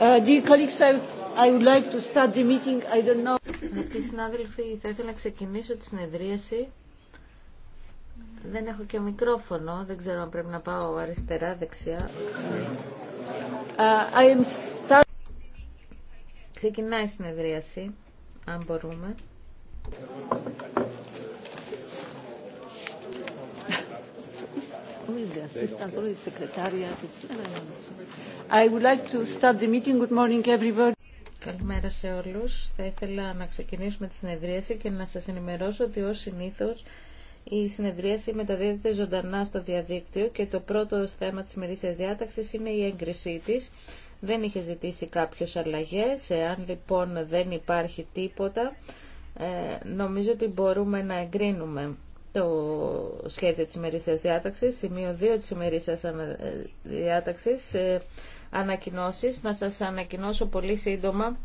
Uh, Αγαπητοί συνάδελφοι, θα ήθελα να ξεκινήσω τη συνεδρίαση. Δεν έχω και μικρόφωνο, δεν ξέρω αν πρέπει να πάω αριστερά, δεξιά. Uh, I am start... Ξεκινάει η συνεδρίαση, αν μπορούμε. I, would like to start the meeting. Good morning, everybody. Καλημέρα σε όλους. Θα ήθελα να ξεκινήσουμε τη συνεδρίαση και να σας ενημερώσω ότι ως συνήθως η συνεδρίαση μεταδίδεται ζωντανά στο διαδίκτυο και το πρώτο θέμα της ημερήσια διάταξης είναι η έγκρισή τη. Δεν είχε ζητήσει κάποιος αλλαγέ. εάν λοιπόν δεν υπάρχει τίποτα, ε, νομίζω ότι μπορούμε να εγκρίνουμε το σχέδιο της ημερήσιας διάταξης, σημείο 2 της ημερήσιας διάταξης, ε, ανακοινώσεις. Να σας ανακοινώσω πολύ σύντομα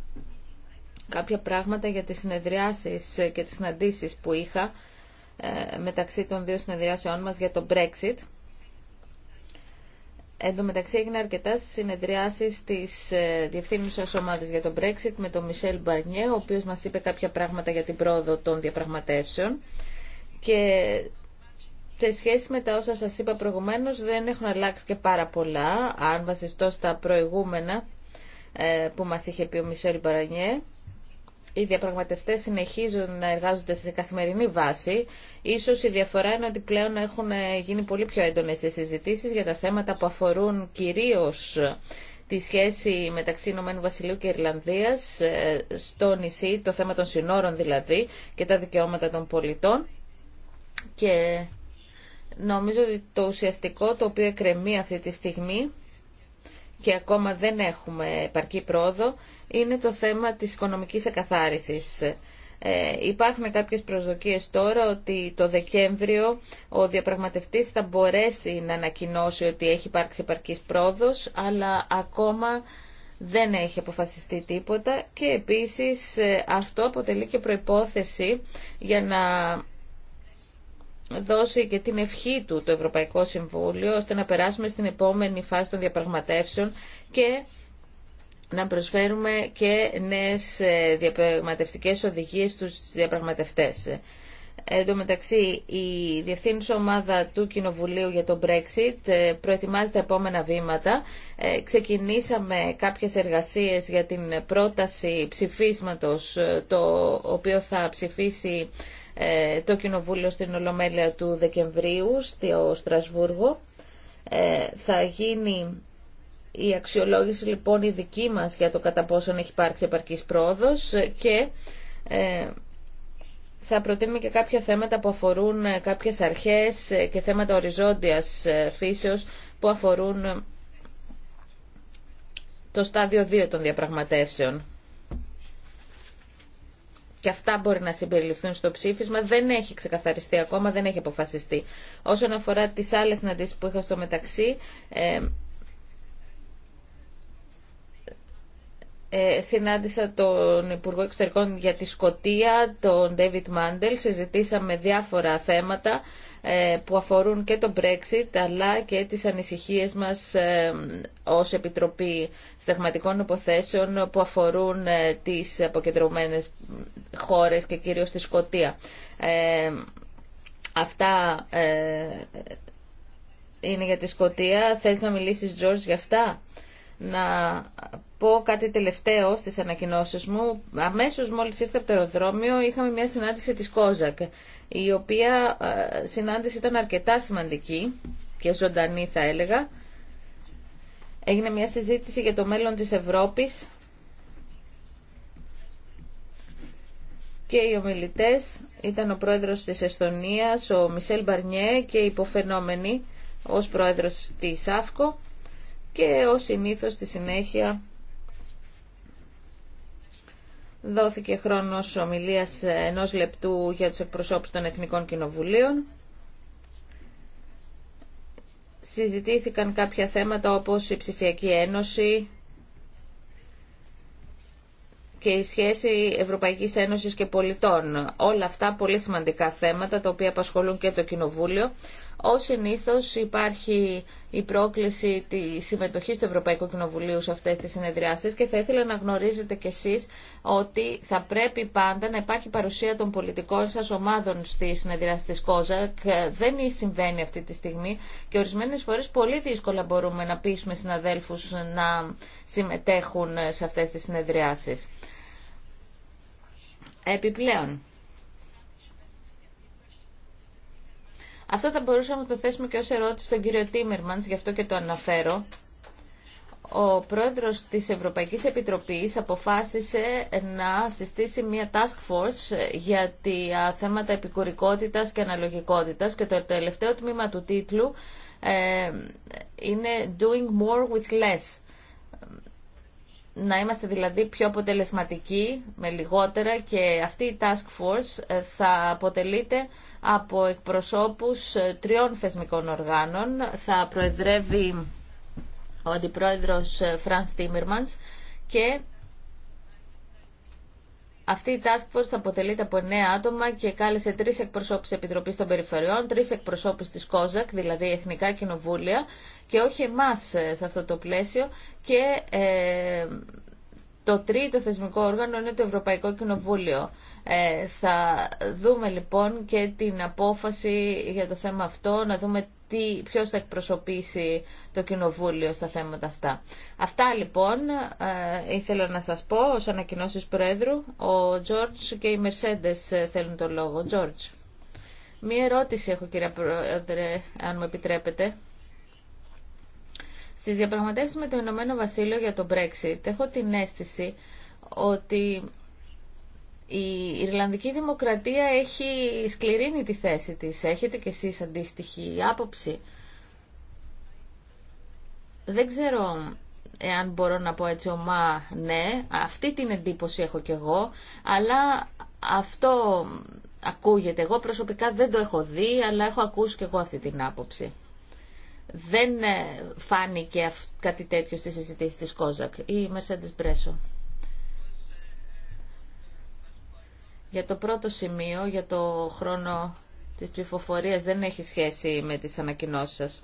κάποια πράγματα για τις συνεδριάσεις και τις συναντήσεις που είχα ε, μεταξύ των δύο συνεδριάσεών μας για το Brexit. Εν τω μεταξύ έγινε αρκετά συνεδριάσεις της ε, διευθύνουσα ομάδα για το Brexit με τον Μισελ Μπαρνιέ, ο οποίο μα είπε κάποια πράγματα για την πρόοδο των διαπραγματεύσεων και σε σχέση με τα όσα σας είπα προηγουμένως δεν έχουν αλλάξει και πάρα πολλά αν βασιστώ στα προηγούμενα ε, που μας είχε πει ο Μισελ Μπαρανιέ οι διαπραγματευτές συνεχίζουν να εργάζονται σε καθημερινή βάση. Ίσως η διαφορά είναι ότι πλέον έχουν ε, γίνει πολύ πιο έντονες οι συζητήσεις για τα θέματα που αφορούν κυρίως ε, τη σχέση μεταξύ Ηνωμένου Βασιλείου και Ιρλανδίας στο νησί, το θέμα των συνόρων δηλαδή και τα δικαιώματα των πολιτών. Και νομίζω ότι το ουσιαστικό το οποίο εκκρεμεί αυτή τη στιγμή και ακόμα δεν έχουμε επαρκή πρόοδο είναι το θέμα της οικονομικής εκαθάρισης. Ε, υπάρχουν κάποιες προσδοκίες τώρα ότι το Δεκέμβριο ο διαπραγματευτής θα μπορέσει να ανακοινώσει ότι έχει υπάρξει επαρκής πρόοδος, αλλά ακόμα δεν έχει αποφασιστεί τίποτα και επίσης ε, αυτό αποτελεί και προϋπόθεση για να δώσει και την ευχή του το Ευρωπαϊκό Συμβούλιο ώστε να περάσουμε στην επόμενη φάση των διαπραγματεύσεων και να προσφέρουμε και νέες ε, διαπραγματευτικές οδηγίες στους διαπραγματευτές. Ε, εν τω μεταξύ, η Διευθύνουσα Ομάδα του Κοινοβουλίου για το Brexit ε, προετοιμάζει τα επόμενα βήματα. Ξεκινήσαμε κάποιες εργασίες για την πρόταση ψηφίσματος, το οποίο θα ψηφίσει ε, το Κοινοβούλιο στην Ολομέλεια του Δεκεμβρίου στο Στρασβούργο. Ε, θα γίνει η αξιολόγηση λοιπόν η δική μας για το κατά πόσον έχει υπάρξει επαρκής πρόοδος και ε, θα προτείνουμε και κάποια θέματα που αφορούν κάποιες αρχές και θέματα οριζόντιας φύσεως που αφορούν το στάδιο 2 των διαπραγματεύσεων και αυτά μπορεί να συμπεριληφθούν στο ψήφισμα. Δεν έχει ξεκαθαριστεί ακόμα, δεν έχει αποφασιστεί. Όσον αφορά τις άλλες συναντήσεις που είχα στο μεταξύ, ε, ε, συνάντησα τον Υπουργό Εξωτερικών για τη Σκοτία, τον David Μάντελ, συζητήσαμε διάφορα θέματα ε, που αφορούν και το Brexit αλλά και τις ανησυχίες μας ε, ως Επιτροπή Στεγματικών Υποθέσεων που αφορούν ε, τις αποκεντρωμένες χώρες και κυρίως τη Σκοτία. Αυτά είναι για τη Σκοτία. Θες να μιλήσεις, Τζορτζ, για αυτά. Να πω κάτι τελευταίο στις ανακοινώσεις μου. Αμέσως μόλις ήρθε από το αεροδρόμιο είχαμε μια συνάντηση της Κόζακ η οποία ε, συνάντηση ήταν αρκετά σημαντική και ζωντανή θα έλεγα. Έγινε μια συζήτηση για το μέλλον της Ευρώπης και οι ομιλητές ήταν ο πρόεδρος της Εστονίας, ο Μισελ Μπαρνιέ και οι υποφαινόμενοι ως πρόεδρος της ΑΦΚΟ και ως συνήθως στη συνέχεια Δόθηκε χρόνος ομιλίας ενός λεπτού για τους εκπροσώπους των Εθνικών Κοινοβουλίων. Συζητήθηκαν κάποια θέματα όπως η ψηφιακή ένωση και η σχέση Ευρωπαϊκής Ένωσης και πολιτών. Όλα αυτά πολύ σημαντικά θέματα τα οποία απασχολούν και το Κοινοβούλιο. Ως συνήθως υπάρχει η πρόκληση τη συμμετοχή του Ευρωπαϊκού Κοινοβουλίου σε αυτές τις συνεδριάσεις και θα ήθελα να γνωρίζετε κι εσείς ότι θα πρέπει πάντα να υπάρχει παρουσία των πολιτικών σας ομάδων στη συνεδριάση της ΚΟΖΑΚ. Δεν συμβαίνει αυτή τη στιγμή και ορισμένες φορές πολύ δύσκολα μπορούμε να πείσουμε συναδέλφου να συμμετέχουν σε αυτές τις συνεδριάσεις. Επιπλέον, Αυτό θα μπορούσαμε να το θέσουμε και ως ερώτηση στον κύριο Τίμερμανς, γι' αυτό και το αναφέρω. Ο πρόεδρος της Ευρωπαϊκής Επιτροπής αποφάσισε να συστήσει μια task force για τα θέματα επικουρικότητας και αναλογικότητας και το τελευταίο τμήμα του τίτλου ε, είναι «Doing more with less». Να είμαστε δηλαδή πιο αποτελεσματικοί με λιγότερα και αυτή η task force ε, θα αποτελείται από εκπροσώπους ε, τριών θεσμικών οργάνων. Θα προεδρεύει ο Αντιπρόεδρος Φρανς ε, Τίμερμανς και αυτή η task force θα αποτελείται από εννέα άτομα και κάλεσε τρεις εκπροσώπους επιτροπής Επιτροπή των Περιφερειών, τρεις εκπροσώπους της ΚΟΖΑΚ, δηλαδή Εθνικά Κοινοβούλια, και όχι εμά ε, σε αυτό το πλαίσιο. Και το τρίτο θεσμικό όργανο είναι το Ευρωπαϊκό Κοινοβούλιο. Ε, θα δούμε λοιπόν και την απόφαση για το θέμα αυτό, να δούμε τι, ποιος θα εκπροσωπήσει το Κοινοβούλιο στα θέματα αυτά. Αυτά λοιπόν ε, ήθελα να σας πω ως ανακοινώσεις Προέδρου. Ο Τζόρτζ και οι Μερσέντες ε, θέλουν το λόγο. Τζόρτζ. Μία ερώτηση έχω κύριε Πρόεδρε, αν μου επιτρέπετε. Στι διαπραγματεύσει με το Ηνωμένο Βασίλειο για το Brexit έχω την αίσθηση ότι η Ιρλανδική Δημοκρατία έχει σκληρύνει τη θέση της. Έχετε κι εσείς αντίστοιχη άποψη. Δεν ξέρω εάν μπορώ να πω έτσι ομά ναι, αυτή την εντύπωση έχω κι εγώ, αλλά αυτό ακούγεται. Εγώ προσωπικά δεν το έχω δει, αλλά έχω ακούσει κι εγώ αυτή την άποψη δεν ε, φάνηκε κάτι τέτοιο στις συζήτηση της Κόζακ ή Mercedes Μπρέσο. Για το πρώτο σημείο, για το χρόνο της ψηφοφορία δεν έχει σχέση με τις ανακοινώσεις σας.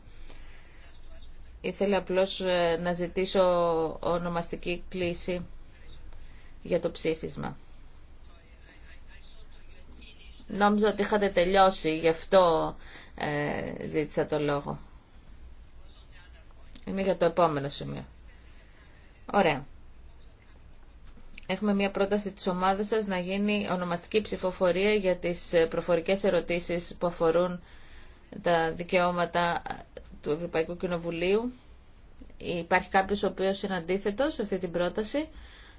Ήθελα απλώς ε, να ζητήσω ονομαστική κλίση για το ψήφισμα. Νόμιζα ότι είχατε τελειώσει, γι' αυτό ε, ζήτησα το λόγο. Είναι για το επόμενο σημείο. Ωραία. Έχουμε μια πρόταση της ομάδας σας να γίνει ονομαστική ψηφοφορία για τις προφορικές ερωτήσεις που αφορούν τα δικαιώματα του Ευρωπαϊκού Κοινοβουλίου. Υπάρχει κάποιος ο οποίος είναι αντίθετος σε αυτή την πρόταση.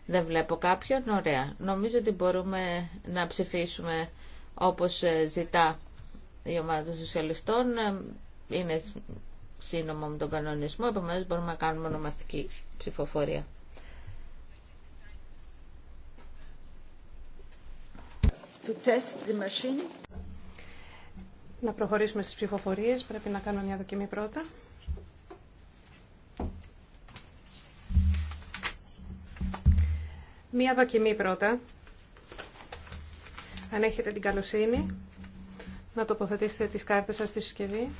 Δεν βλέπω κάποιον. Ωραία. Νομίζω ότι μπορούμε να ψηφίσουμε όπως ζητά η ομάδα των σοσιαλιστών. Είναι σύνομο με τον κανονισμό, επομένως μπορούμε να κάνουμε ονομαστική ψηφοφορία. To test the machine. Να προχωρήσουμε στις ψηφοφορίες. Πρέπει να κάνουμε μια δοκιμή πρώτα. Μια δοκιμή πρώτα. Αν έχετε την καλοσύνη, να τοποθετήσετε τις κάρτες σας στη συσκευή.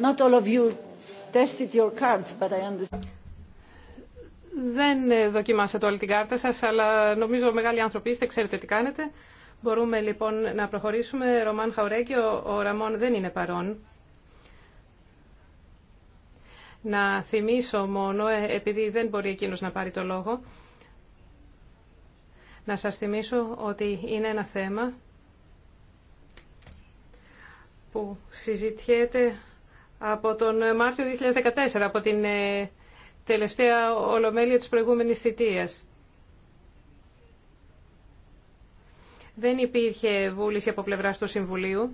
your Δεν δοκιμάσατε όλη την κάρτα σας, αλλά νομίζω μεγάλοι άνθρωποι είστε, ξέρετε τι κάνετε. Μπορούμε λοιπόν να προχωρήσουμε. Ρωμάν Χαουρέκη, ο, ο Ραμόν δεν είναι παρόν. Να θυμίσω μόνο, ε, επειδή δεν μπορεί εκείνος να πάρει το λόγο, να σας θυμίσω ότι είναι ένα θέμα που συζητιέται από τον ε, Μάρτιο 2014, από την ε, τελευταία ολομέλεια της προηγούμενης θητείας. Δεν υπήρχε βούληση από πλευράς του Συμβουλίου.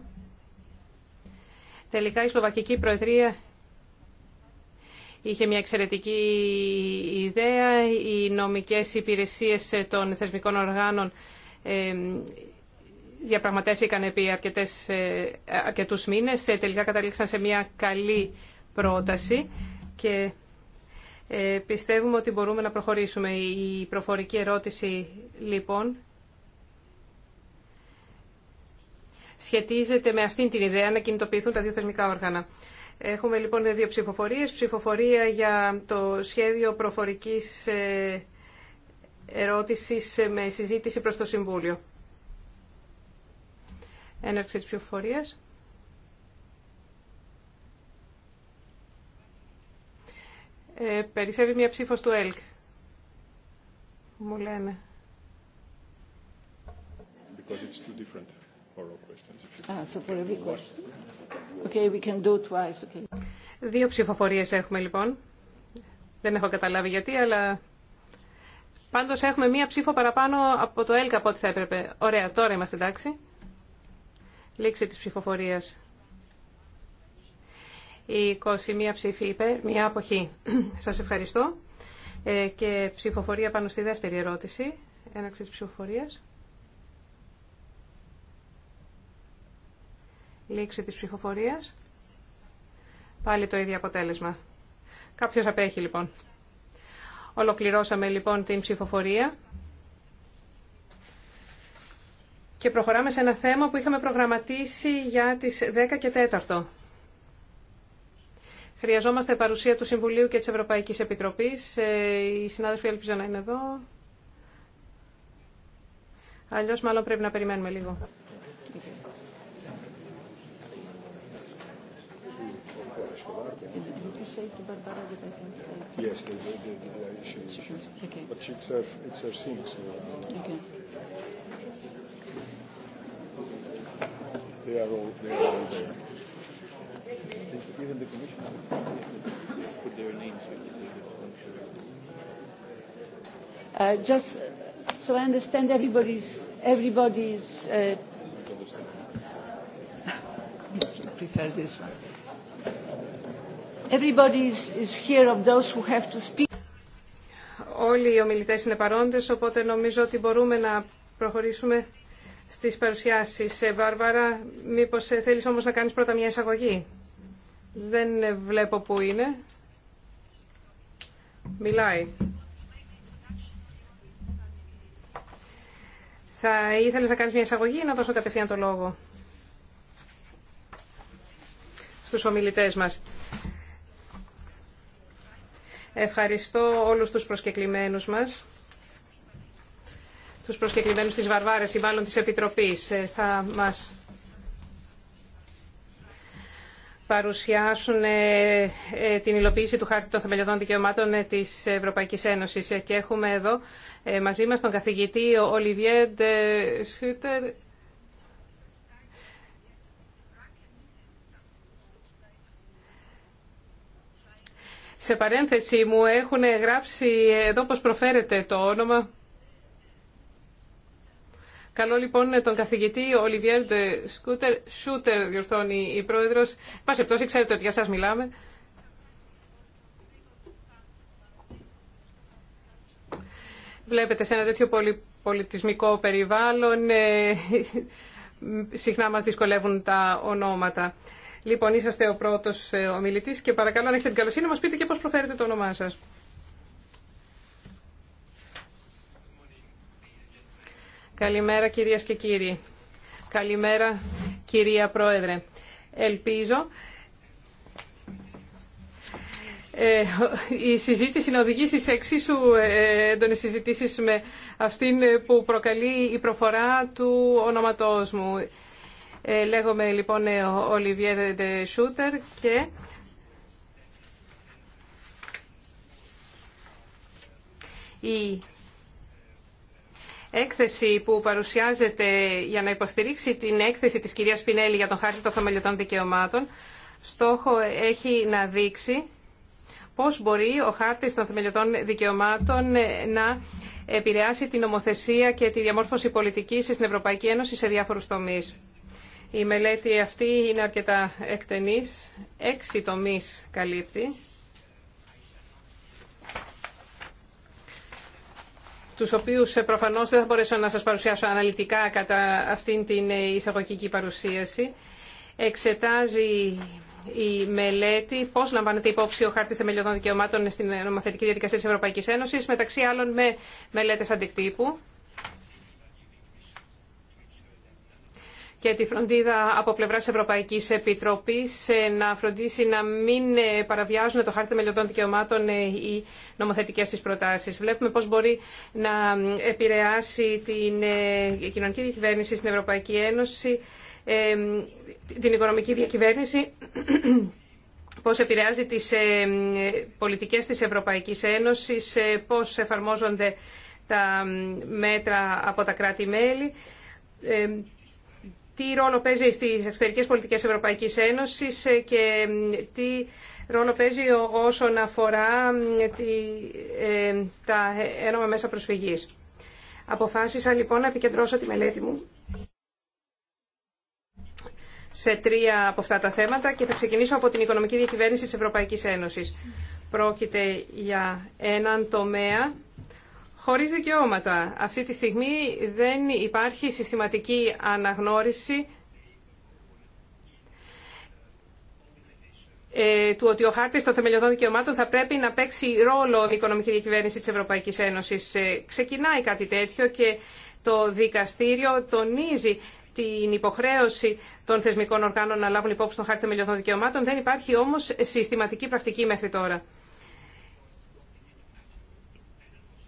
Τελικά η Σλοβακική Προεδρία είχε μια εξαιρετική ιδέα. Οι νομικές υπηρεσίες των θεσμικών οργάνων ε, διαπραγματεύτηκαν επί αρκετές, ε, αρκετούς μήνες. Ε, τελικά καταλήξαν σε μια καλή πρόταση και ε, πιστεύουμε ότι μπορούμε να προχωρήσουμε. Η προφορική ερώτηση, λοιπόν, σχετίζεται με αυτήν την ιδέα να κινητοποιηθούν τα δύο θεσμικά όργανα. Έχουμε λοιπόν δύο ψηφοφορίες. Ψηφοφορία για το σχέδιο προφορικής ερώτησης με συζήτηση προς το Συμβούλιο. Έναρξη της ψηφοφορίας. Ε, περισσεύει μια ψήφος του ΕΛΚ. Μου λένε. Δύο ψηφοφορίες έχουμε λοιπόν. Δεν έχω καταλάβει γιατί, αλλά πάντως έχουμε μία ψήφο παραπάνω από το ΕΛΚ από ό,τι θα έπρεπε. Ωραία, τώρα είμαστε εντάξει. Λήξη της ψηφοφορίας. Η 21 ψήφοι υπέρ, μια αποχή. Σας ευχαριστώ. Ε, και ψηφοφορία πάνω στη δεύτερη ερώτηση. Έναξη της ψηφοφορίας. Λήξη της ψηφοφορίας. Πάλι το ίδιο αποτέλεσμα. Κάποιος απέχει λοιπόν. Ολοκληρώσαμε λοιπόν την ψηφοφορία και προχωράμε σε ένα θέμα που είχαμε προγραμματίσει για τις 10 και 4. Χρειαζόμαστε παρουσία του Συμβουλίου και της Ευρωπαϊκής Επιτροπής. Οι συνάδελφοι ελπίζω να είναι εδώ. Αλλιώς μάλλον πρέπει να περιμένουμε λίγο. Yes, they, it's her, They are all, they are all there. Even the commissioner put their names uh, Just so I understand everybody's, everybody's uh, prefer this one. Everybody is here of those who have to speak. Όλοι οι ομιλητές είναι παρόντες, οπότε νομίζω ότι μπορούμε να προχωρήσουμε στις παρουσιάσεις. Ε, Βάρβαρα, μήπως ε, θέλεις όμως να κάνεις πρώτα μια εισαγωγή. Δεν ε, βλέπω που είναι. Μιλάει. Θα ήθελες να κάνεις μια εισαγωγή ή να δώσω κατευθείαν το λόγο στους ομιλητές μας. Ευχαριστώ όλους τους προσκεκλημένους μας τους προσκεκλημένους της Βαρβάρες ή μάλλον της Επιτροπής. Ε, θα μας παρουσιάσουν ε, ε, την υλοποίηση του χάρτη των θεμελιωδών δικαιωμάτων της Ευρωπαϊκής Ένωσης. Και έχουμε εδώ μαζί μας τον καθηγητή Ολιβιέ Σχούτερ. Σε παρένθεση μου έχουν γράψει εδώ πώς προφέρεται το όνομα. Καλό λοιπόν τον καθηγητή Ολιβιέρ Σκούτερ, Σούτερ διορθώνει η πρόεδρος. Πάσε πτώση, ξέρετε ότι για σας μιλάμε. Βλέπετε σε ένα τέτοιο πολιτισμικό περιβάλλον, ε, συχνά μας δυσκολεύουν τα ονόματα. Λοιπόν, είσαστε ο πρώτος ε, ομιλητής και παρακαλώ αν έχετε την καλοσύνη μας πείτε και πώς προφέρετε το όνομά σας. Καλημέρα κυρίες και κύριοι. Καλημέρα κυρία Πρόεδρε. Ελπίζω ε, η συζήτηση να οδηγήσει σε εξίσου ε, έντονες συζητήσεις με αυτήν που προκαλεί η προφορά του ονοματός μου. Ε, λέγομαι λοιπόν ε, Ολιβιέρ Σούτερ και... Η έκθεση που παρουσιάζεται για να υποστηρίξει την έκθεση της κυρίας Πινέλη για τον χάρτη των θεμελιωτών δικαιωμάτων, στόχο έχει να δείξει πώς μπορεί ο χάρτης των θεμελιωτών δικαιωμάτων να επηρεάσει την νομοθεσία και τη διαμόρφωση πολιτικής στην Ευρωπαϊκή Ένωση σε διάφορους τομείς. Η μελέτη αυτή είναι αρκετά εκτενής, έξι τομείς καλύπτει. τους οποίους ε, προφανώς δεν θα μπορέσω να σας παρουσιάσω αναλυτικά κατά αυτήν την ε, εισαγωγική παρουσίαση. Εξετάζει η μελέτη πώς λαμβάνεται υπόψη ο χάρτης θεμελιωδών δικαιωμάτων στην νομοθετική διαδικασία της Ευρωπαϊκής Ένωσης, μεταξύ άλλων με μελέτες αντικτύπου. και τη φροντίδα από πλευρά Ευρωπαϊκής Επιτροπής ε, να φροντίσει να μην ε, παραβιάζουν το χάρτη μελιωτών δικαιωμάτων ε, οι νομοθετικέ της προτάσεις. Βλέπουμε πώς μπορεί να επηρεάσει την κοινωνική διακυβέρνηση στην Ευρωπαϊκή Ένωση, την οικονομική διακυβέρνηση, πώς επηρεάζει τις πολιτικές της Ευρωπαϊκής Ένωσης, πώς εφαρμόζονται τα μέτρα από τα κράτη-μέλη τι ρόλο παίζει στις εξωτερικές πολιτικές Ευρωπαϊκής Ένωσης ε, και τι ρόλο παίζει όσον αφορά ε, τα ένομα μέσα προσφυγής. Αποφάσισα λοιπόν να επικεντρώσω τη μελέτη μου σε τρία από αυτά τα θέματα και θα ξεκινήσω από την οικονομική διακυβέρνηση της Ευρωπαϊκής Ένωσης. Πρόκειται για έναν τομέα χωρίς δικαιώματα. Αυτή τη στιγμή δεν υπάρχει συστηματική αναγνώριση ε, του ότι ο χάρτης των θεμελιωδών δικαιωμάτων θα πρέπει να παίξει ρόλο η οικονομική διακυβέρνηση τη Ευρωπαϊκή Ένωση. Ε, ξεκινάει κάτι τέτοιο και το δικαστήριο τονίζει την υποχρέωση των θεσμικών οργάνων να λάβουν υπόψη τον χάρτη θεμελιωδών δικαιωμάτων. Δεν υπάρχει όμως συστηματική πρακτική μέχρι τώρα.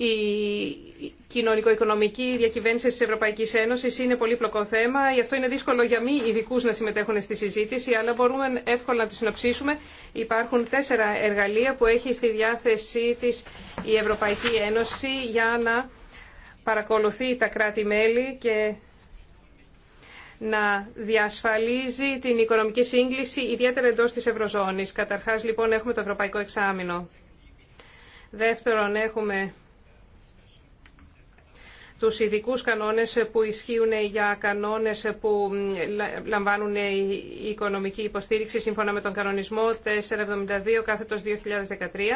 Η κοινωνικο-οικονομική διακυβέρνηση της Ευρωπαϊκής Ένωσης είναι πολύπλοκο θέμα. Γι' αυτό είναι δύσκολο για μη ειδικού να συμμετέχουν στη συζήτηση, αλλά μπορούμε εύκολα να τη συνοψίσουμε. Υπάρχουν τέσσερα εργαλεία που έχει στη διάθεσή της η Ευρωπαϊκή Ένωση για να παρακολουθεί τα κράτη-μέλη και να διασφαλίζει την οικονομική σύγκληση, ιδιαίτερα εντός της Ευρωζώνης. Καταρχάς, λοιπόν, έχουμε το Ευρωπαϊκό Εξάμεινο. Δεύτερον, έχουμε τους ειδικού κανόνες που ισχύουν για κανόνες που λαμβάνουν η οικονομική υποστήριξη σύμφωνα με τον κανονισμό 472 κάθετος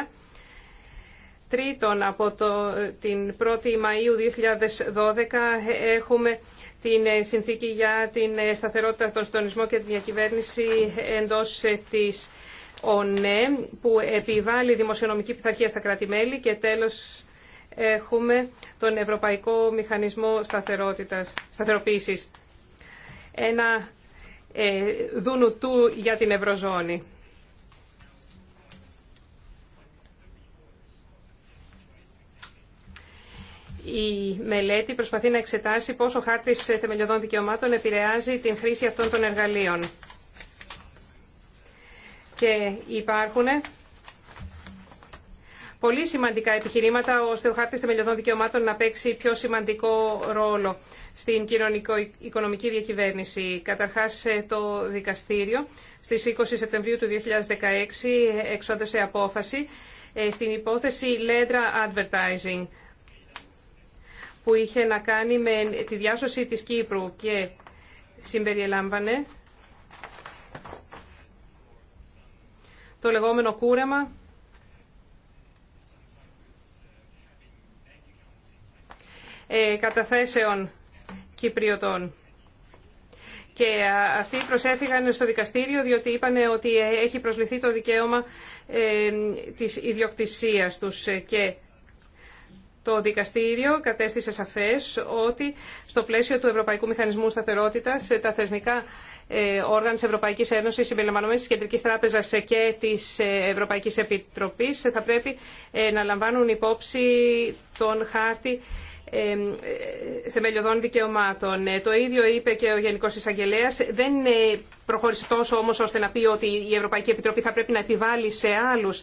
2013. Τρίτον, από το, την 1η Μαΐου 2012 έχουμε την συνθήκη για την σταθερότητα, των συντονισμό και την διακυβέρνηση εντός της ΟΝΕ που επιβάλλει δημοσιονομική πειθαρχία στα κράτη-μέλη και τέλος έχουμε τον Ευρωπαϊκό Μηχανισμό Σταθερότητας, Σταθεροποίησης. Ένα ε, δούνου του για την Ευρωζώνη. Η μελέτη προσπαθεί να εξετάσει πόσο ο χάρτης θεμελιωδών δικαιωμάτων επηρεάζει την χρήση αυτών των εργαλείων. Και υπάρχουν πολύ σημαντικά επιχειρήματα ώστε ο χάρτη θεμελιωδών δικαιωμάτων να παίξει πιο σημαντικό ρόλο στην κοινωνικο-οικονομική διακυβέρνηση. Καταρχάς ε, το δικαστήριο στις 20 Σεπτεμβρίου του 2016 ε, εξόδωσε απόφαση ε, στην υπόθεση Ledra Advertising που είχε να κάνει με τη διάσωση της Κύπρου και συμπεριελάμβανε το λεγόμενο κούρεμα Ε, καταθέσεων Κυπριωτών. Και αυτοί προσέφηγαν στο δικαστήριο διότι είπαν ότι ε, έχει προσληθεί το δικαίωμα ε, της ιδιοκτησίας τους και το δικαστήριο κατέστησε σαφές ότι στο πλαίσιο του Ευρωπαϊκού Μηχανισμού Σταθερότητας τα θεσμικά όργανα της Ευρωπαϊκής Ένωσης συμπεριλαμβανομένης της Κεντρικής Τράπεζας και της Ευρωπαϊκής Επιτροπής θα πρέπει να λαμβάνουν υπόψη τον χάρτη ε, θεμελιωδών δικαιωμάτων. Ε, το ίδιο είπε και ο Γενικό Εισαγγελέα. Δεν ε, προχώρησε τόσο όμω ώστε να πει ότι η Ευρωπαϊκή Επιτροπή θα πρέπει να επιβάλλει σε άλλου,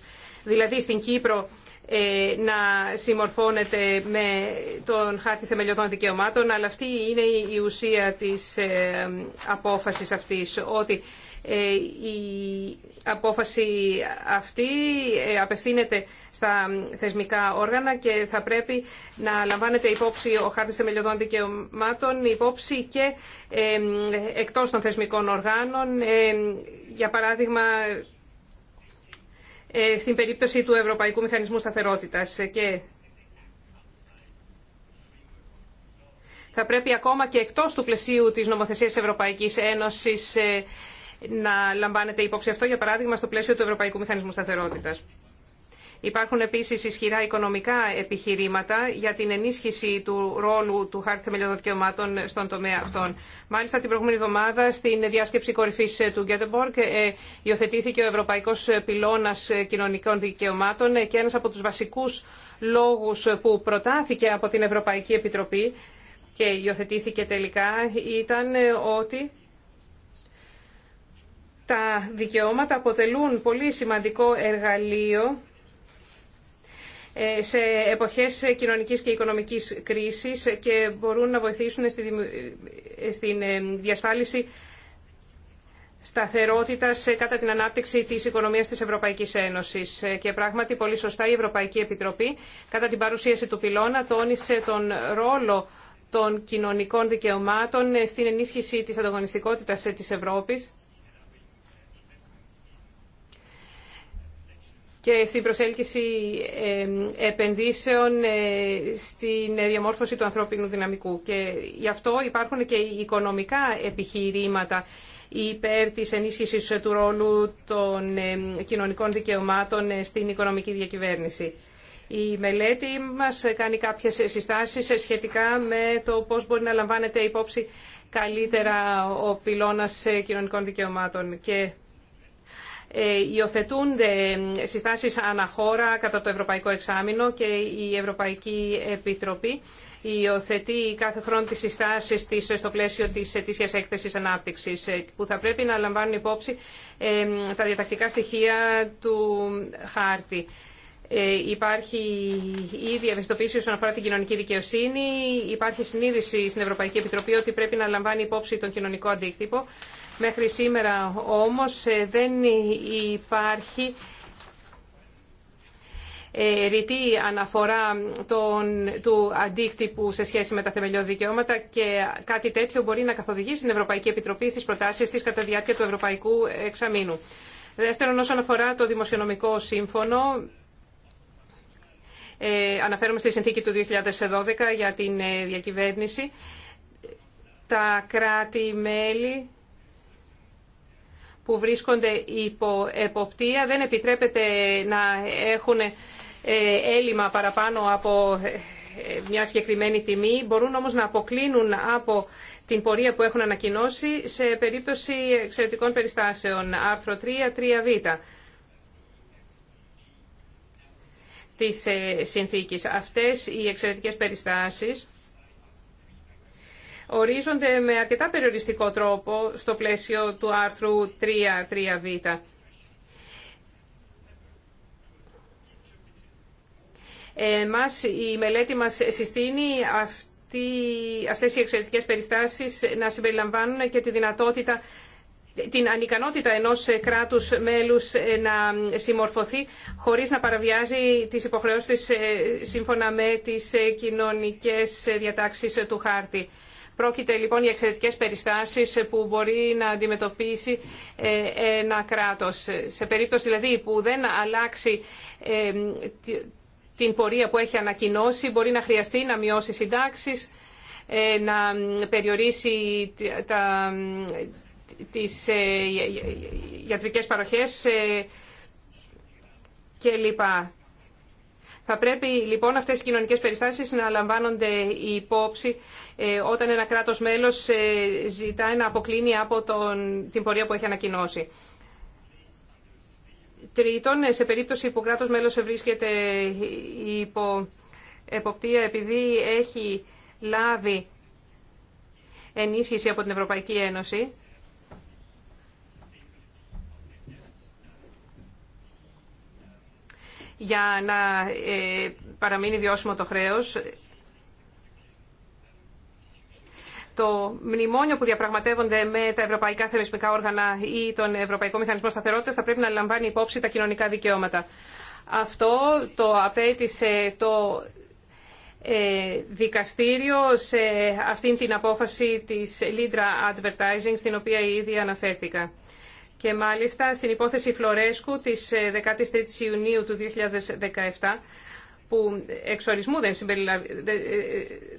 δηλαδή στην Κύπρο, ε, να συμμορφώνεται με τον χάρτη θεμελιωτών δικαιωμάτων, αλλά αυτή είναι η ουσία της ε, απόφασης αυτής, ότι ε, η απόφαση αυτή απευθύνεται στα θεσμικά όργανα και θα πρέπει να λαμβάνεται υπόψη ο χάρτης θεμελιωδών δικαιωμάτων, υπόψη και εκτός των θεσμικών οργάνων, για παράδειγμα ε, στην περίπτωση του Ευρωπαϊκού Μηχανισμού Σταθερότητας. Ε, και θα πρέπει ακόμα και εκτός του πλαισίου της νομοθεσίας της Ευρωπαϊκής Ένωσης ε, να λαμβάνεται υπόψη αυτό, για παράδειγμα, στο πλαίσιο του Ευρωπαϊκού Μηχανισμού Σταθερότητας. Υπάρχουν επίση ισχυρά οικονομικά επιχειρήματα για την ενίσχυση του ρόλου του χάρτη θεμελιωδών δικαιωμάτων στον τομέα αυτών. Μάλιστα την προηγούμενη εβδομάδα στην διάσκεψη κορυφή του Γκέτεμπορκ ε, υιοθετήθηκε ο Ευρωπαϊκό Πυλώνα Κοινωνικών Δικαιωμάτων και ένα από του βασικού λόγου που προτάθηκε από την Ευρωπαϊκή Επιτροπή και υιοθετήθηκε τελικά ήταν ότι τα δικαιώματα αποτελούν πολύ σημαντικό εργαλείο ε, σε εποχές κοινωνικής και οικονομικής κρίσης και μπορούν να βοηθήσουν ε, στην ε, διασφάλιση σταθερότητας κατά την ανάπτυξη της οικονομίας της Ευρωπαϊκής Ένωσης. Και πράγματι πολύ σωστά η Ευρωπαϊκή Επιτροπή κατά την παρουσίαση του πυλώνα τόνισε τον ρόλο των κοινωνικών δικαιωμάτων στην ενίσχυση της ανταγωνιστικότητας της Ευρώπης και στην προσέλκυση επενδύσεων ε, στην διαμόρφωση του ανθρώπινου δυναμικού. Και γι' αυτό υπάρχουν και οικονομικά επιχειρήματα υπέρ της ενίσχυσης του ρόλου των κοινωνικών δικαιωμάτων ε, στην οικονομική διακυβέρνηση. Η μελέτη μας κάνει κάποιες συστάσεις σχετικά με το πώς μπορεί να λαμβάνεται υπόψη καλύτερα ο πυλώνας ε, κοινωνικών δικαιωμάτων. Και ε, υιοθετούνται συστάσεις αναχώρα κατά το Ευρωπαϊκό Εξάμεινο και η Ευρωπαϊκή Επιτροπή υιοθετεί κάθε χρόνο τις συστάσεις της στο πλαίσιο της ετήσιας έκθεσης ανάπτυξης ε, που θα πρέπει να λαμβάνουν υπόψη τα διατακτικά στοιχεία του χάρτη. Ε, υπάρχει ήδη ευαισθητοποίηση όσον αφορά την κοινωνική δικαιοσύνη. Υπάρχει συνείδηση στην Ευρωπαϊκή Επιτροπή ότι πρέπει να λαμβάνει υπόψη τον κοινωνικό αντίκτυπο. Μέχρι σήμερα όμως ε, δεν υπάρχει ε, ρητή αναφορά του αντίκτυπου σε σχέση με τα θεμελιώδη δικαιώματα και κάτι τέτοιο μπορεί να καθοδηγήσει την Ευρωπαϊκή Επιτροπή στις προτάσεις της κατά διάρκεια του Ευρωπαϊκού Εξαμήνου. Δεύτερον, όσον αφορά το Δημοσιονομικό Σύμφωνο, ε, αναφέρομαι στη συνθήκη του 2012 για την ε, διακυβέρνηση. Τα κράτη-μέλη που βρίσκονται υπό εποπτεία δεν επιτρέπεται να έχουν ε, έλλειμμα παραπάνω από ε, μια συγκεκριμένη τιμή, μπορούν όμως να αποκλίνουν από την πορεία που έχουν ανακοινώσει σε περίπτωση εξαιρετικών περιστάσεων. Άρθρο 3, 3β της ε, συνθήκης. Αυτές οι εξαιρετικές περιστάσεις ορίζονται με αρκετά περιοριστικό τρόπο στο πλαίσιο του άρθρου 3.3β. Μας, η μελέτη μας συστήνει αυτή, αυτές οι εξαιρετικές περιστάσεις να συμπεριλαμβάνουν και τη δυνατότητα την ανικανότητα ενός κράτους μέλους να συμμορφωθεί χωρίς να παραβιάζει τις υποχρεώσεις ε, σύμφωνα με τις ε, κοινωνικές διατάξεις του χάρτη. Πρόκειται λοιπόν για εξαιρετικέ περιστάσεις που μπορεί να αντιμετωπίσει ένα κράτος. Σε περίπτωση δηλαδή που δεν αλλάξει την πορεία που έχει ανακοινώσει, μπορεί να χρειαστεί να μειώσει συντάξει, να περιορίσει τα, τις γιατρικές παροχές κλπ. Θα πρέπει λοιπόν αυτές οι κοινωνικές περιστάσεις να λαμβάνονται υπόψη ε, όταν ένα κράτος μέλος ε, ζητάει να αποκλίνει από τον, την πορεία που έχει ανακοινώσει. Τρίτον, ε, σε περίπτωση που ο κράτος μέλος βρίσκεται υπό εποπτεία επειδή έχει λάβει ενίσχυση από την Ευρωπαϊκή Ένωση, για να ε, παραμείνει βιώσιμο το χρέος. Το μνημόνιο που διαπραγματεύονται με τα ευρωπαϊκά θεσμικά όργανα ή τον Ευρωπαϊκό Μηχανισμό Σταθερότητας θα πρέπει να λαμβάνει υπόψη τα κοινωνικά δικαιώματα. Αυτό το απέτησε το ε, δικαστήριο σε αυτήν την απόφαση της Lidra Advertising στην οποία ήδη αναφέρθηκα και μάλιστα στην υπόθεση Φλωρέσκου της 13ης ε, Ιουνίου του 2017 που εξορισμού δεν, συμπεριλα... Ε,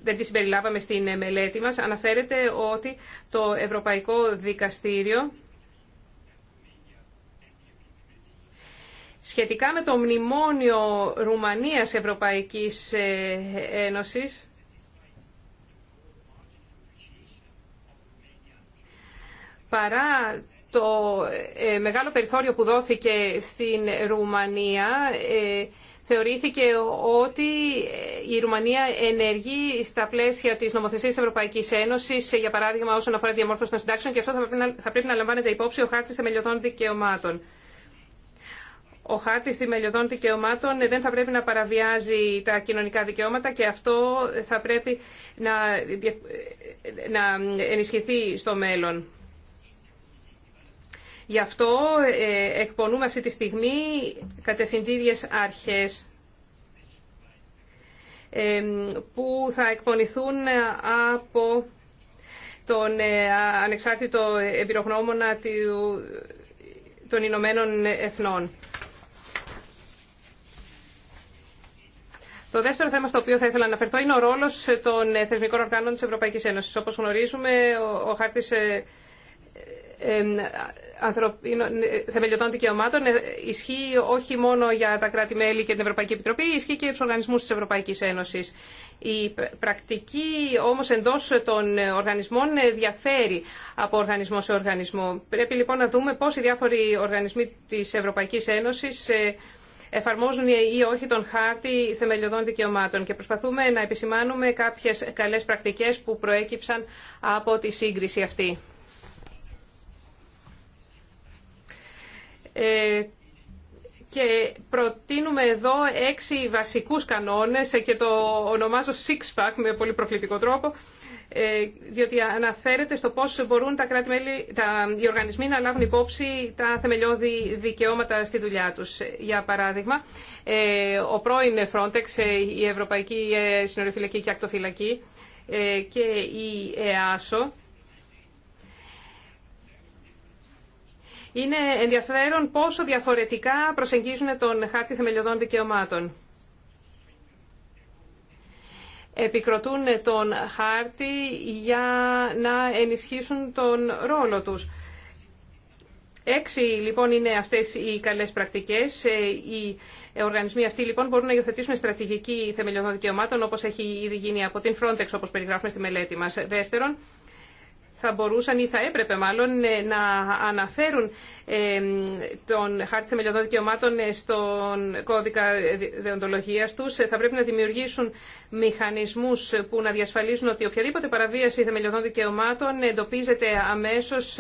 δεν τη συμπεριλάβαμε στην ε, μελέτη μας, αναφέρεται ότι το Ευρωπαϊκό Δικαστήριο σχετικά με το Μνημόνιο Ρουμανίας Ευρωπαϊκής Ένωσης παρά το ε, μεγάλο περιθώριο που δόθηκε στην Ρουμανία ε, θεωρήθηκε ότι ε, η Ρουμανία ενεργεί στα πλαίσια της νομοθεσίας της Ευρωπαϊκής Ένωσης, για παράδειγμα όσον αφορά τη διαμόρφωση των συντάξεων και αυτό θα πρέπει να, θα πρέπει να λαμβάνεται υπόψη ο χάρτης θεμελιωδών δικαιωμάτων. Ο χάρτης θεμελιωδών δικαιωμάτων δεν θα πρέπει να παραβιάζει τα κοινωνικά δικαιώματα και αυτό θα πρέπει να, να ενισχυθεί στο μέλλον. Γι' αυτό ε, εκπονούμε αυτή τη στιγμή κατευθυντήριες αρχές ε, που θα εκπονηθούν από τον ε, ανεξάρτητο εμπειρογνώμονα των Ηνωμένων Εθνών. Το δεύτερο θέμα στο οποίο θα ήθελα να αναφερθώ είναι ο ρόλος των θεσμικών οργάνων της Ευρωπαϊκής Ένωσης. Όπως γνωρίζουμε, ο χάρτης θεμελιωτών δικαιωμάτων ε, ισχύει όχι μόνο για τα κράτη-μέλη και την Ευρωπαϊκή Επιτροπή, ισχύει και για τους οργανισμούς της Ευρωπαϊκής Ένωσης. Η πρακτική όμως εντός των οργανισμών ε, διαφέρει από οργανισμό σε οργανισμό. Πρέπει λοιπόν να δούμε πώς οι διάφοροι οργανισμοί της Ευρωπαϊκής Ένωσης ε, εφαρμόζουν ή όχι τον χάρτη θεμελιωδών δικαιωμάτων και προσπαθούμε να επισημάνουμε κάποιες καλές πρακτικές που προέκυψαν από τη σύγκριση αυτή. Ε, και προτείνουμε εδώ έξι βασικούς κανόνες και το ονομάζω six-pack με πολύ προκλητικό τρόπο ε, διότι αναφέρεται στο πώς μπορούν τα κράτη τα, οι οργανισμοί να λάβουν υπόψη τα θεμελιώδη δικαιώματα στη δουλειά τους. Για παράδειγμα, ε, ο πρώην Frontex, η Ευρωπαϊκή Συνοριοφυλακή και Ακτοφυλακή και η ΕΑΣΟ Είναι ενδιαφέρον πόσο διαφορετικά προσεγγίζουν τον χάρτη θεμελιωδών δικαιωμάτων. Επικροτούν τον χάρτη για να ενισχύσουν τον ρόλο τους. Έξι λοιπόν είναι αυτές οι καλές πρακτικές. Ε, οι οργανισμοί αυτοί λοιπόν μπορούν να υιοθετήσουν στρατηγική θεμελιωδών δικαιωμάτων όπως έχει ήδη γίνει από την Frontex όπως περιγράφουμε στη μελέτη μας. Δεύτερον, θα μπορούσαν ή θα έπρεπε μάλλον ε, να αναφέρουν ε, τον χάρτη θεμελιωδών δικαιωμάτων ε, στον κώδικα δεοντολογίας τους. Θα πρέπει να δημιουργήσουν μηχανισμούς που να διασφαλίσουν ότι οποιαδήποτε παραβίαση θεμελιωδών δικαιωμάτων εντοπίζεται αμέσως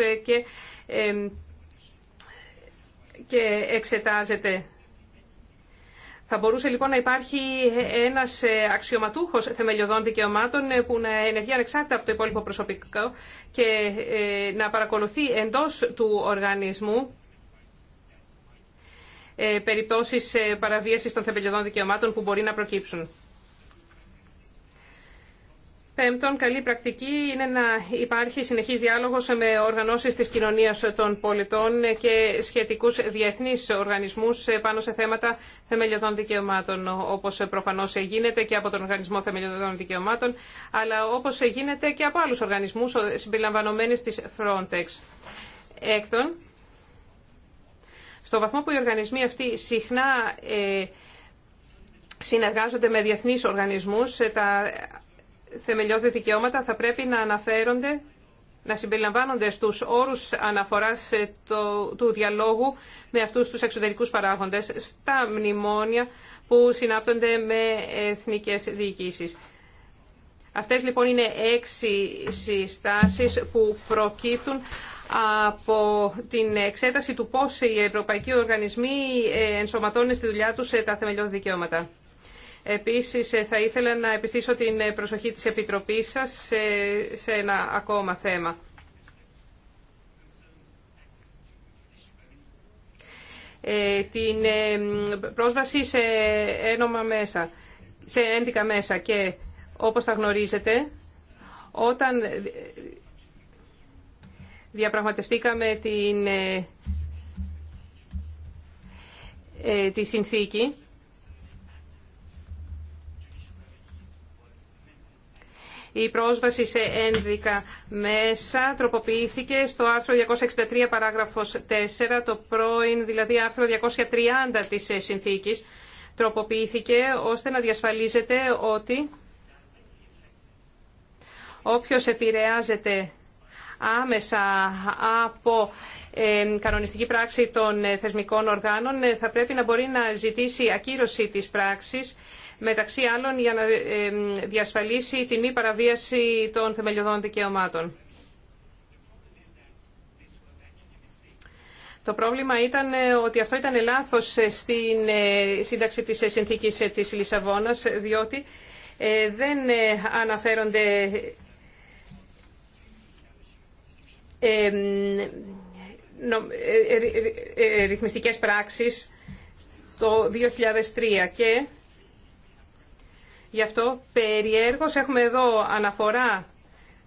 και εξετάζεται θα μπορούσε λοιπόν να υπάρχει ένας ε, αξιωματούχο θεμελιωδών δικαιωμάτων ε, που να ενεργεί ανεξάρτητα από το υπόλοιπο προσωπικό και ε, να παρακολουθεί εντός του οργανισμού περιπτώσεις παραβίασης των θεμελιωδών δικαιωμάτων που μπορεί να προκύψουν. Πέμπτον, καλή πρακτική είναι να υπάρχει συνεχής διάλογος με οργανώσεις της κοινωνίας των πολιτών και σχετικούς διεθνείς οργανισμούς πάνω σε θέματα θεμελιωδών δικαιωμάτων, όπως προφανώς γίνεται και από τον Οργανισμό Θεμελιωδών Δικαιωμάτων, αλλά όπως γίνεται και από άλλους οργανισμούς συμπεριλαμβανομένης της Frontex. Έκτον, στο βαθμό που οι οργανισμοί αυτοί συχνά ε, συνεργάζονται με διεθνείς οργανισμούς, ε, τα θεμελιώδη δικαιώματα θα πρέπει να αναφέρονται να συμπεριλαμβάνονται στους όρους αναφοράς ε, του διαλόγου με αυτούς τους εξωτερικούς παράγοντες στα μνημόνια που συνάπτονται με εθνικές διοικήσεις. Αυτές λοιπόν είναι έξι συστάσεις που προκύπτουν από την εξέταση του πώς οι ευρωπαϊκοί οργανισμοί ε, ενσωματώνουν στη δουλειά τους ε, τα θεμελιώδη δικαιώματα. Επίσης ε, θα ήθελα να επιστήσω την ε, προσοχή της Επιτροπής σας σε, ένα ακόμα θέμα. Ε, την πρόσβαση σε ένομα μέσα, σε ένδικα μέσα και όπως θα γνωρίζετε, όταν διαπραγματευτήκαμε την, τη συνθήκη, Η πρόσβαση σε ένδικα μέσα τροποποιήθηκε στο άρθρο 263 παράγραφος 4, το πρώην δηλαδή άρθρο 230 της ε, συνθήκης. Τροποποιήθηκε ώστε να διασφαλίζεται ότι όποιος επηρεάζεται άμεσα από ε, κανονιστική πράξη των ε, θεσμικών οργάνων θα πρέπει να μπορεί να ζητήσει ακύρωση της πράξης μεταξύ άλλων για να διασφαλίσει τη μη παραβίαση των θεμελιωδών δικαιωμάτων. Το πρόβλημα ήταν ε, ότι αυτό ήταν λάθος ε, στην ε, σύνταξη της συνθήκης της Λισαβόνας, διότι δεν αναφέρονται ρυθμιστικές πράξεις το 2003 και Γι' αυτό περιέργως έχουμε εδώ αναφορά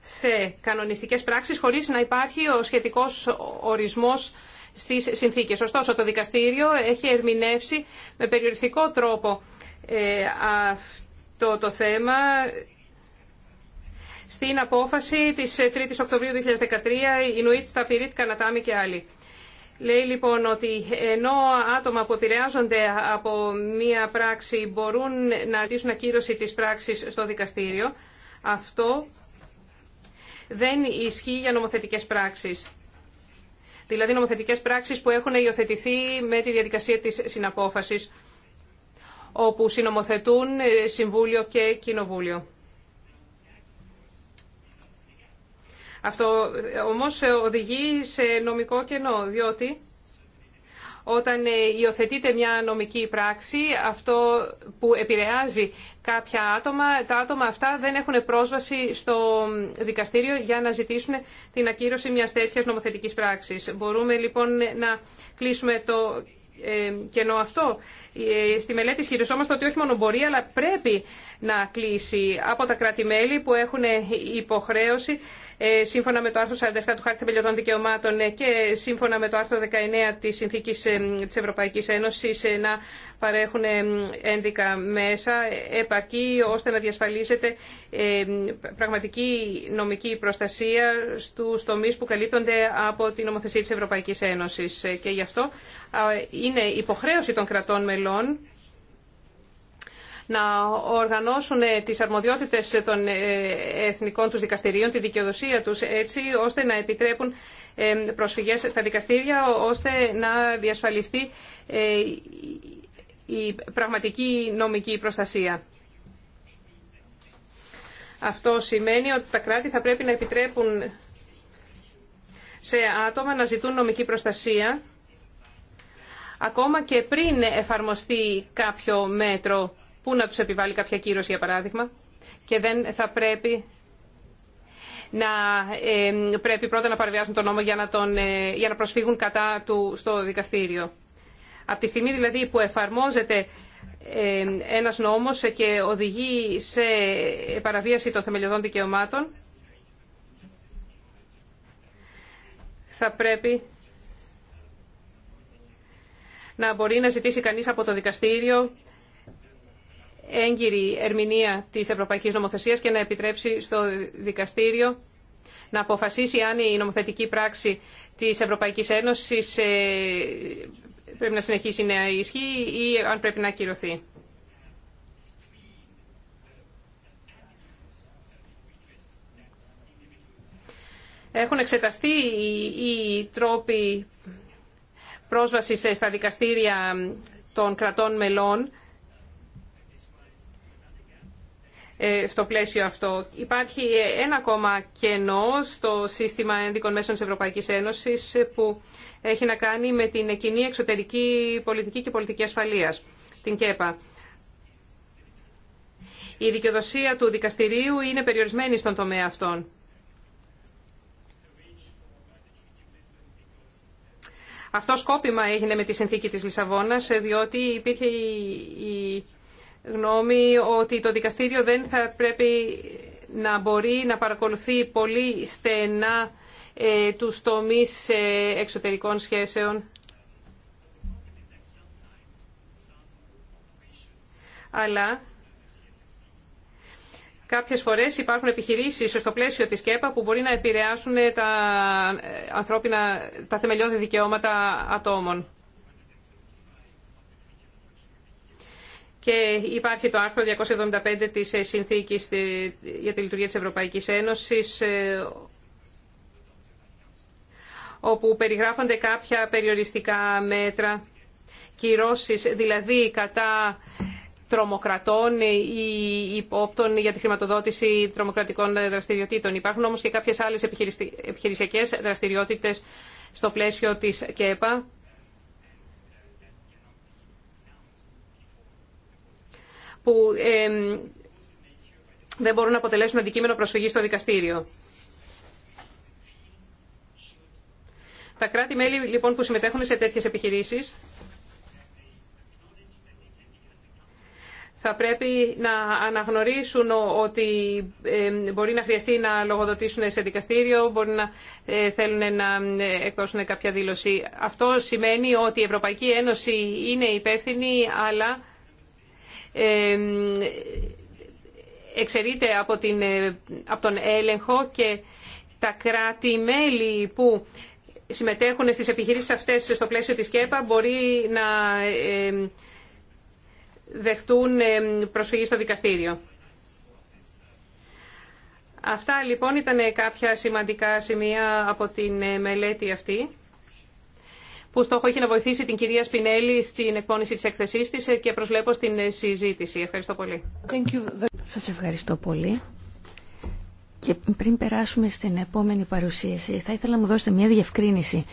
σε κανονιστικές πράξεις χωρίς να υπάρχει ο σχετικός ορισμός στις συνθήκες. Ωστόσο, το δικαστήριο έχει ερμηνεύσει με περιοριστικό τρόπο ε, αυτό το θέμα στην απόφαση της 3ης Οκτωβρίου 2013 Ινουίτ, Ταπιρίτ, Κανατάμι και άλλοι. Λέει λοιπόν ότι ενώ άτομα που επηρεάζονται από μία πράξη μπορούν να αρτήσουν ακύρωση της πράξης στο δικαστήριο, αυτό δεν ισχύει για νομοθετικές πράξεις. Δηλαδή νομοθετικές πράξεις που έχουν υιοθετηθεί με τη διαδικασία της συναπόφασης, όπου συνομοθετούν Συμβούλιο και Κοινοβούλιο. Αυτό όμως ε, οδηγεί σε νομικό κενό, διότι όταν ε, υιοθετείται μια νομική πράξη, αυτό που επηρεάζει κάποια άτομα, τα άτομα αυτά δεν έχουν πρόσβαση στο δικαστήριο για να ζητήσουν την ακύρωση μιας τέτοιας νομοθετικής πράξης. Μπορούμε λοιπόν να κλείσουμε το ε, κενό αυτό. Στη μελέτη ισχυριζόμαστε ότι όχι μόνο μπορεί, αλλά πρέπει να κλείσει από τα κράτη-μέλη που έχουν υποχρέωση ε, σύμφωνα με το άρθρο 47 του Χάρτη Θεμελιωδών Δικαιωμάτων ε, και σύμφωνα με το άρθρο 19 της Συνθήκης ε, της Ευρωπαϊκής Ένωσης να παρέχουν ένδικα μέσα επαρκή ώστε να διασφαλίζεται πραγματική νομική προστασία στους τομείς που καλύπτονται από την νομοθεσία της Ευρωπαϊκής Ένωσης. Και γι' αυτό είναι υποχρέωση των κρατών μελών να οργανώσουν ε, τις αρμοδιότητες των ε, εθνικών τους δικαστηρίων, τη δικαιοδοσία τους έτσι ώστε να επιτρέπουν ε, προσφυγές στα δικαστήρια ώστε να διασφαλιστεί η πραγματική νομική προστασία. Αυτό σημαίνει ότι τα κράτη θα πρέπει να επιτρέπουν σε άτομα να ζητούν νομική προστασία ακόμα και πριν εφαρμοστεί κάποιο μέτρο που να τους επιβάλλει κάποια κύρωση, για παράδειγμα, και δεν θα πρέπει να ε, πρέπει πρώτα να παραβιάσουν τον νόμο για να, τον, ε, για να προσφύγουν κατά του στο δικαστήριο. Από τη στιγμή δηλαδή που εφαρμόζεται ε, ένας νόμος και οδηγεί σε παραβίαση των θεμελιωδών δικαιωμάτων, θα πρέπει να μπορεί να ζητήσει κανείς από το δικαστήριο έγκυρη ερμηνεία της Ευρωπαϊκής Νομοθεσίας και να επιτρέψει στο δικαστήριο να αποφασίσει αν η νομοθετική πράξη της Ευρωπαϊκής Ένωσης ε, πρέπει να συνεχίσει να ισχύει ή αν πρέπει να ακυρωθεί. Έχουν εξεταστεί οι τρόποι πρόσβασης ε, στα δικαστήρια των κρατών μελών Ε, στο πλαίσιο αυτό. Υπάρχει ένα ακόμα κενό στο σύστημα ένδικων μέσων της Ευρωπαϊκής Ένωσης ε, που έχει να κάνει με την κοινή εξωτερική πολιτική και πολιτική ασφαλείας, την ΚΕΠΑ. Η δικαιοδοσία του δικαστηρίου είναι περιορισμένη στον τομέα αυτόν. Αυτό σκόπιμα έγινε με τη συνθήκη της Λισαβόνας, ε, διότι υπήρχε η γνώμη ότι το δικαστήριο δεν θα πρέπει να μπορεί να παρακολουθεί πολύ στενά ε, τους τομείς ε, εξωτερικών σχέσεων. Αλλά κάποιες φορές υπάρχουν επιχειρήσεις στο πλαίσιο της ΚΕΠΑ που μπορεί να επηρεάσουν τα, ε, ανθρώπινα, τα θεμελιώδη δικαιώματα ατόμων. και υπάρχει το άρθρο 275 της ε, Συνθήκης ε, για τη Λειτουργία της Ευρωπαϊκής Ένωσης ε, όπου περιγράφονται κάποια περιοριστικά μέτρα, κυρώσεις δηλαδή κατά τρομοκρατών ή υπόπτων για τη χρηματοδότηση τρομοκρατικών δραστηριοτήτων. Υπάρχουν όμως και κάποιες άλλες επιχειρησιακές δραστηριότητες στο πλαίσιο της ΚΕΠΑ που δεν μπορούν να αποτελέσουν αντικείμενο προσφυγή στο δικαστήριο. Τα κράτη-μέλη λοιπόν που συμμετέχουν σε τέτοιες επιχειρήσεις θα πρέπει να αναγνωρίσουν ότι μπορεί να χρειαστεί να λογοδοτήσουν σε δικαστήριο, μπορεί να ε, θέλουν να ε, εκδώσουν κάποια δήλωση. Αυτό σημαίνει ότι η Ευρωπαϊκή Ένωση είναι υπεύθυνη, αλλά εξαιρείται ε, από, τον έλεγχο και τα κράτη-μέλη που συμμετέχουν στις επιχειρήσεις αυτές στο πλαίσιο της ΚΕΠΑ μπορεί να δεχτούν προσφυγή στο δικαστήριο. Αυτά λοιπόν ήταν κάποια σημαντικά σημεία από την ε, μελέτη αυτή που στόχο έχει να βοηθήσει την κυρία Σπινέλη στην εκπόνηση της εκθεσή της και προσλέπω στην συζήτηση. Ευχαριστώ πολύ. Σας ευχαριστώ πολύ. Και πριν περάσουμε στην επόμενη παρουσίαση, θα ήθελα να μου δώσετε μια διευκρίνηση.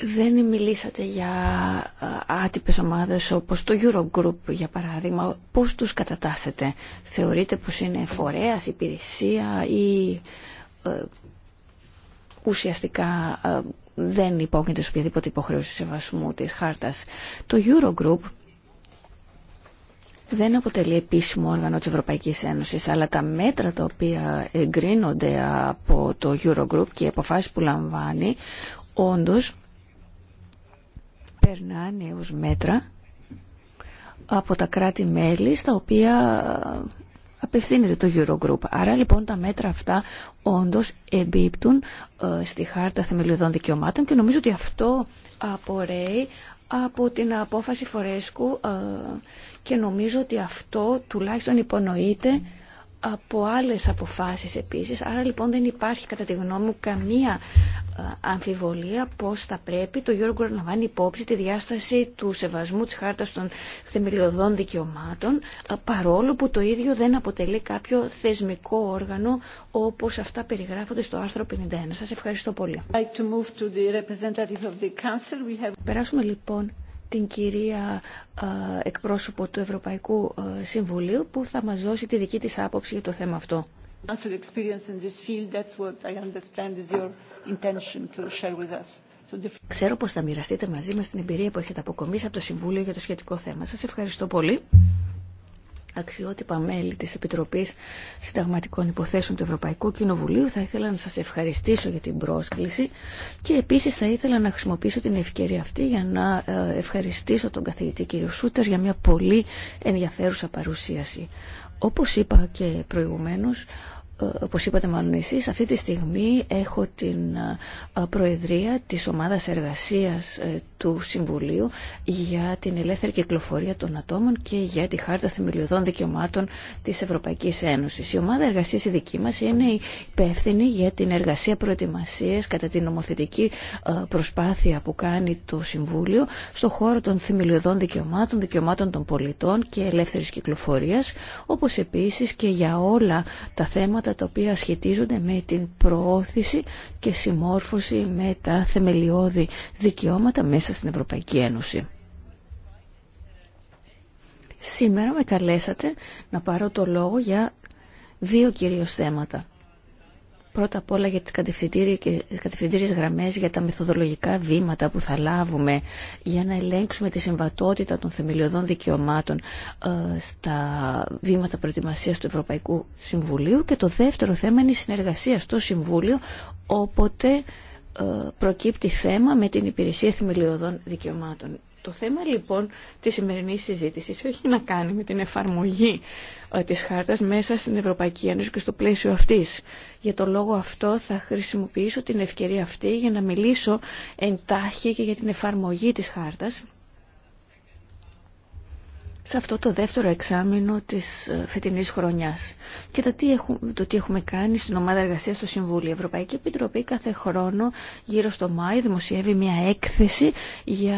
Δεν μιλήσατε για ε, άτυπες ομάδες όπως το Eurogroup για παράδειγμα. Πώς τους κατατάσσετε. Θεωρείτε πως είναι φορέας, υπηρεσία ή ε, ουσιαστικά ε, δεν υπόκειται σε οποιαδήποτε υποχρέωση σεβασμού της χάρτας. Το Eurogroup δεν αποτελεί επίσημο όργανο της Ευρωπαϊκής Ένωσης, αλλά τα μέτρα τα οποία εγκρίνονται από το Eurogroup και οι αποφάσεις που λαμβάνει, όντως περνάνε ως μέτρα από τα κράτη-μέλη στα οποία απευθύνεται το Eurogroup. Άρα λοιπόν τα μέτρα αυτά όντως εμπίπτουν ε, στη χάρτα θεμελιωδών δικαιωμάτων και νομίζω ότι αυτό απορρέει από την απόφαση Φορέσκου ε, και νομίζω ότι αυτό τουλάχιστον υπονοείται από άλλες αποφάσεις επίσης. Άρα λοιπόν δεν υπάρχει κατά τη γνώμη μου καμία ε, αμφιβολία πως θα πρέπει το Γιώργο να λαμβάνει υπόψη τη διάσταση του σεβασμού της χάρτας των θεμελιωδών δικαιωμάτων ε, παρόλο που το ίδιο δεν αποτελεί κάποιο θεσμικό όργανο όπως αυτά περιγράφονται στο άρθρο 51. Σας ευχαριστώ πολύ. Περάσουμε λοιπόν την κυρία εκπρόσωπο του Ευρωπαϊκού Συμβουλίου που θα μας δώσει τη δική της άποψη για το θέμα αυτό. Ξέρω πως θα μοιραστείτε μαζί μας την εμπειρία που έχετε αποκομίσει από το Συμβούλιο για το σχετικό θέμα. Σας ευχαριστώ πολύ αξιότυπα μέλη της Επιτροπής Συνταγματικών Υποθέσεων του Ευρωπαϊκού Κοινοβουλίου. Θα ήθελα να σας ευχαριστήσω για την πρόσκληση και επίσης θα ήθελα να χρησιμοποιήσω την ευκαιρία αυτή για να ε, ευχαριστήσω τον καθηγητή κ. Σούτερ για μια πολύ ενδιαφέρουσα παρουσίαση. Όπως είπα και προηγουμένως, ε, όπως είπατε μάλλον εσείς, αυτή τη στιγμή έχω την ε, προεδρία της ομάδας εργασίας του Συμβουλίου για την ελεύθερη κυκλοφορία των ατόμων και για τη Χάρτα Θεμελιωδών Δικαιωμάτων τη Ευρωπαϊκή Ένωση. Η ομάδα εργασία η δική μα είναι υπεύθυνη για την εργασία προετοιμασία κατά την νομοθετική ε, προσπάθεια που κάνει το Συμβούλιο στον χώρο των θεμελιωδών δικαιωμάτων, δικαιωμάτων των πολιτών και ελεύθερη κυκλοφορία, όπω επίση και για όλα τα θέματα τα οποία σχετίζονται με την προώθηση και συμμόρφωση με τα θεμελιώδη δικαιώματα μέσα στην Ευρωπαϊκή Ένωση. Σήμερα με καλέσατε να πάρω το λόγο για δύο κυρίως θέματα. Πρώτα απ' όλα για τις κατευθυντήριες γραμμές για τα μεθοδολογικά βήματα που θα λάβουμε για να ελέγξουμε τη συμβατότητα των θεμελιωδών δικαιωμάτων ε, στα βήματα προετοιμασίας του Ευρωπαϊκού Συμβουλίου και το δεύτερο θέμα είναι η συνεργασία στο Συμβούλιο όποτε ε, προκύπτει θέμα με την Υπηρεσία Θεμελιωδών Δικαιωμάτων. Το θέμα λοιπόν της σημερινής συζήτησης έχει να κάνει με την εφαρμογή ε, της χάρτας μέσα στην Ευρωπαϊκή Ένωση και στο πλαίσιο αυτής. Για το λόγο αυτό θα χρησιμοποιήσω την ευκαιρία αυτή για να μιλήσω εντάχει και για την εφαρμογή της χάρτας σε αυτό το δεύτερο εξάμεινο της ε, φετινής χρονιάς. Και το τι, έχουμε, το τι έχουμε κάνει στην ομάδα εργασίας στο Συμβούλιο. Η Ευρωπαϊκή Επιτροπή κάθε χρόνο γύρω στο Μάη δημοσιεύει μια έκθεση για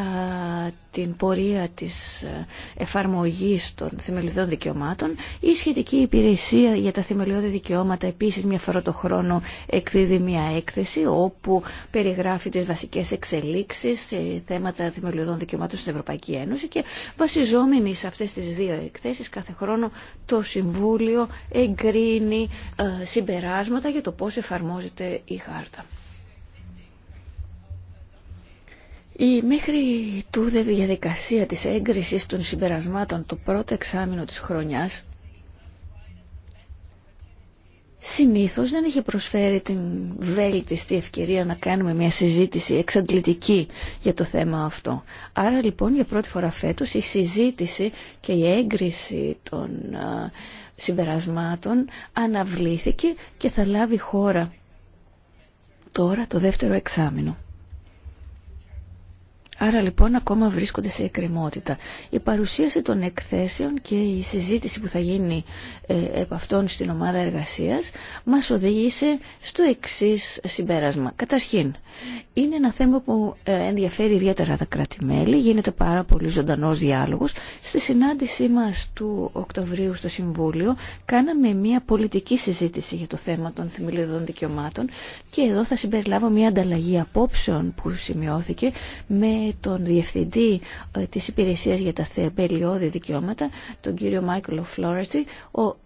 την πορεία της ε, εφαρμογής των θεμελιωδών δικαιωμάτων. Η σχετική υπηρεσία για τα θεμελιώδη δικαιώματα επίσης μια φορά το χρόνο εκδίδει μια έκθεση όπου περιγράφει τις βασικές εξελίξεις σε θέματα θεμελιωδών δικαιωμάτων στην Ευρωπαϊκή Ένωση και βασιζόμενοι σε αυτή αυτές τις δύο εκθέσεις κάθε χρόνο το Συμβούλιο εγκρίνει ε, συμπεράσματα για το πώς εφαρμόζεται η χάρτα. Η μέχρι τούδε διαδικασία της έγκρισης των συμπερασμάτων το πρώτο εξάμεινο της χρονιάς συνήθως δεν είχε προσφέρει την βέλτιστη ευκαιρία να κάνουμε μια συζήτηση εξαντλητική για το θέμα αυτό. Άρα λοιπόν για πρώτη φορά φέτος η συζήτηση και η έγκριση των συμπερασμάτων αναβλήθηκε και θα λάβει χώρα τώρα το δεύτερο εξάμεινο. Άρα λοιπόν ακόμα βρίσκονται σε εκκρεμότητα. Η παρουσίαση των εκθέσεων και η συζήτηση που θα γίνει ε, αυτών στην ομάδα εργασίας μας οδήγησε στο εξής συμπέρασμα. Καταρχήν, είναι ένα θέμα που ε, ενδιαφέρει ιδιαίτερα τα κράτη-μέλη, γίνεται πάρα πολύ ζωντανός διάλογος. Στη συνάντησή μας του Οκτωβρίου στο Συμβούλιο κάναμε μια πολιτική συζήτηση για το θέμα των θεμελιωδών δικαιωμάτων και εδώ θα συμπεριλάβω μια ανταλλαγή απόψεων που σημειώθηκε με τον Διευθυντή ε, της Υπηρεσίας για τα θεμπελιώδη Δικαιώματα, τον κύριο Μάικλ Φλόρετσι, ο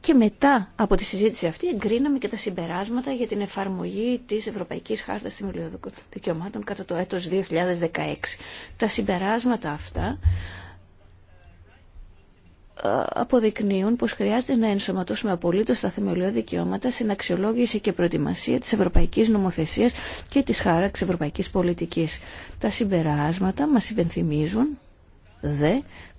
και μετά από τη συζήτηση αυτή εγκρίναμε και τα συμπεράσματα για την εφαρμογή της Ευρωπαϊκής Χάρτας Θεμελιωδικών Δικαιωμάτων κατά το έτος 2016. Τα συμπεράσματα αυτά αποδεικνύουν πως χρειάζεται να ενσωματώσουμε απολύτως τα θεμελιώδη δικαιώματα στην αξιολόγηση και προετοιμασία της ευρωπαϊκής νομοθεσίας και της χάραξης ευρωπαϊκής πολιτικής. Τα συμπεράσματα μας υπενθυμίζουν δε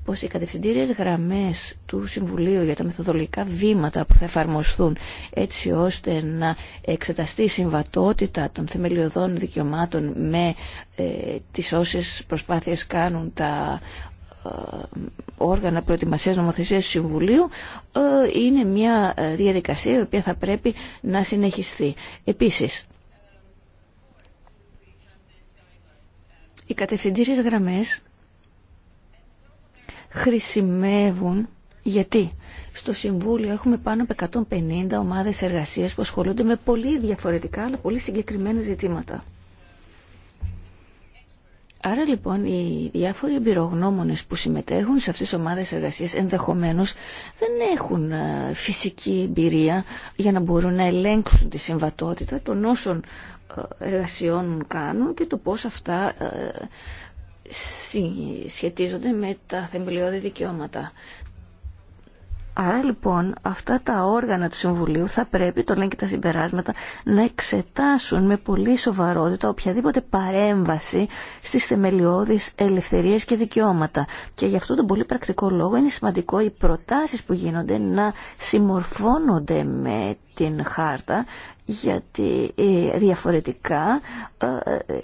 πως οι κατευθυντήριες γραμμές του Συμβουλίου για τα μεθοδολογικά βήματα που θα εφαρμοστούν έτσι ώστε να εξεταστεί η συμβατότητα των θεμελιωδών δικαιωμάτων με ε, τις όσες κάνουν τα ε, όργανα προετοιμασίας νομοθεσίας του Συμβουλίου ε, είναι μια ε, διαδικασία η οποία θα πρέπει να συνεχιστεί. Επίσης, οι κατευθυντήριες γραμμές χρησιμεύουν γιατί στο Συμβούλιο έχουμε πάνω από 150 ομάδες εργασίας που ασχολούνται με πολύ διαφορετικά αλλά πολύ συγκεκριμένα ζητήματα. Άρα λοιπόν οι διάφοροι εμπειρογνώμονες που συμμετέχουν σε αυτές τις ομάδες εργασίας ενδεχομένως δεν έχουν ε, φυσική εμπειρία για να μπορούν να ελέγξουν τη συμβατότητα των όσων ε, εργασιών κάνουν και το πώς αυτά ε, σχετίζονται με τα θεμελιώδη δικαιώματα. Άρα λοιπόν αυτά τα όργανα του Συμβουλίου θα πρέπει, το λένε και τα συμπεράσματα, να εξετάσουν με πολύ σοβαρότητα οποιαδήποτε παρέμβαση στις θεμελιώδεις ελευθερίες και δικαιώματα. Και γι' αυτό τον πολύ πρακτικό λόγο είναι σημαντικό οι προτάσεις που γίνονται να συμμορφώνονται με την χάρτα γιατί ε, διαφορετικά ε, ε,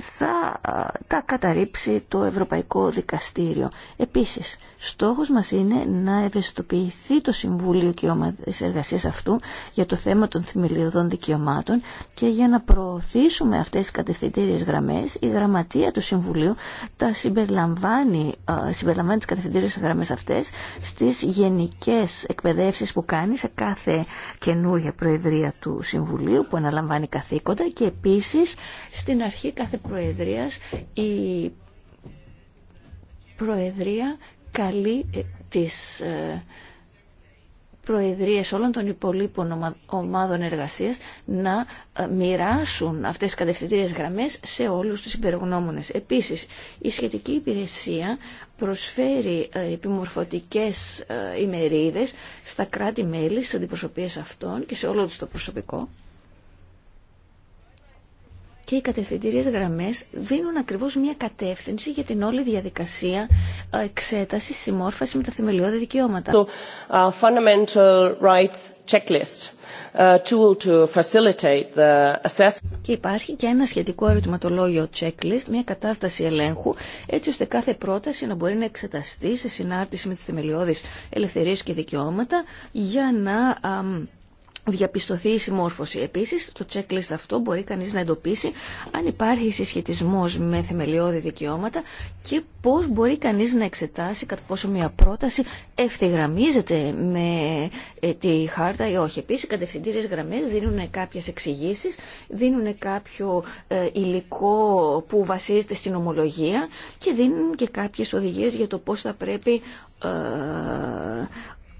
θα τα καταρρύψει το Ευρωπαϊκό Δικαστήριο. Επίσης, στόχος μας είναι να ευαισθητοποιηθεί το Συμβούλιο και ομάδες εργασίας αυτού για το θέμα των θεμελιωδών δικαιωμάτων και για να προωθήσουμε αυτές τις κατευθυντήριες γραμμές, η γραμματεία του Συμβουλίου τα συμπεριλαμβάνει, συμπεριλαμβάνει τις κατευθυντήριες γραμμές αυτές στις γενικές εκπαιδεύσεις που κάνει σε κάθε καινούργιο καινούργια Προεδρία του Συμβουλίου που αναλαμβάνει καθήκοντα και επίσης στην αρχή κάθε Προεδρίας η Προεδρία καλεί ε, της ε, προεδρίες όλων των υπολείπων ομάδων εργασίας να ε, μοιράσουν αυτές τις κατευθυντήριες γραμμές σε όλους τους υπεργνώμονες. Επίσης, η σχετική υπηρεσία προσφέρει ε, επιμορφωτικές ε, ημερίδες στα κράτη-μέλη, στις αντιπροσωπείες αυτών και σε όλο το προσωπικό και οι κατευθυντηρίες γραμμές δίνουν ακριβώς μια κατεύθυνση για την όλη διαδικασία ε, εξέταση, συμμόρφωση με τα θεμελιώδη δικαιώματα. Το fundamental rights checklist ε, tool to facilitate the assessment. Και υπάρχει και ένα σχετικό ερωτηματολόγιο checklist, μια κατάσταση ελέγχου, έτσι ώστε κάθε πρόταση να μπορεί να εξεταστεί σε συνάρτηση με τις θεμελιώδεις ελευθερίες και δικαιώματα για να διαπιστωθεί η συμμόρφωση. Επίσης, το checklist αυτό μπορεί κανείς να εντοπίσει αν υπάρχει συσχετισμός με θεμελιώδη δικαιώματα και πώς μπορεί κανείς να εξετάσει κατά πόσο μια πρόταση ευθυγραμμίζεται με ε, τη χάρτα ή όχι. Επίσης, οι κατευθυντήριες γραμμές δίνουν κάποιες εξηγήσει, δίνουν κάποιο ε, υλικό που βασίζεται στην ομολογία και δίνουν και κάποιες οδηγίες για το πώς θα πρέπει ε,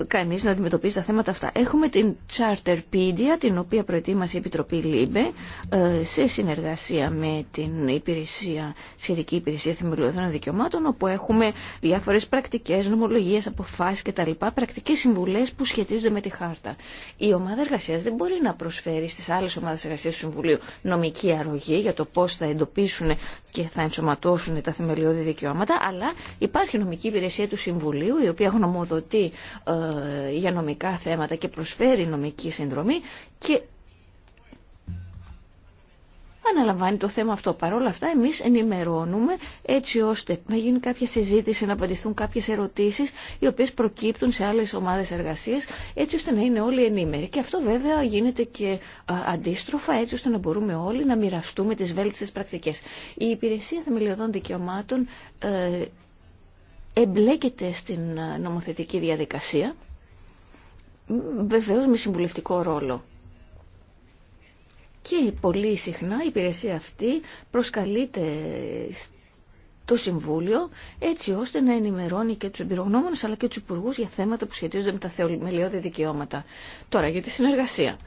κανείς να αντιμετωπίσει τα θέματα αυτά. Έχουμε την Charterpedia, την οποία προετοίμασε η Επιτροπή ΛΥΜΠΕ, ε, σε συνεργασία με την υπηρεσία, σχετική υπηρεσία θεμελιωδών δικαιωμάτων, όπου έχουμε διάφορες πρακτικές, νομολογίες, αποφάσεις κτλ, πρακτικές συμβουλές που σχετίζονται με τη χάρτα. Η ομάδα εργασίας δεν μπορεί να προσφέρει στις άλλες ομάδες εργασίας του Συμβουλίου νομική αρρωγή για το πώς θα εντοπίσουν και θα ενσωματώσουν τα θεμελιώδη δικαιώματα, αλλά υπάρχει νομική υπηρεσία του Συμβουλίου, η οποία γνωμοδοτεί ε, για νομικά θέματα και προσφέρει νομική συνδρομή και αναλαμβάνει το θέμα αυτό. Παρ' όλα αυτά εμείς ενημερώνουμε έτσι ώστε να γίνει κάποια συζήτηση, να απαντηθούν κάποιες ερωτήσεις οι οποίες προκύπτουν σε άλλες ομάδες εργασίας έτσι ώστε να είναι όλοι ενήμεροι. Και αυτό βέβαια γίνεται και αντίστροφα έτσι ώστε να μπορούμε όλοι να μοιραστούμε τις βέλτιστες πρακτικές. Η Υπηρεσία Θεμελιωδών Δικαιωμάτων ε, εμπλέκεται στην ε, νομοθετική διαδικασία, βεβαίως με συμβουλευτικό ρόλο. Και πολύ συχνά η υπηρεσία αυτή προσκαλείται το Συμβούλιο έτσι ώστε να ενημερώνει και τους εμπειρογνώμονες αλλά και τους υπουργού για θέματα που σχετίζονται με τα θεμελιώδη δικαιώματα. Τώρα για τη συνεργασία.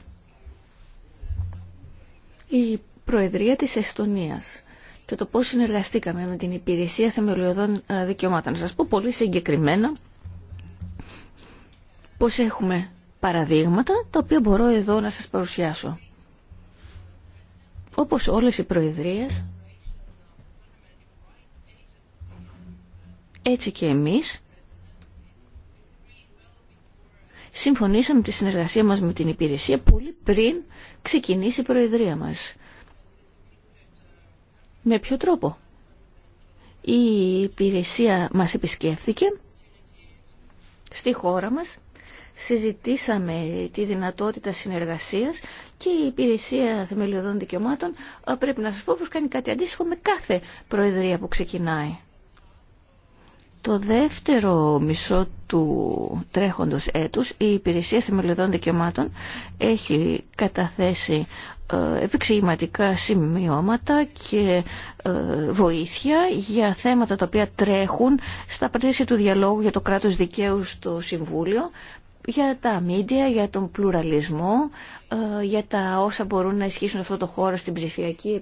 Η Προεδρία της Εστονίας και το πώς συνεργαστήκαμε με την Υπηρεσία Θεμελιωδών ε, Δικαιωμάτων. Να σας πω πολύ συγκεκριμένα πώς έχουμε παραδείγματα τα οποία μπορώ εδώ να σας παρουσιάσω. Όπως όλες οι προεδρίες, έτσι και εμείς, συμφωνήσαμε τη συνεργασία μας με την υπηρεσία πολύ πριν ξεκινήσει η προεδρία μας με ποιο τρόπο. Η υπηρεσία μας επισκέφθηκε στη χώρα μας, συζητήσαμε τη δυνατότητα συνεργασίας και η υπηρεσία θεμελιωδών δικαιωμάτων πρέπει να σας πω πως κάνει κάτι αντίστοιχο με κάθε προεδρία που ξεκινάει. Το δεύτερο μισό του τρέχοντος έτους η Υπηρεσία Θεμελιωδών Δικαιωμάτων έχει καταθέσει ε, επεξηγηματικά σημειώματα και ε, βοήθεια για θέματα τα οποία τρέχουν στα πλαίσια του διαλόγου για το κράτος δικαίου στο Συμβούλιο για τα μίντια, για τον πλουραλισμό, ε, για τα όσα μπορούν να ισχύσουν αυτό το χώρο στην ψηφιακή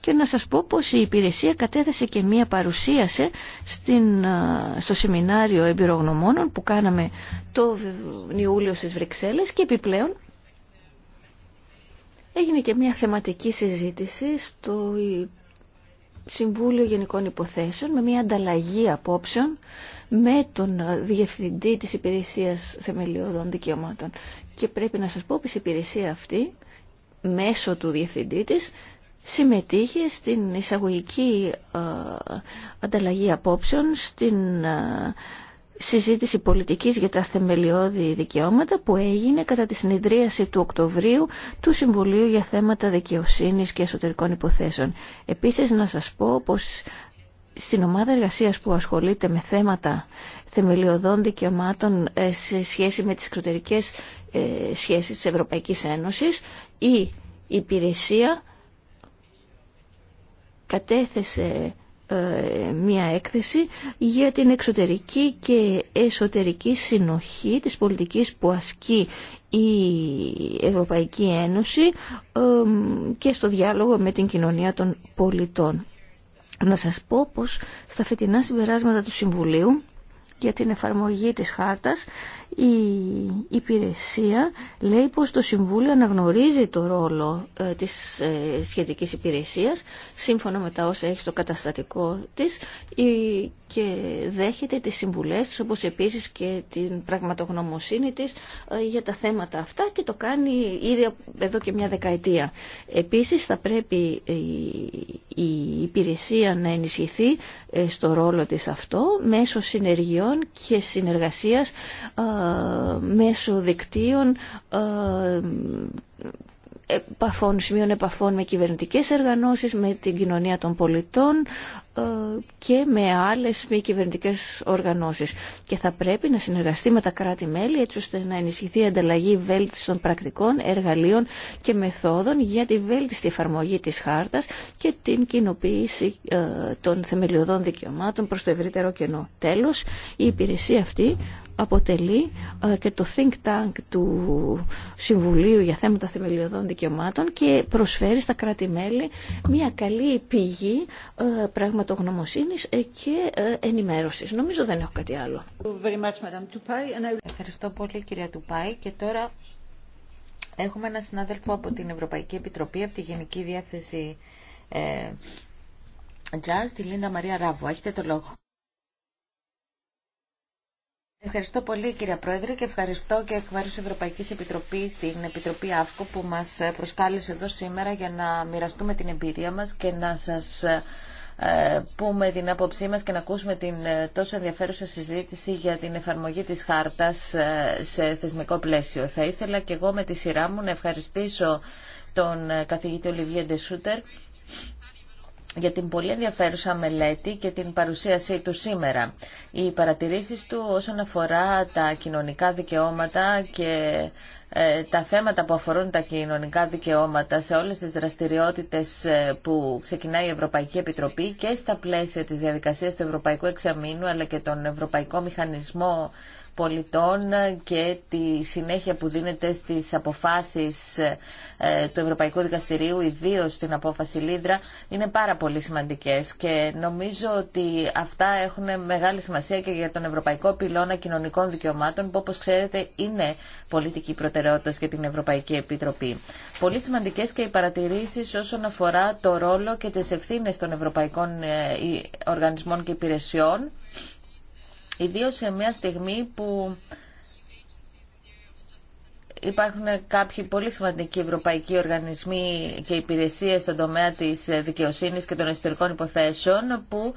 και να σας πω πως η υπηρεσία κατέθεσε και μία παρουσίαση στην, στο σεμινάριο εμπειρογνωμόνων που κάναμε το Ιούλιο στις Βρυξέλλες και επιπλέον έγινε και μία θεματική συζήτηση στο Συμβούλιο Γενικών Υποθέσεων με μια ανταλλαγή απόψεων με τον Διευθυντή της Υπηρεσίας Θεμελιωδών Δικαιωμάτων. Και πρέπει να σας πω πως η υπηρεσία αυτή μέσω του Διευθυντή της συμμετείχε στην εισαγωγική ε, ανταλλαγή απόψεων, στην ε, συζήτηση πολιτικής για τα θεμελιώδη δικαιώματα που έγινε κατά τη συνεδρίαση του Οκτωβρίου του Συμβουλίου για θέματα δικαιοσύνης και εσωτερικών υποθέσεων. Επίσης να σας πω πως στην ομάδα εργασίας που ασχολείται με θέματα θεμελιωδών δικαιωμάτων ε, σε σχέση με τις εξωτερικές σχέσεις της Ευρωπαϊκής Ένωσης η υπηρεσία κατέθεσε ε, μία έκθεση για την εξωτερική και εσωτερική συνοχή της πολιτικής που ασκεί η Ευρωπαϊκή Ένωση ε, και στο διάλογο με την κοινωνία των πολιτών. Να σας πω πως στα φετινά συμπεράσματα του Συμβουλίου για την εφαρμογή της χάρτας η υπηρεσία λέει πως το Συμβούλιο αναγνωρίζει το ρόλο ε, της ε, σχετικής υπηρεσίας σύμφωνα με τα όσα έχει στο καταστατικό της και δέχεται τις συμβουλές της όπως επίσης και την πραγματογνωμοσύνη της ε, για τα θέματα αυτά και το κάνει ήδη εδώ και μια δεκαετία. Επίσης θα πρέπει ε, η υπηρεσία να ενισχυθεί ε, στο ρόλο της αυτό μέσω συνεργειών και συνεργασίας μέσω δικτύων επαφών, σημείων επαφών με κυβερνητικές εργανώσεις, με την κοινωνία των πολιτών ε, και με άλλες μη κυβερνητικές οργανώσεις. Και θα πρέπει να συνεργαστεί με τα κράτη-μέλη έτσι ώστε να ενισχυθεί η ανταλλαγή βέλτιστων πρακτικών, εργαλείων και μεθόδων για τη βέλτιστη εφαρμογή της χάρτας και την κοινοποίηση ε, των θεμελιωδών δικαιωμάτων προς το ευρύτερο κενό. Τέλος, η υπηρεσία αυτή αποτελεί ε, και το think tank του Συμβουλίου για θέματα θεμελιωδών δικαιωμάτων και προσφέρει στα κράτη-μέλη μια καλή πηγή ε, πραγματογνωμοσύνης ε, και ενημέρωσης. Νομίζω δεν έχω κάτι άλλο. Ευχαριστώ πολύ κυρία Τουπάη και τώρα έχουμε ένα συνάδελφο από την Ευρωπαϊκή Επιτροπή, από τη Γενική Διάθεση ε, Jazz, τη Λίντα Μαρία Ράβου. Έχετε το λόγο. Ευχαριστώ πολύ κυρία Πρόεδρε και ευχαριστώ και εκ μέρους Ευρωπαϊκής Επιτροπής την Επιτροπή ΑΦΚΟ που μας προσκάλεσε εδώ σήμερα για να μοιραστούμε την εμπειρία μας και να σας ε, πούμε την άποψή μας και να ακούσουμε την ε, τόσο ενδιαφέρουσα συζήτηση για την εφαρμογή της χάρτας ε, σε θεσμικό πλαίσιο. Θα ήθελα και εγώ με τη σειρά μου να ευχαριστήσω τον καθηγητή Ολιβιέντε Ντεσούτερ για την πολύ ενδιαφέρουσα μελέτη και την παρουσίασή του σήμερα. Οι παρατηρήσεις του όσον αφορά τα κοινωνικά δικαιώματα και ε, τα θέματα που αφορούν τα κοινωνικά δικαιώματα σε όλες τις δραστηριότητες ε, που ξεκινάει η Ευρωπαϊκή Επιτροπή και στα πλαίσια της διαδικασίας του Ευρωπαϊκού Εξαμήνου αλλά και τον Ευρωπαϊκό Μηχανισμό πολιτών και τη συνέχεια που δίνεται στις αποφάσεις ε, του Ευρωπαϊκού Δικαστηρίου, ιδίω στην απόφαση Λίδρα, είναι πάρα πολύ σημαντικές και νομίζω ότι αυτά έχουν μεγάλη σημασία και για τον Ευρωπαϊκό Πυλώνα Κοινωνικών Δικαιωμάτων που όπως ξέρετε είναι πολιτική προτεραιότητα για την Ευρωπαϊκή Επιτροπή. Πολύ σημαντικές και οι παρατηρήσεις όσον αφορά το ρόλο και τις ευθύνες των ευρωπαϊκών ε, οργανισμών και υπηρεσιών Ιδίως σε μια στιγμή που υπάρχουν κάποιοι πολύ σημαντικοί ευρωπαϊκοί οργανισμοί και υπηρεσίες στον τομέα της δικαιοσύνης και των εσωτερικών υποθέσεων που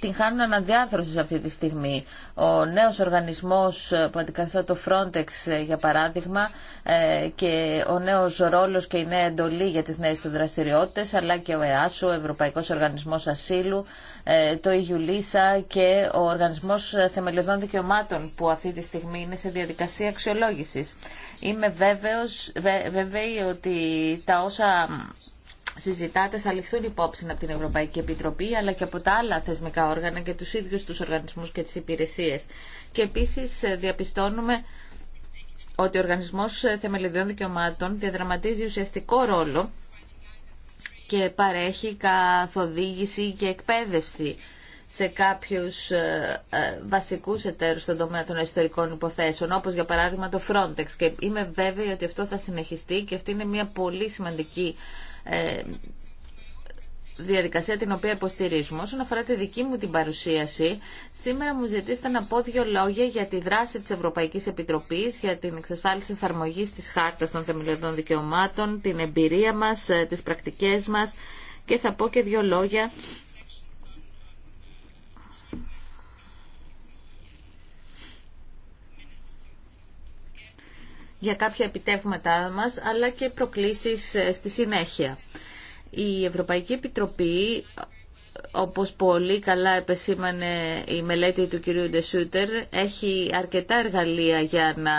την χάνουν σε αυτή τη στιγμή. Ο νέος οργανισμός που αντικαθιστά το Frontex για παράδειγμα ε, και ο νέος ρόλος και η νέα εντολή για τις νέες του δραστηριότητες αλλά και ο ΕΑΣΟ, ο Ευρωπαϊκός Οργανισμός Ασύλου, ε, το ΙΓΙΟΛΙΣΑ και ο Οργανισμός Θεμελιωδών Δικαιωμάτων που αυτή τη στιγμή είναι σε διαδικασία αξιολόγησης. Είμαι βέβαιος, βέ, βέβαιη ότι τα όσα συζητάτε θα ληφθούν υπόψη από την Ευρωπαϊκή Επιτροπή αλλά και από τα άλλα θεσμικά όργανα και τους ίδιους τους οργανισμούς και τις υπηρεσίες. Και επίσης ε, διαπιστώνουμε ότι ο Οργανισμός Θεμελιδιών Δικαιωμάτων διαδραματίζει ουσιαστικό ρόλο και παρέχει καθοδήγηση και εκπαίδευση σε κάποιους ε, ε, βασικού εταίρου στον τομέα των ιστορικών υποθέσεων, όπω για παράδειγμα το Frontex. Και είμαι βέβαιη ότι αυτό θα συνεχιστεί και αυτή είναι μια πολύ σημαντική ε, διαδικασία την οποία υποστηρίζουμε. Όσον αφορά τη δική μου την παρουσίαση, σήμερα μου ζητήσατε να πω δύο λόγια για τη δράση της Ευρωπαϊκής Επιτροπής, για την εξασφάλιση εφαρμογής της Χάρτας των Θεμελιωδών Δικαιωμάτων, την εμπειρία μας, τις πρακτικές μας και θα πω και δύο λόγια για κάποια επιτεύγματά μας, αλλά και προκλήσεις ε, στη συνέχεια. Η Ευρωπαϊκή Επιτροπή όπως πολύ καλά επεσήμανε η μελέτη του κυρίου Ντεσούτερ, έχει αρκετά εργαλεία για να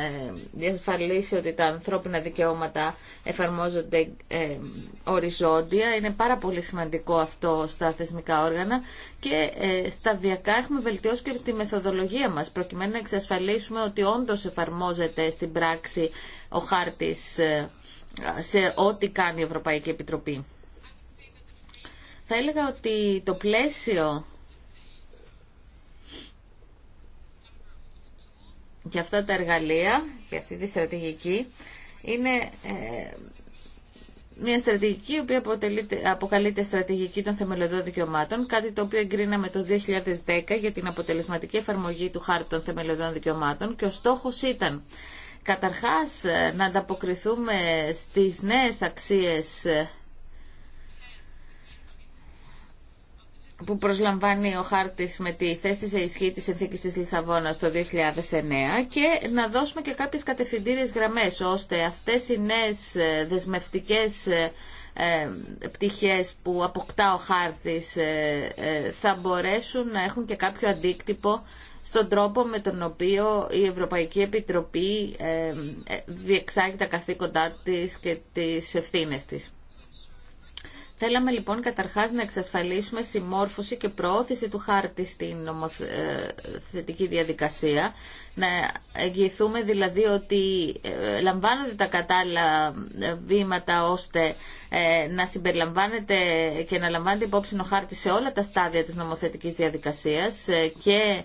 ε, διασφαλίσει ότι τα ανθρώπινα δικαιώματα εφαρμόζονται ε, οριζόντια. Είναι πάρα πολύ σημαντικό αυτό στα θεσμικά όργανα και ε, σταδιακά έχουμε βελτιώσει και τη μεθοδολογία μας προκειμένου να εξασφαλίσουμε ότι όντως εφαρμόζεται στην πράξη ο χάρτης σε ό,τι κάνει η Ευρωπαϊκή Επιτροπή. Θα έλεγα ότι το πλαίσιο και αυτά τα εργαλεία και αυτή τη στρατηγική είναι ε, μια στρατηγική η οποία αποκαλείται στρατηγική των θεμελιωδών δικαιωμάτων, κάτι το οποίο εγκρίναμε το 2010 για την αποτελεσματική εφαρμογή του χάρτη των θεμελιωδών δικαιωμάτων και ο στόχος ήταν καταρχάς να ανταποκριθούμε στις νέες αξίες ε, που προσλαμβάνει ο χάρτη με τη θέση σε ισχύ τη συνθήκη τη Λισαβόνα το 2009 και να δώσουμε και κάποιε κατευθυντήριες γραμμές ώστε αυτέ οι νέες ε, δεσμευτικές ε, ε, πτυχές που αποκτά ο χάρτης θα μπορέσουν να έχουν και κάποιο αντίκτυπο στον τρόπο με τον οποίο η Ευρωπαϊκή Επιτροπή διεξάγει τα καθήκοντά της και τις ευθύνες της. Θέλαμε λοιπόν καταρχάς να εξασφαλίσουμε συμμόρφωση και προώθηση του χάρτη στην νομοθετική ε, διαδικασία, να εγγυηθούμε δηλαδή ότι ε, λαμβάνονται τα κατάλληλα ε, βήματα ώστε να συμπεριλαμβάνεται και να λαμβάνεται υπόψη ο χάρτη σε όλα τα στάδια της νομοθετικής διαδικασίας και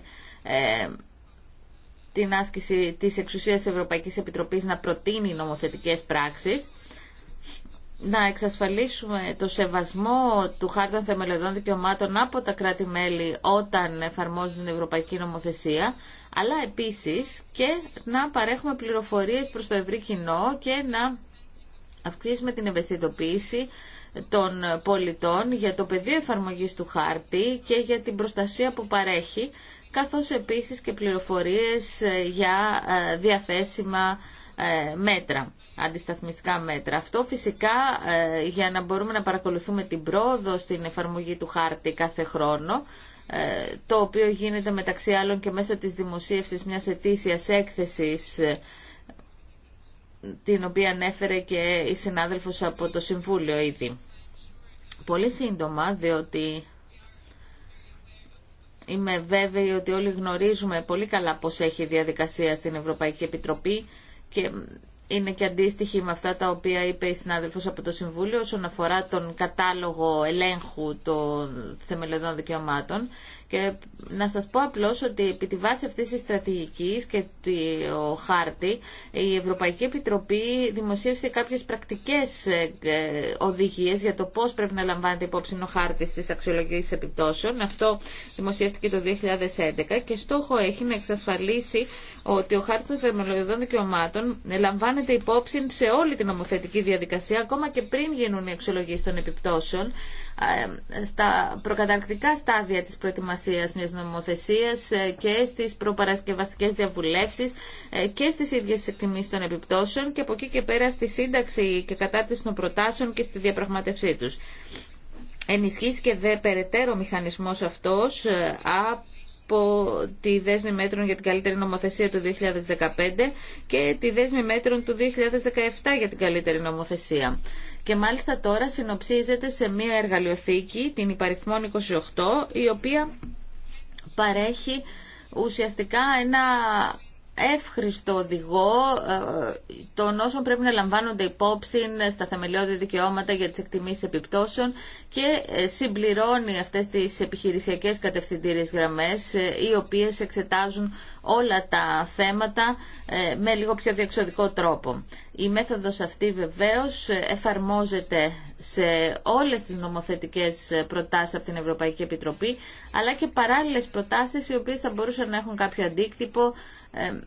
την άσκηση της εξουσίας Ευρωπαϊκής Επιτροπής να προτείνει νομοθετικές πράξεις να εξασφαλίσουμε το σεβασμό του χάρτη των θεμελιωδών δικαιωμάτων από τα κράτη-μέλη όταν εφαρμόζουν την ευρωπαϊκή νομοθεσία, αλλά επίσης και να παρέχουμε πληροφορίες προς το ευρύ κοινό και να αυξήσουμε την ευαισθητοποίηση των πολιτών για το πεδίο εφαρμογής του χάρτη και για την προστασία που παρέχει, καθώς επίσης και πληροφορίες ε, για ε, διαθέσιμα ε, μέτρα, αντισταθμιστικά μέτρα. Αυτό φυσικά ε, για να μπορούμε να παρακολουθούμε την πρόοδο στην εφαρμογή του χάρτη κάθε χρόνο, ε, το οποίο γίνεται μεταξύ άλλων και μέσω της δημοσίευσης μιας ετήσιας έκθεσης την οποία ανέφερε και η συνάδελφος από το Συμβούλιο ήδη. Πολύ σύντομα, διότι είμαι βέβαιη ότι όλοι γνωρίζουμε πολύ καλά πώς έχει διαδικασία στην Ευρωπαϊκή Επιτροπή και είναι και αντίστοιχη με αυτά τα οποία είπε η συνάδελφος από το Συμβούλιο όσον αφορά τον κατάλογο ελέγχου των θεμελιωδών δικαιωμάτων. Και να σας πω απλώς ότι επί τη βάση αυτής της στρατηγικής και του χάρτη η Ευρωπαϊκή Επιτροπή δημοσίευσε κάποιες πρακτικές ε, ε, οδηγίες για το πώς πρέπει να λαμβάνεται υπόψη ο χάρτης της αξιολογής επιπτώσεων. Αυτό δημοσιεύτηκε το 2011 και στόχο έχει να εξασφαλίσει ότι ο χάρτης των θερμολογιδών δικαιωμάτων λαμβάνεται υπόψη σε όλη την νομοθετική διαδικασία ακόμα και πριν γίνουν οι αξιολογίες των επιπτώσεων ε, στα προκαταρκτικά στάδια της προετοιμασίας μιας νομοθεσίας ε, και στις προπαρασκευαστικές διαβουλεύσεις ε, και στις ίδιες εκτιμήσεις των επιπτώσεων και από εκεί και πέρα στη σύνταξη και κατάρτιση των προτάσεων και στη διαπραγματευσή τους. Ενισχύσει και δε περαιτέρω ο μηχανισμός αυτός από τη δέσμη μέτρων για την καλύτερη νομοθεσία του 2015 και τη δέσμη μέτρων του 2017 για την καλύτερη νομοθεσία και μάλιστα τώρα συνοψίζεται σε μία εργαλειοθήκη, την υπαριθμών 28, η οποία παρέχει ουσιαστικά ένα εύχριστο οδηγό ε, των όσων πρέπει να λαμβάνονται υπόψη στα θεμελιώδη δικαιώματα για τις εκτιμήσεις επιπτώσεων και ε, συμπληρώνει αυτές τις επιχειρησιακές κατευθυντήριες γραμμές ε, οι οποίες εξετάζουν όλα τα θέματα με λίγο πιο διεξοδικό τρόπο. Η μέθοδος αυτή βεβαίως εφαρμόζεται σε όλες τις νομοθετικές προτάσεις από την Ευρωπαϊκή Επιτροπή αλλά και παράλληλες προτάσεις οι οποίες θα μπορούσαν να έχουν κάποιο αντίκτυπο ε,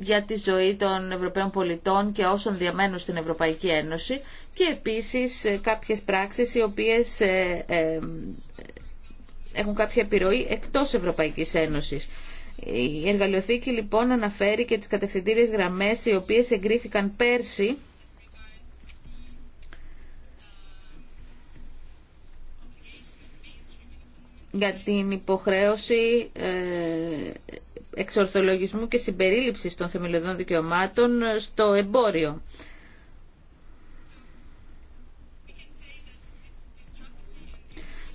για τη ζωή των Ευρωπαίων πολιτών και όσων διαμένουν στην Ευρωπαϊκή Ένωση και επίσης ε, κάποιες πράξεις οι οποίες ε, έχουν κάποια επιρροή εκτός Ευρωπαϊκής Ένωσης. Η εργαλειοθήκη λοιπόν αναφέρει και τις κατευθυντήριες γραμμές οι οποίες εγκρίθηκαν πέρσι για την υποχρέωση εξορθολογισμού και συμπερίληψης των θεμελιωδών δικαιωμάτων στο εμπόριο.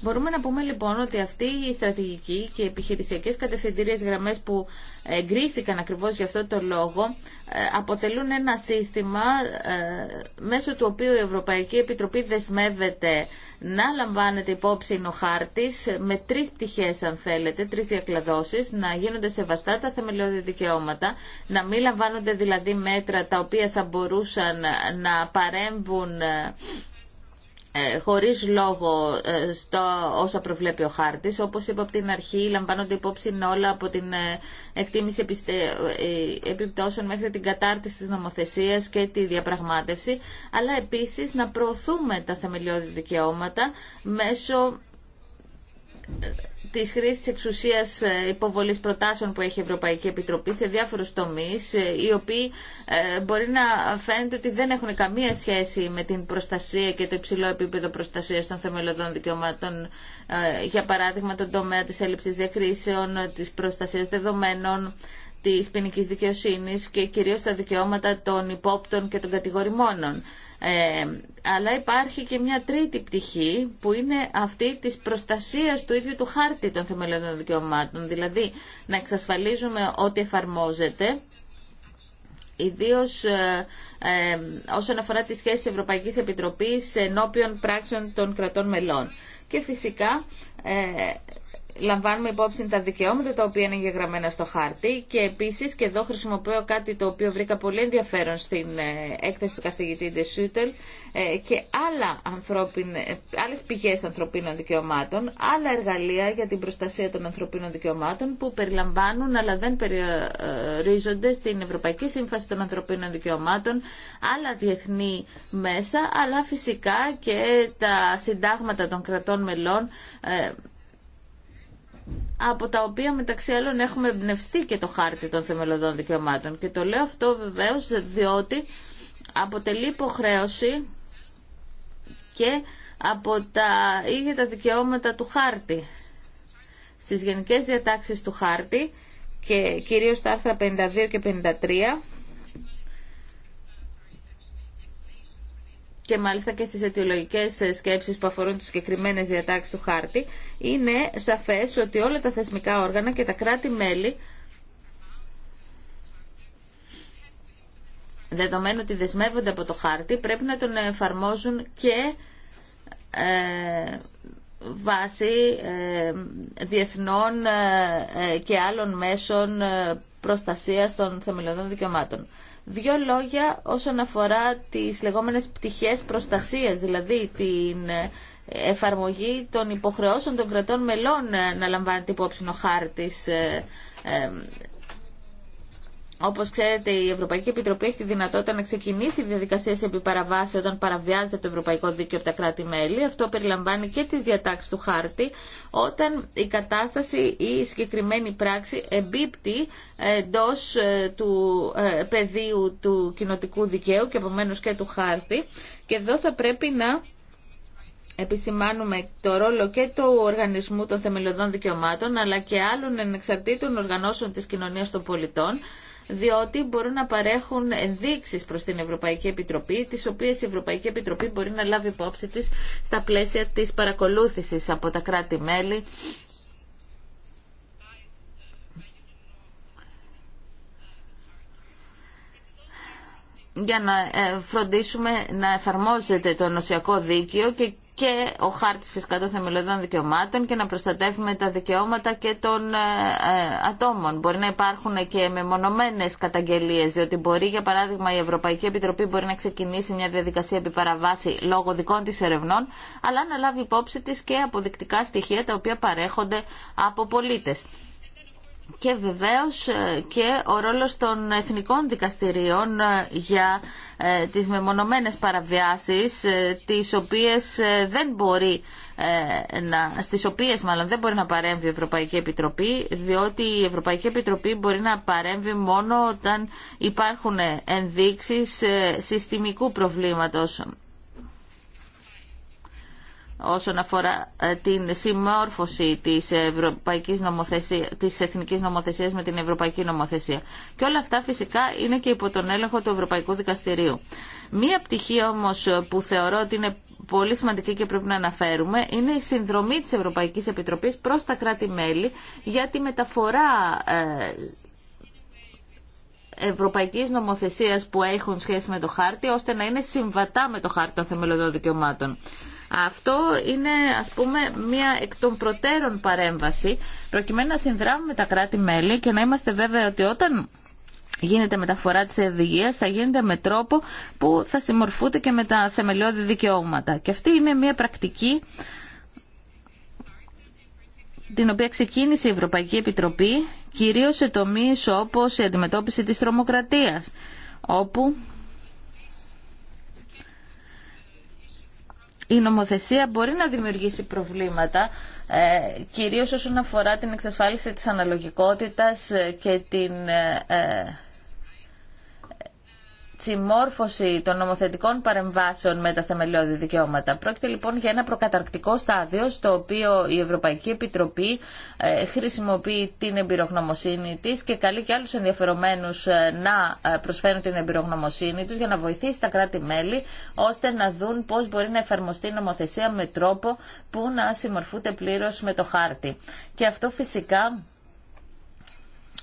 Μπορούμε να πούμε λοιπόν ότι αυτή η στρατηγική και οι επιχειρησιακές κατευθυντήριες γραμμές που εγκρίθηκαν ακριβώς για αυτό το λόγο ε, αποτελούν ένα σύστημα ε, μέσω του οποίου η Ευρωπαϊκή Επιτροπή δεσμεύεται να λαμβάνεται υπόψη ο χάρτης ε, με τρεις πτυχές αν θέλετε, τρεις διακλαδώσεις, να γίνονται σεβαστά τα θεμελιώδη δικαιώματα, να μην λαμβάνονται δηλαδή μέτρα τα οποία θα μπορούσαν να παρέμβουν ε, χωρίς λόγο ε, στο όσα προβλέπει ο χάρτης. Όπως είπα από την αρχή, λαμβάνονται υπόψη όλα από την ε, εκτίμηση επιστε... επιπτώσεων μέχρι την κατάρτιση της νομοθεσίας και τη διαπραγμάτευση, αλλά επίσης να προωθούμε τα θεμελιώδη δικαιώματα μέσω τη χρήση τη εξουσίας ε, υποβολής προτάσεων που έχει η Ευρωπαϊκή Επιτροπή σε διάφορου τομεί ε, οι οποίοι ε, μπορεί να φαίνεται ότι δεν έχουν καμία σχέση με την προστασία και το υψηλό επίπεδο προστασίας των θεμελιωδών δικαιωμάτων, για παράδειγμα τον τομέα της έλλειψης διακρίσεων, της προστασίας δεδομένων, της ποινική δικαιοσύνης και κυρίως τα δικαιώματα των υπόπτων και των κατηγορημόνων. Ε, αλλά υπάρχει και μια τρίτη πτυχή που είναι αυτή της προστασίας του ίδιου του χάρτη των θεμελιωδών δικαιωμάτων. Δηλαδή να εξασφαλίζουμε ότι εφαρμόζεται ιδίως ε, ε, όσον αφορά τη σχέση Ευρωπαϊκής Επιτροπής ενώπιον πράξεων των κρατών μελών. Και φυσικά ε, λαμβάνουμε υπόψη τα δικαιώματα τα οποία είναι εγγεγραμμένα στο χάρτη και επίσης και εδώ χρησιμοποιώ κάτι το οποίο βρήκα πολύ ενδιαφέρον στην ε, έκθεση του καθηγητή De ε, και άλλα πηγέ ε, άλλες πηγές ανθρωπίνων δικαιωμάτων, άλλα εργαλεία για την προστασία των ανθρωπίνων δικαιωμάτων που περιλαμβάνουν αλλά δεν περιορίζονται στην Ευρωπαϊκή Σύμφαση των Ανθρωπίνων Δικαιωμάτων, άλλα διεθνή μέσα αλλά φυσικά και τα συντάγματα των κρατών μελών από τα οποία μεταξύ άλλων έχουμε εμπνευστεί και το χάρτη των θεμελωδών δικαιωμάτων. Και το λέω αυτό βεβαίως διότι αποτελεί υποχρέωση και από τα ίδια τα δικαιώματα του χάρτη. Στις γενικές διατάξεις του χάρτη και κυρίως τα άρθρα 52 και 53 και μάλιστα και στις αιτιολογικές ε, σκέψεις που αφορούν τις συγκεκριμένες διατάξεις του χάρτη, είναι σαφές ότι όλα τα θεσμικά όργανα και τα κράτη-μέλη δεδομένου ότι δεσμεύονται από το χάρτη, πρέπει να τον εφαρμόζουν και ε, βάσει ε, διεθνών ε, και άλλων μέσων προστασίας των θεμελιωδών δικαιωμάτων. Δύο λόγια όσον αφορά τις λεγόμενες πτυχές προστασίας, δηλαδή την ε, εφαρμογή των υποχρεώσεων των κρατών μελών ε, να λαμβάνεται υπόψη ο χάρτης ε, Όπω ξέρετε, η Ευρωπαϊκή Επιτροπή έχει τη δυνατότητα να ξεκινήσει διαδικασίε επί όταν παραβιάζεται το Ευρωπαϊκό Δίκαιο από τα κράτη-μέλη. Αυτό περιλαμβάνει και τι διατάξει του χάρτη, όταν η κατάσταση ή η συγκεκριμένη πράξη εμπίπτει εντό ε, του ε, πεδίου του κοινοτικού δικαίου και επομένω και του χάρτη. Και εδώ θα πρέπει να επισημάνουμε το ρόλο και του Οργανισμού των Θεμελιωδών Δικαιωμάτων αλλά και άλλων ενεξαρτήτων οργανώσεων της κοινωνίας των πολιτών διότι μπορούν να παρέχουν ενδείξει προς την Ευρωπαϊκή Επιτροπή, τι οποίε η Ευρωπαϊκή Επιτροπή μπορεί να λάβει υπόψη της στα πλαίσια της παρακολούθησης από τα κράτη-μέλη για να ε, φροντίσουμε να εφαρμόζεται το νοσιακό δίκαιο και και ο χάρτης φυσικά των θεμελιωδών δικαιωμάτων και να προστατεύουμε τα δικαιώματα και των ε, ε, ατόμων. Μπορεί να υπάρχουν και μεμονωμένες καταγγελίες, διότι μπορεί για παράδειγμα η Ευρωπαϊκή Επιτροπή μπορεί να ξεκινήσει μια διαδικασία επιπαραβάση λόγω δικών της ερευνών, αλλά να λάβει υπόψη της και αποδεικτικά στοιχεία τα οποία παρέχονται από πολίτες και βεβαίως ε, και ο ρόλος των εθνικών δικαστηρίων ε, για ε, τις μεμονωμένες παραβιάσεις τις οποίες δεν μπορεί να, στις οποίες μάλλον δεν μπορεί να παρέμβει η Ευρωπαϊκή Επιτροπή διότι η Ευρωπαϊκή Επιτροπή μπορεί να παρέμβει μόνο όταν υπάρχουν ενδείξεις συστημικού προβλήματος όσον αφορά ε, την συμμόρφωση της, ευρωπαϊκής νομοθεσίας, της εθνικής νομοθεσίας με την ευρωπαϊκή νομοθεσία. Και όλα αυτά φυσικά είναι και υπό τον έλεγχο του Ευρωπαϊκού Δικαστηρίου. Μία πτυχή όμως που θεωρώ ότι είναι πολύ σημαντική και πρέπει να αναφέρουμε είναι η συνδρομή της Ευρωπαϊκής Επιτροπής προς τα κράτη-μέλη για τη μεταφορά ε, ευρωπαϊκής νομοθεσίας που έχουν σχέση με το χάρτη ώστε να είναι συμβατά με το χάρτη των θεμελιωδών δικαιωμάτων. Αυτό είναι ας πούμε μια εκ των προτέρων παρέμβαση προκειμένου να συνδράμουμε τα κράτη-μέλη και να είμαστε βέβαιοι ότι όταν γίνεται μεταφορά της οδηγία θα γίνεται με τρόπο που θα συμμορφούνται και με τα θεμελιώδη δικαιώματα. Και αυτή είναι μια πρακτική την οποία ξεκίνησε η Ευρωπαϊκή Επιτροπή κυρίως σε τομείς όπως η αντιμετώπιση της τρομοκρατίας όπου η νομοθεσία μπορεί να δημιουργήσει προβλήματα, ε, κυρίως όσον αφορά την εξασφάλιση της αναλογικότητας ε, και την ε, συμμόρφωση των νομοθετικών παρεμβάσεων με τα θεμελιώδη δικαιώματα. Πρόκειται λοιπόν για ένα προκαταρκτικό στάδιο στο οποίο η Ευρωπαϊκή Επιτροπή ε, χρησιμοποιεί την εμπειρογνωμοσύνη τη και καλεί και άλλου ενδιαφερομένους ε, να ε, προσφέρουν την εμπειρογνωμοσύνη του για να βοηθήσει τα κράτη-μέλη ώστε να δουν πώ μπορεί να εφαρμοστεί η νομοθεσία με τρόπο που να συμμορφούνται πλήρω με το χάρτη. Και αυτό φυσικά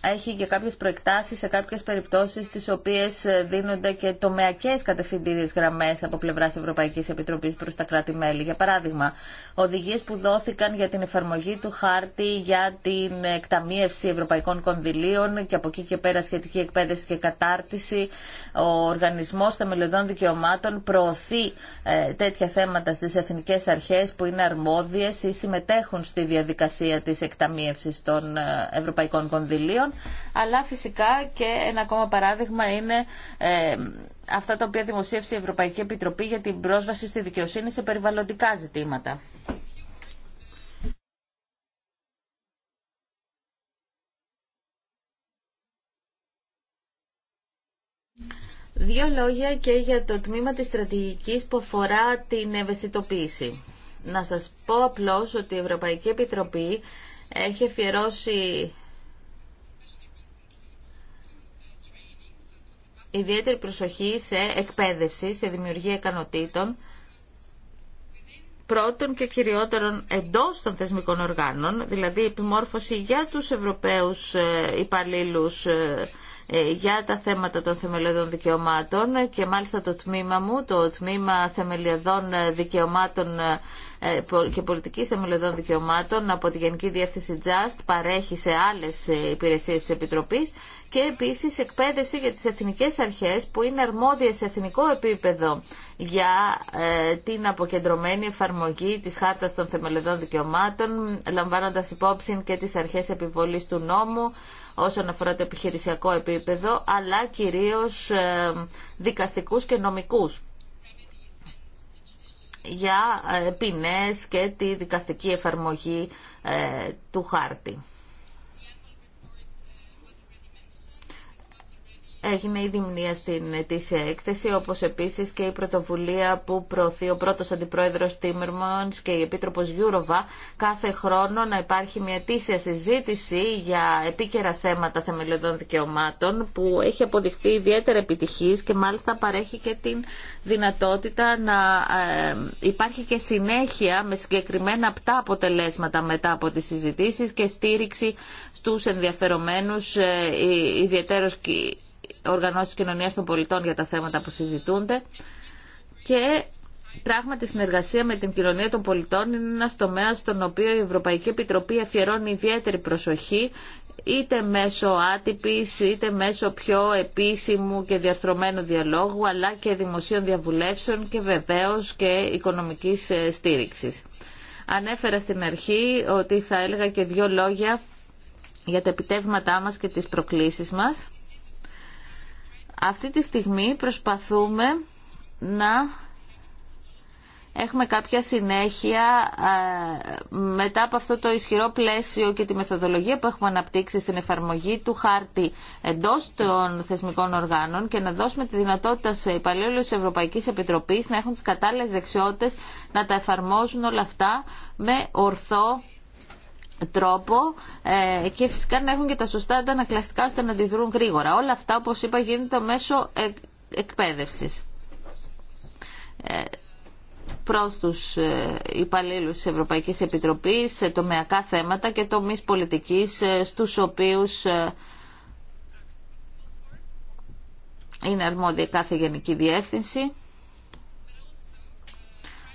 έχει και κάποιες προεκτάσεις σε κάποιες περιπτώσεις τις οποίες ε, δίνονται και τομεακές κατευθυντήριες γραμμές από πλευράς Ευρωπαϊκής Επιτροπής προς τα κράτη-μέλη. Για παράδειγμα, οδηγίες που δόθηκαν για την εφαρμογή του χάρτη για την εκταμείευση ευρωπαϊκών κονδυλίων και από εκεί και πέρα σχετική εκπαίδευση και κατάρτιση. Ο Οργανισμός Θεμελιωδών Δικαιωμάτων προωθεί ε, τέτοια θέματα στις εθνικές αρχές που είναι αρμόδιες ή συμμετέχουν στη διαδικασία της εκταμίευσης των ε, ευρωπαϊκών κονδυλίων Λοιπόν, αλλά φυσικά και ένα ακόμα παράδειγμα είναι ε, αυτά τα οποία δημοσίευσε η Ευρωπαϊκή Επιτροπή για την πρόσβαση στη δικαιοσύνη σε περιβαλλοντικά ζητήματα. Δύο λόγια και για το τμήμα της στρατηγικής που αφορά την ευαισθητοποίηση. Να σας πω απλώς ότι η Ευρωπαϊκή Επιτροπή έχει αφιερώσει ιδιαίτερη προσοχή σε εκπαίδευση, σε δημιουργία ικανοτήτων, πρώτων και κυριότερων εντός των θεσμικών οργάνων, δηλαδή επιμόρφωση για τους Ευρωπαίους ε, υπαλλήλους ε, ε, για τα θέματα των θεμελιωδών δικαιωμάτων και μάλιστα το τμήμα μου, το τμήμα θεμελιωδών ε, δικαιωμάτων ε, και πολιτική θεμελιωδών δικαιωμάτων από τη Γενική Διεύθυνση Just παρέχει σε άλλες υπηρεσίες της Επιτροπής και επίσης εκπαίδευση για τις εθνικές αρχές που είναι αρμόδιες σε εθνικό επίπεδο για την αποκεντρωμένη εφαρμογή της Χάρτας των Θεμελιωδών Δικαιωμάτων λαμβάνοντας υπόψη και τις αρχές επιβολής του νόμου όσον αφορά το επιχειρησιακό επίπεδο, αλλά κυρίως ε, δικαστικούς και νομικούς για ε, ποινές και τη δικαστική εφαρμογή ε, του χάρτη. Έγινε ήδη μνήμα στην ετήσια έκθεση, όπως επίσης και η πρωτοβουλία που προωθεί ο πρώτος αντιπρόεδρος Τίμερμονς και η Επίτροπος Γιούροβα κάθε χρόνο να υπάρχει μια ετήσια συζήτηση για επίκαιρα θέματα θεμελιωδών δικαιωμάτων που έχει αποδειχθεί ιδιαίτερα επιτυχής και μάλιστα παρέχει και την δυνατότητα να ε, υπάρχει και συνέχεια με συγκεκριμένα απτά αποτελέσματα μετά από τις συζητήσεις και στήριξη στους ενδιαφερομένους ε, και οργανώσει κοινωνία των πολιτών για τα θέματα που συζητούνται και πράγματι η συνεργασία με την κοινωνία των πολιτών είναι ένα τομέα στον οποίο η Ευρωπαϊκή Επιτροπή αφιερώνει ιδιαίτερη προσοχή είτε μέσω άτυπης, είτε μέσω πιο επίσημου και διαρθρωμένου διαλόγου, αλλά και δημοσίων διαβουλεύσεων και βεβαίως και οικονομικής ε, στήριξης. Ανέφερα στην αρχή ότι θα έλεγα και δύο λόγια για τα επιτεύγματά μας και τις προκλήσεις μας. Αυτή τη στιγμή προσπαθούμε να έχουμε κάποια συνέχεια ε, μετά από αυτό το ισχυρό πλαίσιο και τη μεθοδολογία που έχουμε αναπτύξει στην εφαρμογή του χάρτη εντός των θεσμικών οργάνων και να δώσουμε τη δυνατότητα σε υπαλλήλους της Ευρωπαϊκής Επιτροπής να έχουν τις κατάλληλες δεξιότητες να τα εφαρμόζουν όλα αυτά με ορθό τρόπο ε, και φυσικά να έχουν και τα σωστά αντανακλαστικά ώστε να αντιδρούν γρήγορα. Όλα αυτά, όπως είπα, γίνονται μέσω ε, εκπαίδευσης ε, προς τους υπαλλήλους της Ευρωπαϊκής Επιτροπής σε τομεακά θέματα και τομείς πολιτικής στους οποίους είναι αρμόδια κάθε γενική διεύθυνση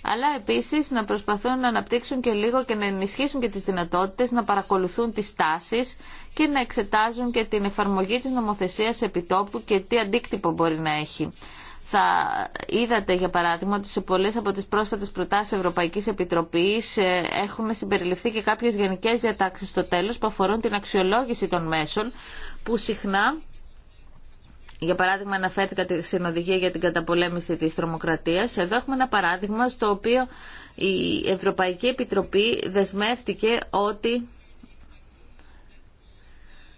αλλά επίσης να προσπαθούν να αναπτύξουν και λίγο και να ενισχύσουν και τις δυνατότητες να παρακολουθούν τις τάσεις και να εξετάζουν και την εφαρμογή της νομοθεσίας επιτόπου και τι αντίκτυπο μπορεί να έχει. Θα είδατε για παράδειγμα ότι σε πολλές από τις πρόσφατες προτάσεις Ευρωπαϊκής Επιτροπής ε, έχουν συμπεριληφθεί και κάποιες γενικές διατάξεις στο τέλος που αφορούν την αξιολόγηση των μέσων που συχνά για παράδειγμα, αναφέρθηκα στην οδηγία για την καταπολέμηση της τρομοκρατίας. Εδώ έχουμε ένα παράδειγμα στο οποίο η Ευρωπαϊκή Επιτροπή δεσμεύτηκε ότι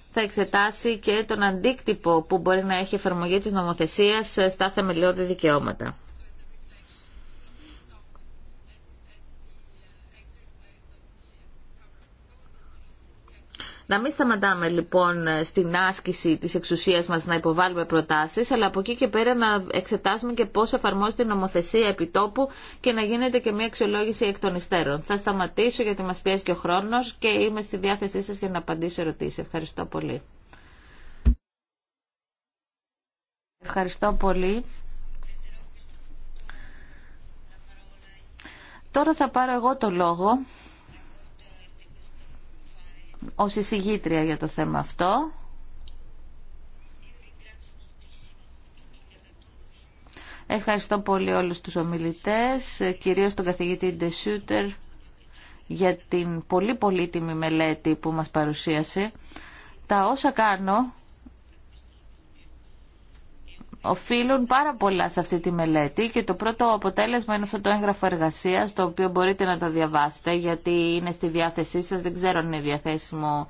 θα εξετάσει και τον αντίκτυπο που μπορεί να έχει η εφαρμογή της νομοθεσίας στα θεμελιώδη δικαιώματα. Να μην σταματάμε λοιπόν στην άσκηση της εξουσίας μας να υποβάλουμε προτάσεις, αλλά από εκεί και πέρα να εξετάσουμε και πώς εφαρμόζεται η νομοθεσία επιτόπου και να γίνεται και μια αξιολόγηση εκ των υστέρων. Θα σταματήσω γιατί μας πιέζει και ο χρόνος και είμαι στη διάθεσή σας για να απαντήσω ερωτήσεις. Ευχαριστώ πολύ. Ευχαριστώ πολύ. Τώρα θα πάρω εγώ το λόγο ως εισηγήτρια για το θέμα αυτό. Ευχαριστώ πολύ όλους τους ομιλητές, κυρίως τον καθηγητή Ντεσούτερ για την πολύ πολύτιμη μελέτη που μας παρουσίασε. Τα όσα κάνω οφείλουν πάρα πολλά σε αυτή τη μελέτη και το πρώτο αποτέλεσμα είναι αυτό το έγγραφο εργασίας το οποίο μπορείτε να το διαβάσετε γιατί είναι στη διάθεσή σας, δεν ξέρω αν είναι διαθέσιμο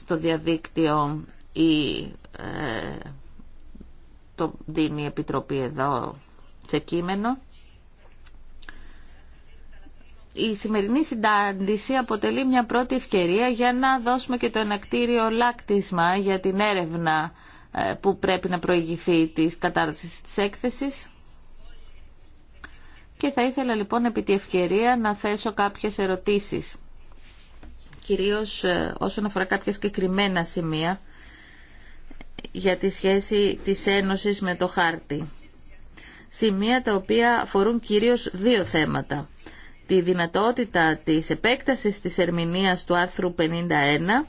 στο διαδίκτυο ή ε, το δίνει η Επιτροπή εδώ σε κείμενο. Η σημερινή συντάντηση αποτελεί μια πρώτη ευκαιρία για να δώσουμε και το ενακτήριο λάκτισμα για την έρευνα ε, που πρέπει να προηγηθεί της κατάρτισης της έκθεσης. Και θα ήθελα λοιπόν επί τη ευκαιρία να θέσω κάποιες ερωτήσεις, κυρίως ε, όσον αφορά κάποια συγκεκριμένα σημεία για τη σχέση της Ένωσης με το χάρτη. Σημεία τα οποία αφορούν κυρίως δύο θέματα. Τη δυνατότητα της επέκτασης της ερμηνείας του άρθρου 51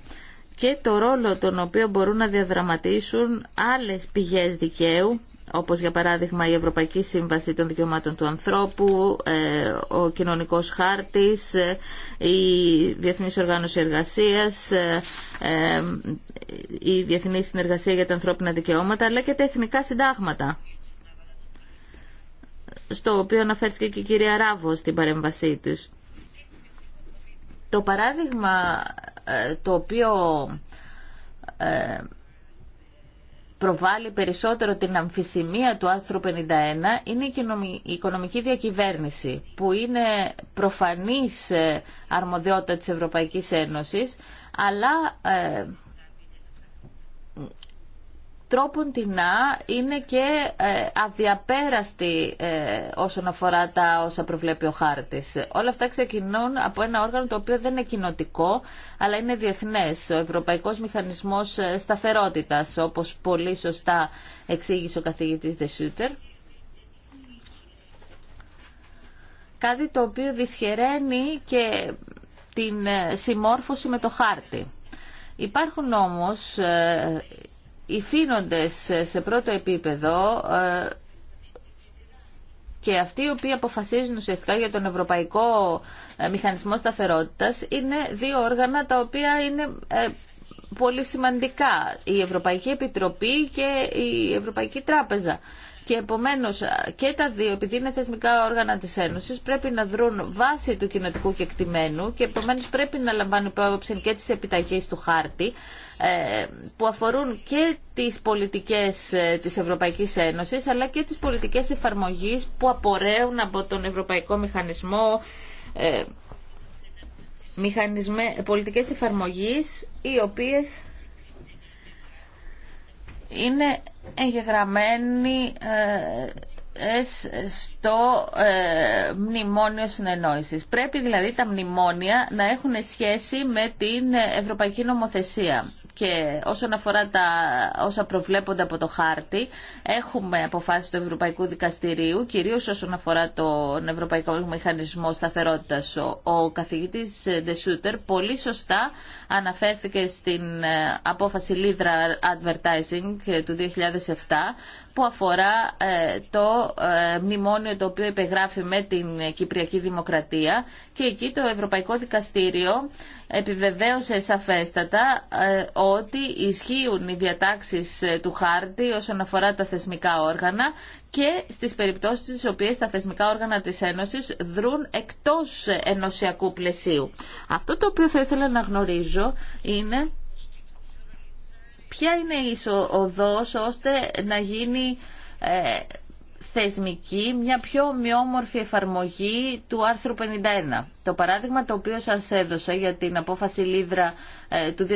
και το ρόλο τον οποίο μπορούν να διαδραματίσουν άλλες πηγές δικαίου όπως για παράδειγμα η Ευρωπαϊκή Σύμβαση των Δικαιωμάτων του Ανθρώπου, ε, ο Κοινωνικός Χάρτης, ε, η Διεθνής Οργάνωση Εργασίας, ε, η Διεθνή Συνεργασία για τα Ανθρώπινα Δικαιώματα, αλλά και τα Εθνικά Συντάγματα, στο οποίο αναφέρθηκε και η κυρία Ράβο στην παρέμβασή της. Το παράδειγμα ε, το οποίο ε, προβάλλει περισσότερο την αμφισημία του άρθρου 51 είναι η οικονομική διακυβέρνηση που είναι προφανής ε, αρμοδιότητα της Ευρωπαϊκής Ένωσης αλλά τρόπον την είναι και ε, αδιαπέραστη ε, όσον αφορά τα όσα προβλέπει ο χάρτης. Όλα αυτά ξεκινούν από ένα όργανο το οποίο δεν είναι κοινοτικό, αλλά είναι διεθνές. Ο Ευρωπαϊκός Μηχανισμός ε, Σταθερότητας, όπως πολύ σωστά εξήγησε ο καθηγητής Δεσούτερ. Κάτι το οποίο δυσχεραίνει και την συμμόρφωση με το χάρτη. Υπάρχουν όμως οι φύνοντες σε πρώτο επίπεδο ε, και αυτοί οι οποίοι αποφασίζουν ουσιαστικά για τον Ευρωπαϊκό ε, Μηχανισμό Σταθερότητας είναι δύο όργανα τα οποία είναι ε, πολύ σημαντικά. Η Ευρωπαϊκή Επιτροπή και η Ευρωπαϊκή Τράπεζα και επομένω, και τα δύο, επειδή είναι θεσμικά όργανα της Ένωση, πρέπει να δρούν βάση του κοινοτικού κεκτημένου και επομένω πρέπει να λαμβάνουν υπόψη και τι επιταγές του χάρτη ε, που αφορούν και τις πολιτικές ε, της Ευρωπαϊκής Ένωσης αλλά και τις πολιτικές εφαρμογής που απορρέουν από τον Ευρωπαϊκό Μηχανισμό ε, μηχανισμέ, πολιτικές εφαρμογής οι οποίες είναι εγγεγραμμένοι ε, ε, στο ε, μνημόνιο συνεννόησης. Πρέπει δηλαδή τα μνημόνια να έχουν σχέση με την ευρωπαϊκή νομοθεσία και όσον αφορά τα όσα προβλέπονται από το χάρτη, έχουμε αποφάσει του Ευρωπαϊκού Δικαστηρίου, κυρίω όσον αφορά τον Ευρωπαϊκό Μηχανισμό Σταθερότητα. Ο καθηγητή Ντεσούτερ πολύ σωστά αναφέρθηκε στην ε, απόφαση Λίδρα Advertising ε, του 2007, που αφορά ε, το ε, μνημόνιο το οποίο υπεγράφει με την Κυπριακή Δημοκρατία και εκεί το Ευρωπαϊκό Δικαστήριο επιβεβαίωσε σαφέστατα ε, ότι ισχύουν οι διατάξεις του χάρτη όσον αφορά τα θεσμικά όργανα και στις περιπτώσεις στις οποίες τα θεσμικά όργανα της Ένωσης δρούν εκτός ενωσιακού πλαισίου. Αυτό το οποίο θα ήθελα να γνωρίζω είναι ποια είναι η οδός ώστε να γίνει ε, θεσμική μια πιο ομοιόμορφη εφαρμογή του άρθρου 51. Το παράδειγμα το οποίο σας έδωσα για την απόφαση Λίδρα ε, του 2016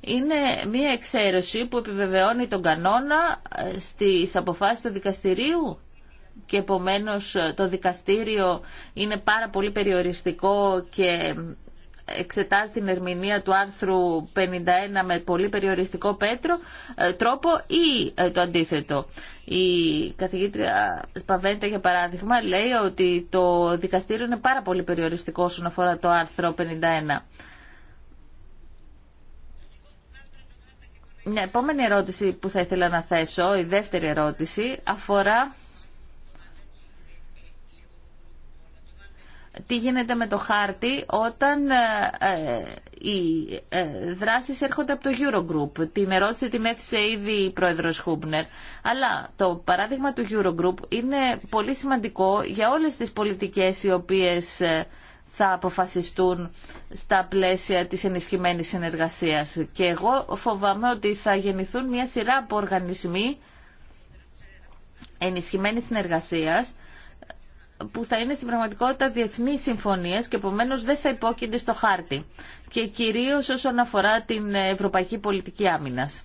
είναι μια εξαίρεση που επιβεβαιώνει τον κανόνα ε, στις αποφάσεις του δικαστηρίου και επομένως το δικαστήριο είναι πάρα πολύ περιοριστικό και εξετάζει την ερμηνεία του άρθρου 51 με πολύ περιοριστικό πέτρο, ε, τρόπο ή ε, το αντίθετο. Η καθηγήτρια Σπαβέντα, για παράδειγμα, λέει ότι το δικαστήριο είναι πάρα πολύ περιοριστικό όσον αφορά το άρθρο 51. Μια επόμενη ερώτηση που θα ήθελα να θέσω, η δεύτερη ερώτηση, αφορά τι γίνεται με το χάρτη όταν ε, ε, οι ε, δράσεις έρχονται από το Eurogroup. Την ερώτηση την έφησε ήδη η πρόεδρος Χούμπνερ. Αλλά το παράδειγμα του Eurogroup είναι πολύ σημαντικό για όλες τις πολιτικές οι οποίες ε, θα αποφασιστούν στα πλαίσια της ενισχυμένης συνεργασίας. Και εγώ φοβάμαι ότι θα γεννηθούν μια σειρά από οργανισμοί ενισχυμένης συνεργασίας που θα είναι στην πραγματικότητα διεθνείς συμφωνίες και επομένω δεν θα υπόκεινται στο χάρτη και κυρίως όσον αφορά την ευρωπαϊκή πολιτική άμυνας.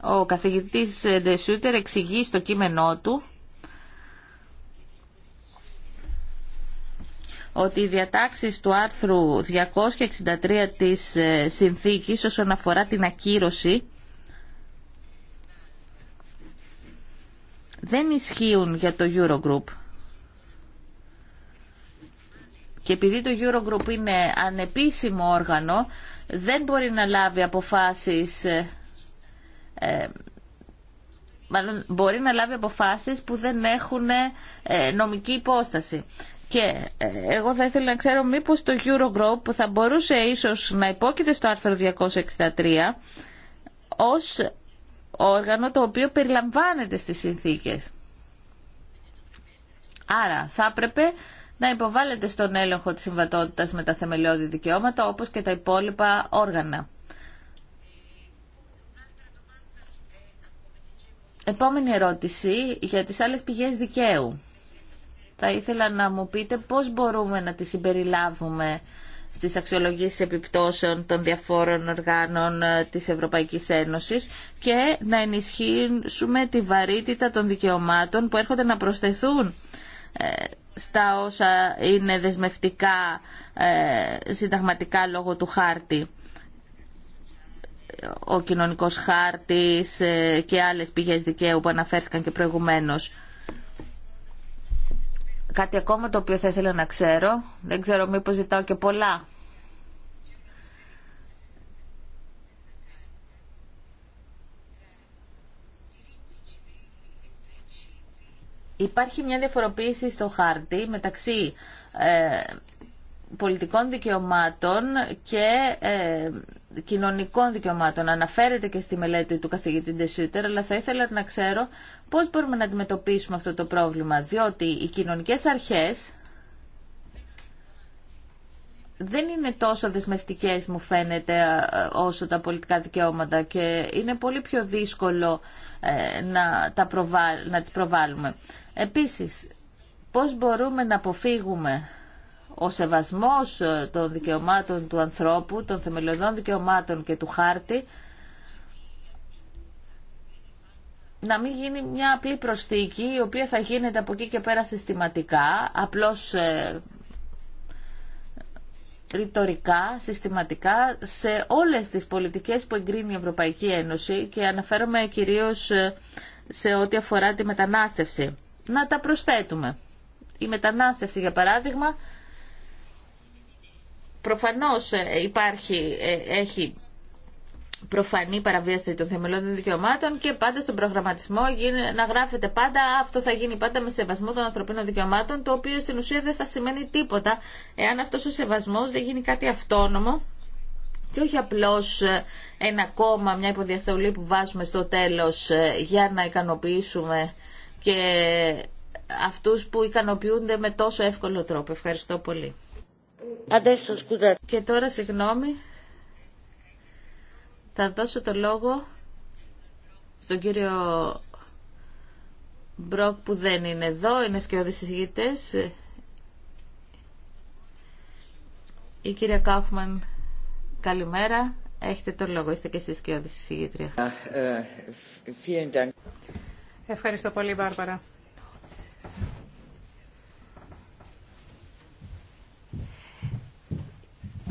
Ο καθηγητής Ντεσούτερ εξηγεί στο κείμενό του ότι οι διατάξεις του άρθρου 263 της συνθήκης όσον αφορά την ακύρωση δεν ισχύουν για το Eurogroup. Και επειδή το Eurogroup είναι ανεπίσημο όργανο, δεν μπορεί να λάβει αποφάσεις ε, ε μάλλον μπορεί να λάβει αποφάσεις που δεν έχουν ε, νομική υπόσταση. Και ε, εγώ θα ήθελα να ξέρω μήπως το Eurogroup θα μπορούσε ίσως να υπόκειται στο άρθρο 263 ως όργανο το οποίο περιλαμβάνεται στις συνθήκες. Άρα θα έπρεπε να υποβάλλεται στον έλεγχο της συμβατότητας με τα θεμελιώδη δικαιώματα όπως και τα υπόλοιπα όργανα. Επόμενη ερώτηση για τις άλλες πηγές δικαίου. Θα ήθελα να μου πείτε πώς μπορούμε να τις συμπεριλάβουμε στις αξιολογήσεις επιπτώσεων των διαφόρων οργάνων ε, της Ευρωπαϊκής Ένωσης και να ενισχύσουμε τη βαρύτητα των δικαιωμάτων που έρχονται να προσθεθούν ε, στα όσα είναι δεσμευτικά ε, συνταγματικά λόγω του χάρτη ο κοινωνικός χάρτης και άλλες πηγές δικαίου που αναφέρθηκαν και προηγουμένως. Κάτι ακόμα το οποίο θα ήθελα να ξέρω. Δεν ξέρω μήπως ζητάω και πολλά. Υπάρχει μια διαφοροποίηση στο χάρτη μεταξύ ε, πολιτικών δικαιωμάτων και ε, κοινωνικών δικαιωμάτων. Αναφέρεται και στη μελέτη του καθηγητή Ντεσούτερ, αλλά θα ήθελα να ξέρω πώς μπορούμε να αντιμετωπίσουμε αυτό το πρόβλημα, διότι οι κοινωνικές αρχές δεν είναι τόσο δεσμευτικές μου φαίνεται ε, όσο τα πολιτικά δικαιώματα και είναι πολύ πιο δύσκολο ε, να, τα να τις προβάλλουμε. Επίσης, πώς μπορούμε να αποφύγουμε ο σεβασμός ε, των δικαιωμάτων του ανθρώπου, των θεμελιωδών δικαιωμάτων και του χάρτη να μην γίνει μια απλή προστίκη η οποία θα γίνεται από εκεί και πέρα συστηματικά, απλώς ε, ρητορικά, συστηματικά σε όλες τις πολιτικές που εγκρίνει η Ευρωπαϊκή Ένωση και αναφέρομαι κυρίως ε, σε ό,τι αφορά τη μετανάστευση. Να τα προσθέτουμε. Η μετανάστευση, για παράδειγμα, Προφανώς ε, υπάρχει, ε, έχει προφανή παραβίαση των θεμελιώδων δικαιωμάτων και πάντα στον προγραμματισμό να γράφεται πάντα αυτό θα γίνει πάντα με σεβασμό των ανθρωπίνων δικαιωμάτων το οποίο στην ουσία δεν θα σημαίνει τίποτα εάν αυτός ο σεβασμός δεν γίνει κάτι αυτόνομο και όχι απλώς ε, ένα κόμμα, μια υποδιαστολή που βάζουμε στο τέλος για να ικανοποιήσουμε και αυτούς που ικανοποιούνται με τόσο εύκολο τρόπο. Ευχαριστώ πολύ. Και τώρα, συγγνώμη, θα δώσω το λόγο στον κύριο Μπροκ που δεν είναι εδώ, είναι σκιώδης συζητητές. Η κυρία Κάφμαν, καλημέρα. Έχετε το λόγο, είστε και εσείς σκιώδης συζητήτρια. Ε, ε, Ευχαριστώ πολύ, Μπάρμπαρα.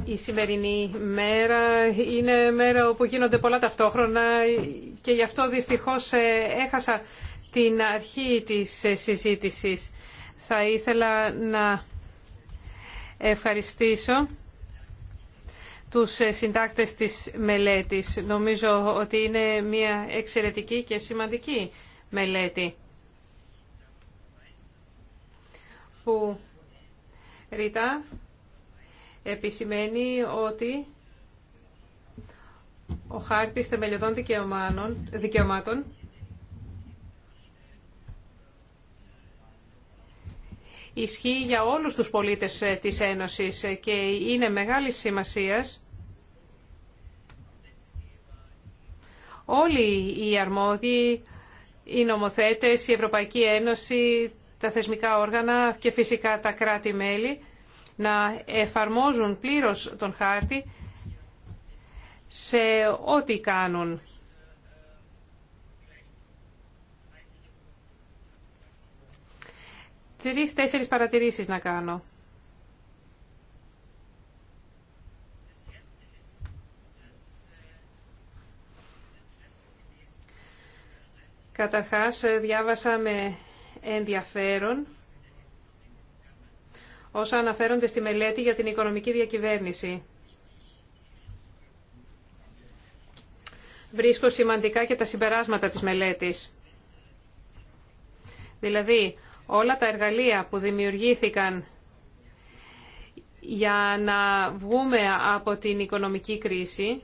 Η σημερινή μέρα είναι μέρα όπου γίνονται πολλά ταυτόχρονα και γι' αυτό δυστυχώς ε, έχασα την αρχή της ε, συζήτησης. Θα ήθελα να ευχαριστήσω τους ε, συντάκτες της μελέτης. Νομίζω ότι είναι μια εξαιρετική και σημαντική μελέτη που Ρίτα; επισημαίνει ότι ο χάρτης θεμελιωδών δικαιωμάτων ισχύει για όλους τους πολίτες ε, της Ένωσης ε, και είναι μεγάλη σημασίας όλοι οι αρμόδιοι, οι νομοθέτες, η Ευρωπαϊκή Ένωση, τα θεσμικά όργανα και φυσικά τα κράτη-μέλη να εφαρμόζουν πλήρως τον χάρτη σε ό,τι κάνουν. Τρεις-τέσσερις παρατηρήσεις να κάνω. Καταρχάς, διάβασα με ενδιαφέρον όσα αναφέρονται στη μελέτη για την οικονομική διακυβέρνηση. Βρίσκω σημαντικά και τα συμπεράσματα της μελέτης. Δηλαδή, όλα τα εργαλεία που δημιουργήθηκαν για να βγούμε από την οικονομική κρίση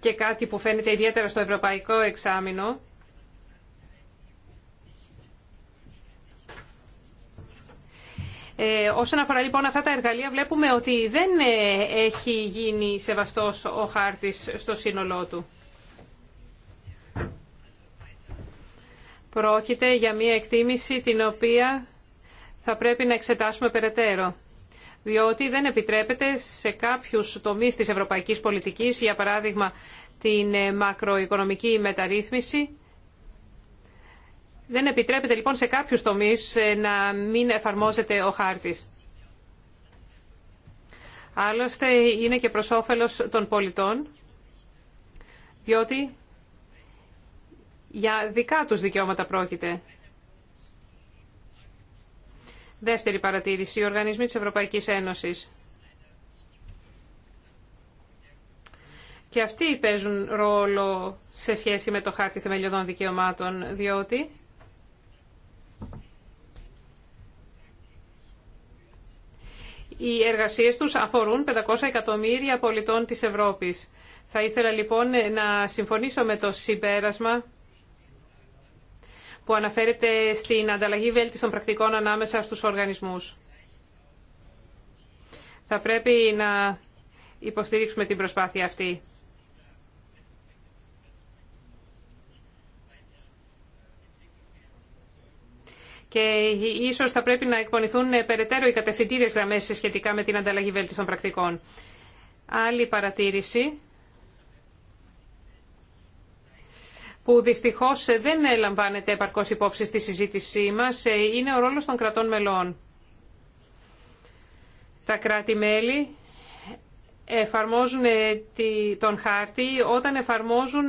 και κάτι που φαίνεται ιδιαίτερα στο ευρωπαϊκό εξάμεινο Ε, όσον αφορά λοιπόν αυτά τα εργαλεία βλέπουμε ότι δεν ε, έχει γίνει σεβαστός ο χάρτης στο σύνολό του. Πρόκειται για μια εκτίμηση την οποία θα πρέπει να εξετάσουμε περαιτέρω διότι δεν επιτρέπεται σε κάποιους τομείς της ευρωπαϊκής πολιτικής, για παράδειγμα την ε, μακροοικονομική μεταρρύθμιση, δεν επιτρέπεται λοιπόν σε κάποιους τομείς ε, να μην εφαρμόζεται ο χάρτης. Άλλωστε είναι και προς όφελος των πολιτών, διότι για δικά τους δικαιώματα πρόκειται. Δεύτερη παρατήρηση, οι οργανισμοί της Ευρωπαϊκής Ένωσης. Και αυτοί παίζουν ρόλο σε σχέση με το χάρτη θεμελιωδών δικαιωμάτων, διότι Οι εργασίες τους αφορούν 500 εκατομμύρια πολιτών της Ευρώπης. Θα ήθελα λοιπόν να συμφωνήσω με το συμπέρασμα που αναφέρεται στην ανταλλαγή βέλτιστων πρακτικών ανάμεσα στους οργανισμούς. Θα πρέπει να υποστηρίξουμε την προσπάθεια αυτή. και ίσως θα πρέπει να εκπονηθούν ε, περαιτέρω οι κατευθυντήριες γραμμές σχετικά με την ανταλλαγή βέλτιστων πρακτικών. Άλλη παρατήρηση που δυστυχώς ε, δεν ε, λαμβάνεται επαρκώς υπόψη στη συζήτησή μας είναι ο ρόλος των κρατών μελών. Τα κράτη-μέλη εφαρμόζουν τον χάρτη όταν εφαρμόζουν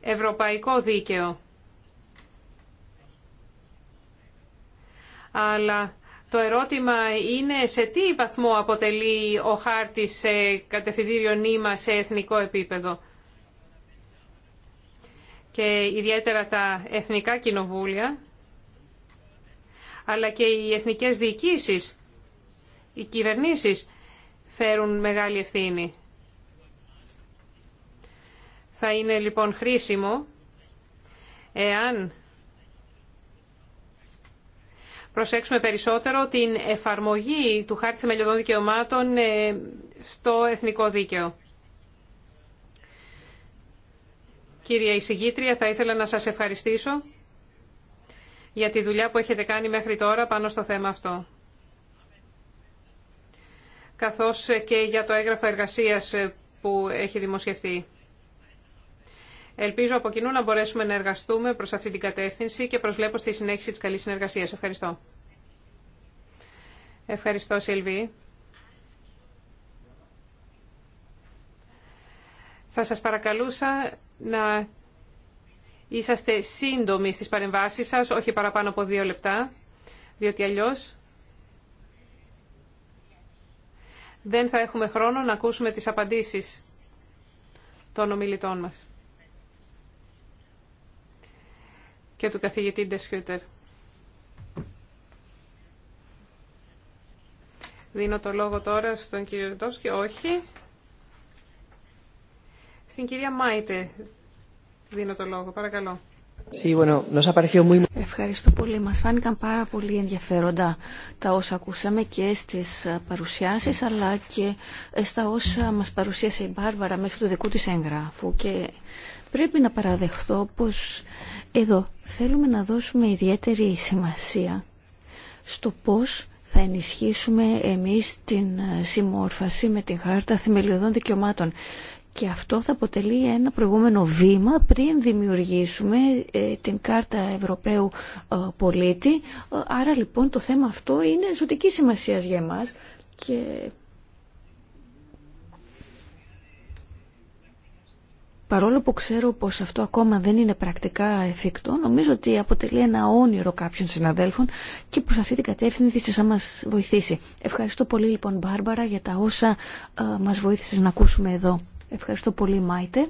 ευρωπαϊκό δίκαιο. αλλά το ερώτημα είναι σε τι βαθμό αποτελεί ο χάρτης κατευθυντήριο νήμα σε εθνικό επίπεδο. Και ιδιαίτερα τα εθνικά κοινοβούλια, αλλά και οι εθνικές διοικήσεις, οι κυβερνήσεις φέρουν μεγάλη ευθύνη. Θα είναι λοιπόν χρήσιμο εάν προσέξουμε περισσότερο την εφαρμογή του Χάρτη Θεμελιωδών Δικαιωμάτων ε, στο εθνικό δίκαιο. Κυρία Ισηγήτρια, θα ήθελα να σας ευχαριστήσω για τη δουλειά που έχετε κάνει μέχρι τώρα πάνω στο θέμα αυτό καθώς και για το έγγραφο εργασίας που έχει δημοσιευτεί. Ελπίζω από κοινού να μπορέσουμε να εργαστούμε προς αυτή την κατεύθυνση και προσβλέπω στη συνέχιση της καλής συνεργασίας. Ευχαριστώ. Ευχαριστώ, Σιλβί. Θα σας παρακαλούσα να είσαστε σύντομοι στις παρεμβάσεις σας, όχι παραπάνω από δύο λεπτά, διότι αλλιώς δεν θα έχουμε χρόνο να ακούσουμε τις απαντήσεις των ομιλητών μας. και του καθηγητή Ντεσχιούτερ. Δίνω το λόγο τώρα στον κύριο Ντόσκι. Όχι. Στην κυρία Μάιτε δίνω το λόγο. Παρακαλώ. Ευχαριστώ πολύ. Μας φάνηκαν πάρα πολύ ενδιαφέροντα τα όσα ακούσαμε και στις παρουσιάσεις αλλά και στα όσα μας παρουσίασε η Μπάρβαρα μέσω του δικού της έγγραφου και πρέπει να παραδεχτώ πως εδώ θέλουμε να δώσουμε ιδιαίτερη σημασία στο πώς θα ενισχύσουμε εμείς την ε, συμμόρφωση με την Χάρτα Θεμελιωδών Δικαιωμάτων. Και αυτό θα αποτελεί ένα προηγούμενο βήμα πριν δημιουργήσουμε ε, την Κάρτα Ευρωπαίου ε, Πολίτη. Άρα λοιπόν το θέμα αυτό είναι ζωτική σημασία για εμάς και Παρόλο που ξέρω πως αυτό ακόμα δεν είναι πρακτικά εφικτό, νομίζω ότι αποτελεί ένα όνειρο κάποιων συναδέλφων και προς αυτή την κατεύθυνση θα μας βοηθήσει. Ευχαριστώ πολύ λοιπόν Μπάρμπαρα για τα όσα ε, μας βοήθησες να ακούσουμε εδώ. Ευχαριστώ πολύ Μάιτε.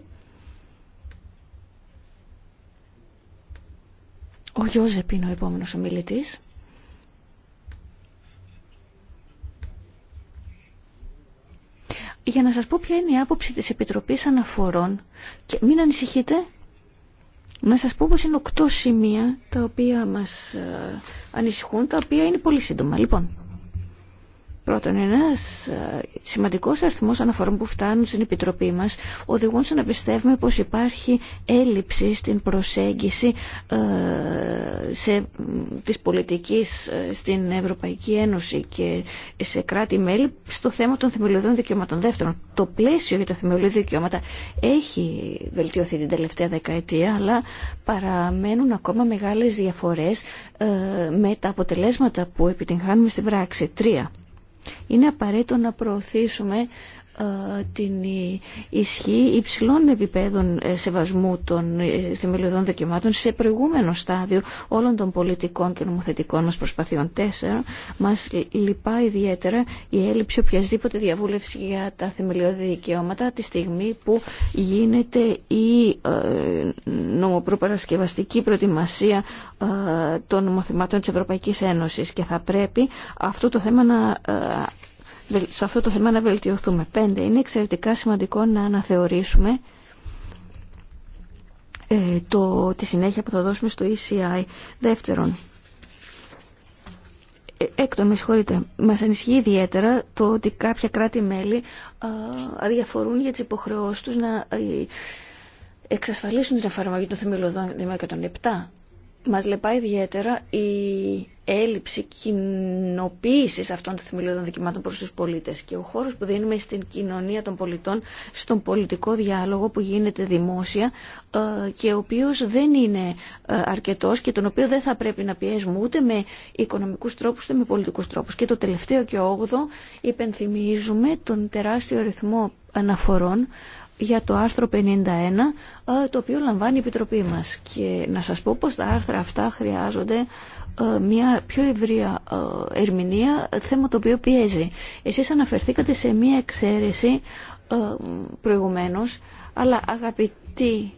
Ο Γιώζεπ είναι ο επόμενος ομιλητής. για να σας πω ποια είναι η άποψη της Επιτροπής Αναφορών και μην ανησυχείτε να σας πω πως είναι οκτώ σημεία τα οποία μας ε, ανησυχούν, τα οποία είναι πολύ σύντομα. Λοιπόν, Πρώτον, ένα ε, σημαντικό αριθμό αναφορών που φτάνουν στην Επιτροπή μα οδηγούν σε να πιστεύουμε πω υπάρχει έλλειψη στην προσέγγιση ε, τη πολιτική ε, στην Ευρωπαϊκή Ένωση και σε κράτη-μέλη στο θέμα των θεμελιωδών δικαιωμάτων. Δεύτερον, το πλαίσιο για τα θεμελιωδή δικαιώματα έχει βελτιωθεί την τελευταία δεκαετία, αλλά παραμένουν ακόμα μεγάλε διαφορέ ε, με τα αποτελέσματα που επιτυγχάνουμε στην πράξη. Τρία. Είναι απαραίτητο να προωθήσουμε ε, την ισχύ υψηλών επιπέδων ε, σεβασμού των ε, θεμελιωδών δικαιωμάτων σε προηγούμενο στάδιο όλων των πολιτικών και νομοθετικών μας προσπαθειών. Τέσσερα, μας λυπά ιδιαίτερα η έλλειψη οποιασδήποτε διαβούλευση για τα θεμελιώδη δικαιώματα τη στιγμή που γίνεται η νομοπροπαρασκευαστική προετοιμασία των νομοθεμάτων της Ευρωπαϊκής Ένωσης και θα πρέπει αυτό το θέμα να σε αυτό το θέμα να βελτιωθούμε. Πέντε, είναι εξαιρετικά σημαντικό να αναθεωρήσουμε ε, το, τη συνέχεια που θα δώσουμε στο ECI. Δεύτερον, ε, έκτον, με συγχωρείτε, μας ανησυχεί ιδιαίτερα το ότι κάποια κράτη-μέλη αδιαφορούν για τις υποχρεώσεις τους να ε, εξασφαλίσουν την εφαρμογή των θεμελιωδών και των μας λεπάει ιδιαίτερα η έλλειψη κοινοποίηση αυτών των θεμελιωδών δικαιωμάτων προ του πολίτε και ο χώρο που δίνουμε στην κοινωνία των πολιτών, στον πολιτικό διάλογο που γίνεται δημόσια ε, και ο οποίο δεν είναι ε, αρκετό και τον οποίο δεν θα πρέπει να πιέζουμε ούτε με οικονομικού τρόπου ούτε με πολιτικού τρόπου. Και το τελευταίο και όγδο υπενθυμίζουμε τον τεράστιο ρυθμό αναφορών για το άρθρο 51 ε, το οποίο λαμβάνει η Επιτροπή μας και να σας πω πως τα άρθρα αυτά χρειάζονται ε, μια πιο ευρία ε, ερμηνεία, θέμα το οποίο πιέζει. Εσείς αναφερθήκατε σε μια εξαίρεση προηγουμένως, αλλά αγαπητοί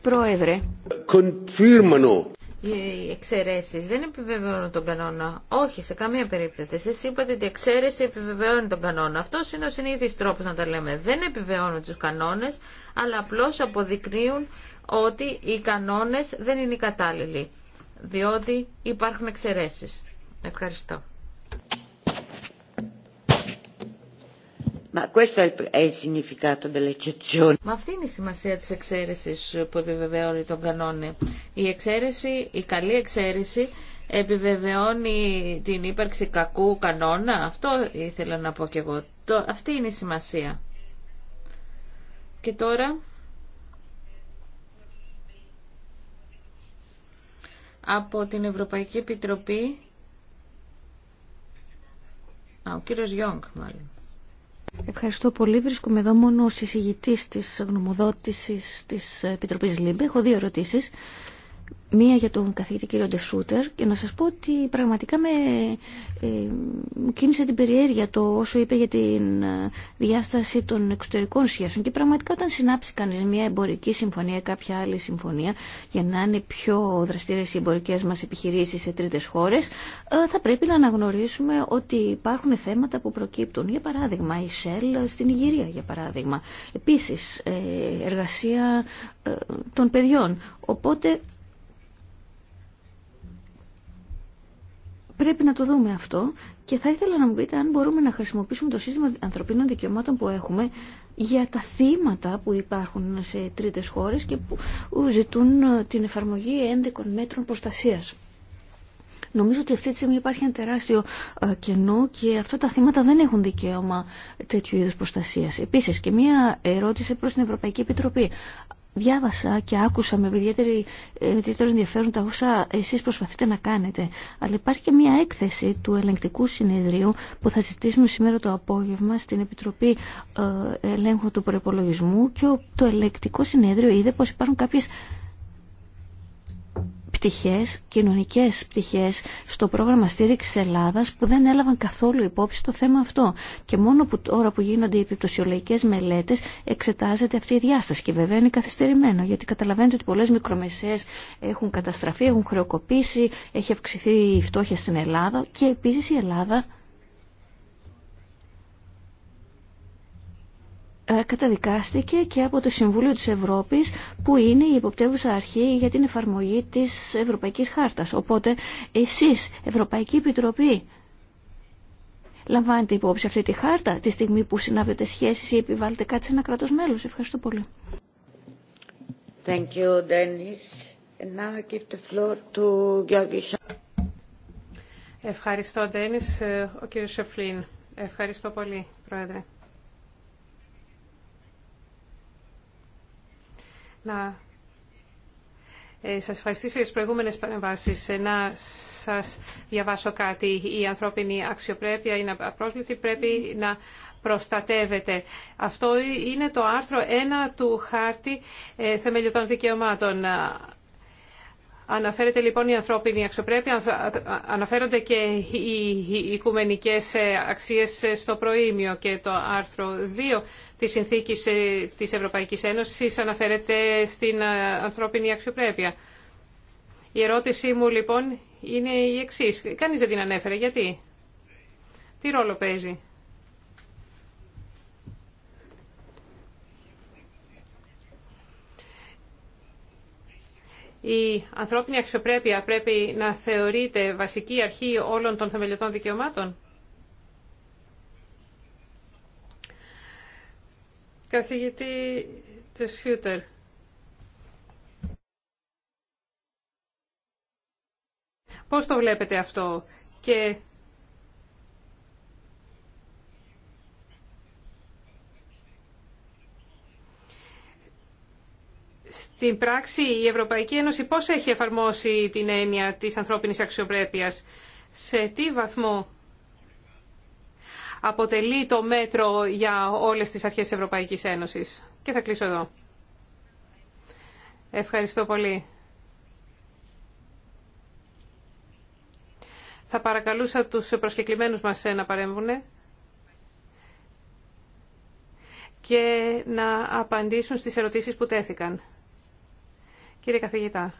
Πρόεδρε, οι εξαιρέσεις δεν επιβεβαιώνουν τον κανόνα. Όχι, σε καμία περίπτωση. Εσείς είπατε ότι η εξαίρεση επιβεβαιώνει τον κανόνα. Αυτός είναι ο συνήθις τρόπος να τα λέμε. Δεν επιβεβαιώνουν τους κανόνες, αλλά απλώς αποδεικνύουν ότι οι κανόνες δεν είναι οι κατάλληλοι, διότι υπάρχουν εξαιρέσεις. Ευχαριστώ. Μα, αυτή είναι η σημασία της εξαίρεσης που επιβεβαιώνει τον κανόνα. Η η καλή εξαίρεση επιβεβαιώνει την ύπαρξη κακού κανόνα. Αυτό ήθελα να πω και εγώ. Το, αυτή είναι η σημασία. Και τώρα... Από την Ευρωπαϊκή Επιτροπή... Α, ο κύριος Γιόγκ μάλλον. Ευχαριστώ πολύ. Βρίσκομαι εδώ μόνο ως εισηγητής της γνωμοδότησης της Επιτροπής ΛΥΜΠΕ. Έχω δύο ερωτήσεις μία για τον καθηγητή κύριο Ντεσούτερ και να σας πω ότι πραγματικά με ε, κίνησε την περιέργεια το όσο είπε για την ε, διάσταση των εξωτερικών σχέσεων και πραγματικά όταν συνάψει κανείς μια εμπορική συμφωνία ή κάποια άλλη συμφωνία για να είναι πιο δραστήρες οι εμπορικές μας επιχειρήσεις σε τρίτες χώρες ε, θα πρέπει να αναγνωρίσουμε ότι υπάρχουν θέματα που προκύπτουν για παράδειγμα η ΣΕΛ στην Ιγυρία για παράδειγμα επίσης εργασία των παιδιών οπότε Πρέπει να το δούμε αυτό και θα ήθελα να μου πείτε αν μπορούμε να χρησιμοποιήσουμε το σύστημα ανθρωπίνων δικαιωμάτων που έχουμε για τα θύματα που υπάρχουν σε τρίτες χώρες και που ζητούν ε, την εφαρμογή ένδικων μέτρων προστασίας. Νομίζω ότι αυτή τη στιγμή υπάρχει ένα τεράστιο ε, κενό και αυτά τα θύματα δεν έχουν δικαίωμα τέτοιου είδους προστασίας. Επίσης και μία ερώτηση προς την Ευρωπαϊκή Επιτροπή διάβασα και άκουσα με ιδιαίτερη, ε, ιδιαίτερο ενδιαφέρον τα όσα εσείς προσπαθείτε να κάνετε. Αλλά υπάρχει και μια έκθεση του ελεγκτικού συνεδρίου που θα ζητήσουμε σήμερα το απόγευμα στην Επιτροπή ε, Ελέγχου του Προπολογισμού και το ελεγκτικό συνέδριο είδε πως υπάρχουν κάποιες πτυχές, κοινωνικές πτυχές στο πρόγραμμα στήριξης Ελλάδας που δεν έλαβαν καθόλου υπόψη το θέμα αυτό. Και μόνο που τώρα που γίνονται οι επιπτωσιολογικές μελέτες εξετάζεται αυτή η διάσταση και βέβαια είναι καθυστερημένο γιατί καταλαβαίνετε ότι πολλές μικρομεσαίες έχουν καταστραφεί, έχουν χρεοκοπήσει, έχει αυξηθεί η φτώχεια στην Ελλάδα και επίσης η Ελλάδα Ε, καταδικάστηκε και από το Συμβούλιο της Ευρώπης που είναι η υποπτεύουσα αρχή για την εφαρμογή της Ευρωπαϊκής Χάρτας. Οπότε εσείς, Ευρωπαϊκή Επιτροπή, λαμβάνετε υπόψη αυτή τη χάρτα τη στιγμή που συνάβετε σχέσεις ή επιβάλλετε κάτι σε ένα κράτος μέλος. Ευχαριστώ πολύ. Thank you, Ευχαριστώ, Ντένις. Ε, ο κύριος Σεφλίν. Ευχαριστώ πολύ, Πρόεδρε. να ε, σας ευχαριστήσω για τις προηγούμενες παρεμβάσεις. Ε, να σας διαβάσω κάτι. Η ανθρώπινη αξιοπρέπεια είναι απρόσβλητη, πρέπει να προστατεύεται. Αυτό είναι το άρθρο 1 του χάρτη ε, θεμελιωτών δικαιωμάτων. Αναφέρεται λοιπόν η ανθρώπινη αξιοπρέπεια, αναφέρονται και οι οικουμενικές ε, αξίες ε, στο προήμιο και το άρθρο 2 της Συνθήκης ε, της Ευρωπαϊκής Ένωσης αναφέρεται στην ανθρώπινη αξιοπρέπεια. Η ερώτησή μου λοιπόν είναι η εξής. Κανείς δεν την ανέφερε. Γιατί? Τι ρόλο παίζει? Η ανθρώπινη αξιοπρέπεια πρέπει να θεωρείται βασική αρχή όλων των θεμελιωτών δικαιωμάτων. Καθηγητή της Πώς το βλέπετε αυτό και στην πράξη η Ευρωπαϊκή Ένωση πώς έχει εφαρμόσει την έννοια της ανθρώπινης αξιοπρέπειας. Σε τι βαθμό αποτελεί το μέτρο για όλες τις αρχές της Ευρωπαϊκής Ένωσης. Και θα κλείσω εδώ. Ευχαριστώ πολύ. Θα παρακαλούσα τους προσκεκλημένους μας ε, να παρέμβουνε και να απαντήσουν στις ερωτήσεις που τέθηκαν. Κύριε καθηγητά.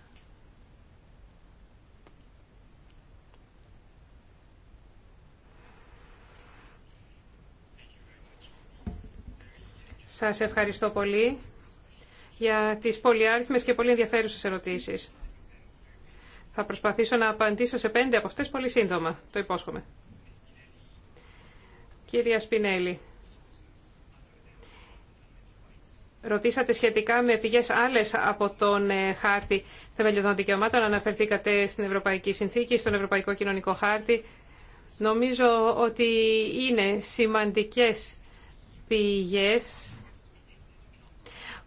Σας ευχαριστώ πολύ για τις πολυάριθμες και πολύ ενδιαφέρουσες ερωτήσεις. Θα προσπαθήσω να απαντήσω σε πέντε από αυτές πολύ σύντομα, το υπόσχομαι. Κυρία Σπινέλη, Ρωτήσατε σχετικά με πηγές άλλες από τον ε, χάρτη θεμελιωδών δικαιωμάτων. Αναφερθήκατε στην Ευρωπαϊκή Συνθήκη, στον Ευρωπαϊκό Κοινωνικό Χάρτη. Νομίζω ότι είναι σημαντικές πηγές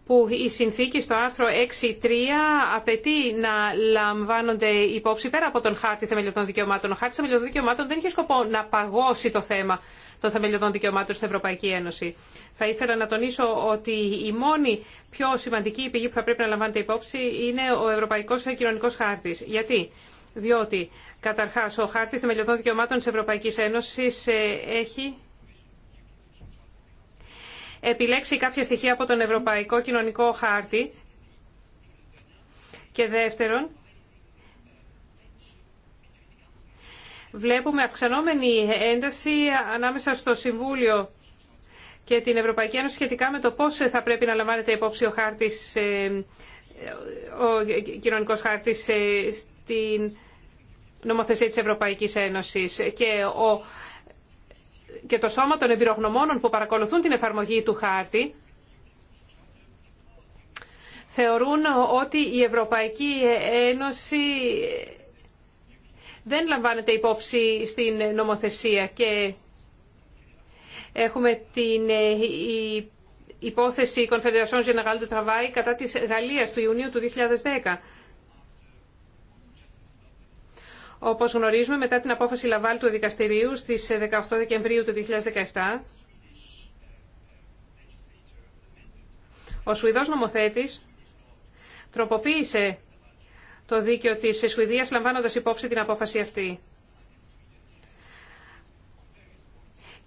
που η συνθήκη στο άρθρο 6.3 απαιτεί να λαμβάνονται υπόψη πέρα από τον χάρτη θεμελιωτών δικαιωμάτων. Ο χάρτη θεμελιωδών δικαιωμάτων δεν είχε σκοπό να παγώσει το θέμα των θεμελιωδών δικαιωμάτων στην Ευρωπαϊκή Ένωση. Θα ήθελα να τονίσω ότι η μόνη πιο σημαντική πηγή που θα πρέπει να λαμβάνετε υπόψη είναι ο Ευρωπαϊκός Κοινωνικό Χάρτης. Γιατί? Διότι, καταρχάς, ο Χάρτης Θεμελιωδών Δικαιωμάτων της Ευρωπαϊκής Ένωσης ε, έχει επιλέξει κάποια στοιχεία από τον Ευρωπαϊκό Κοινωνικό Χάρτη και δεύτερον, βλέπουμε αυξανόμενη ένταση ανάμεσα στο Συμβούλιο και την Ευρωπαϊκή Ένωση σχετικά με το πώς θα πρέπει να λαμβάνεται υπόψη ο, χάρτης, ε, ο κοινωνικός χάρτης ε, στην νομοθεσία της Ευρωπαϊκής Ένωσης και, ο, και το σώμα των εμπειρογνωμόνων που παρακολουθούν την εφαρμογή του χάρτη θεωρούν ότι η Ευρωπαϊκή Ένωση δεν λαμβάνεται υπόψη στην νομοθεσία και έχουμε την ε, υπόθεση Confederation Générale du Travail κατά της Γαλλίας του Ιουνίου του 2010. Όπως γνωρίζουμε, μετά την απόφαση Λαβάλ του δικαστηρίου στις 18 ε, Δεκεμβρίου του 2017, ο Σουηδός νομοθέτης τροποποίησε το δίκαιο της Σουηδίας λαμβάνοντας υπόψη την απόφαση αυτή.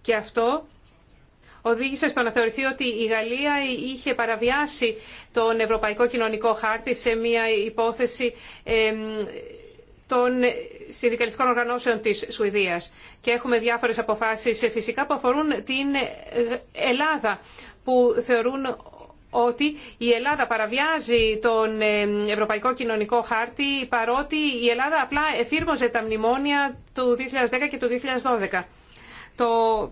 Και αυτό οδήγησε στο να θεωρηθεί ότι η Γαλλία είχε παραβιάσει τον Ευρωπαϊκό Κοινωνικό Χάρτη σε μια υπόθεση των συνδικαλιστικών οργανώσεων της Σουηδίας. Και έχουμε διάφορες αποφάσεις ε, φυσικά που αφορούν την Ελλάδα που θεωρούν ότι η Ελλάδα παραβιάζει τον ε, Ευρωπαϊκό Κοινωνικό Χάρτη παρότι η Ελλάδα απλά εφήρμοζε τα μνημόνια του 2010 και του 2012. Το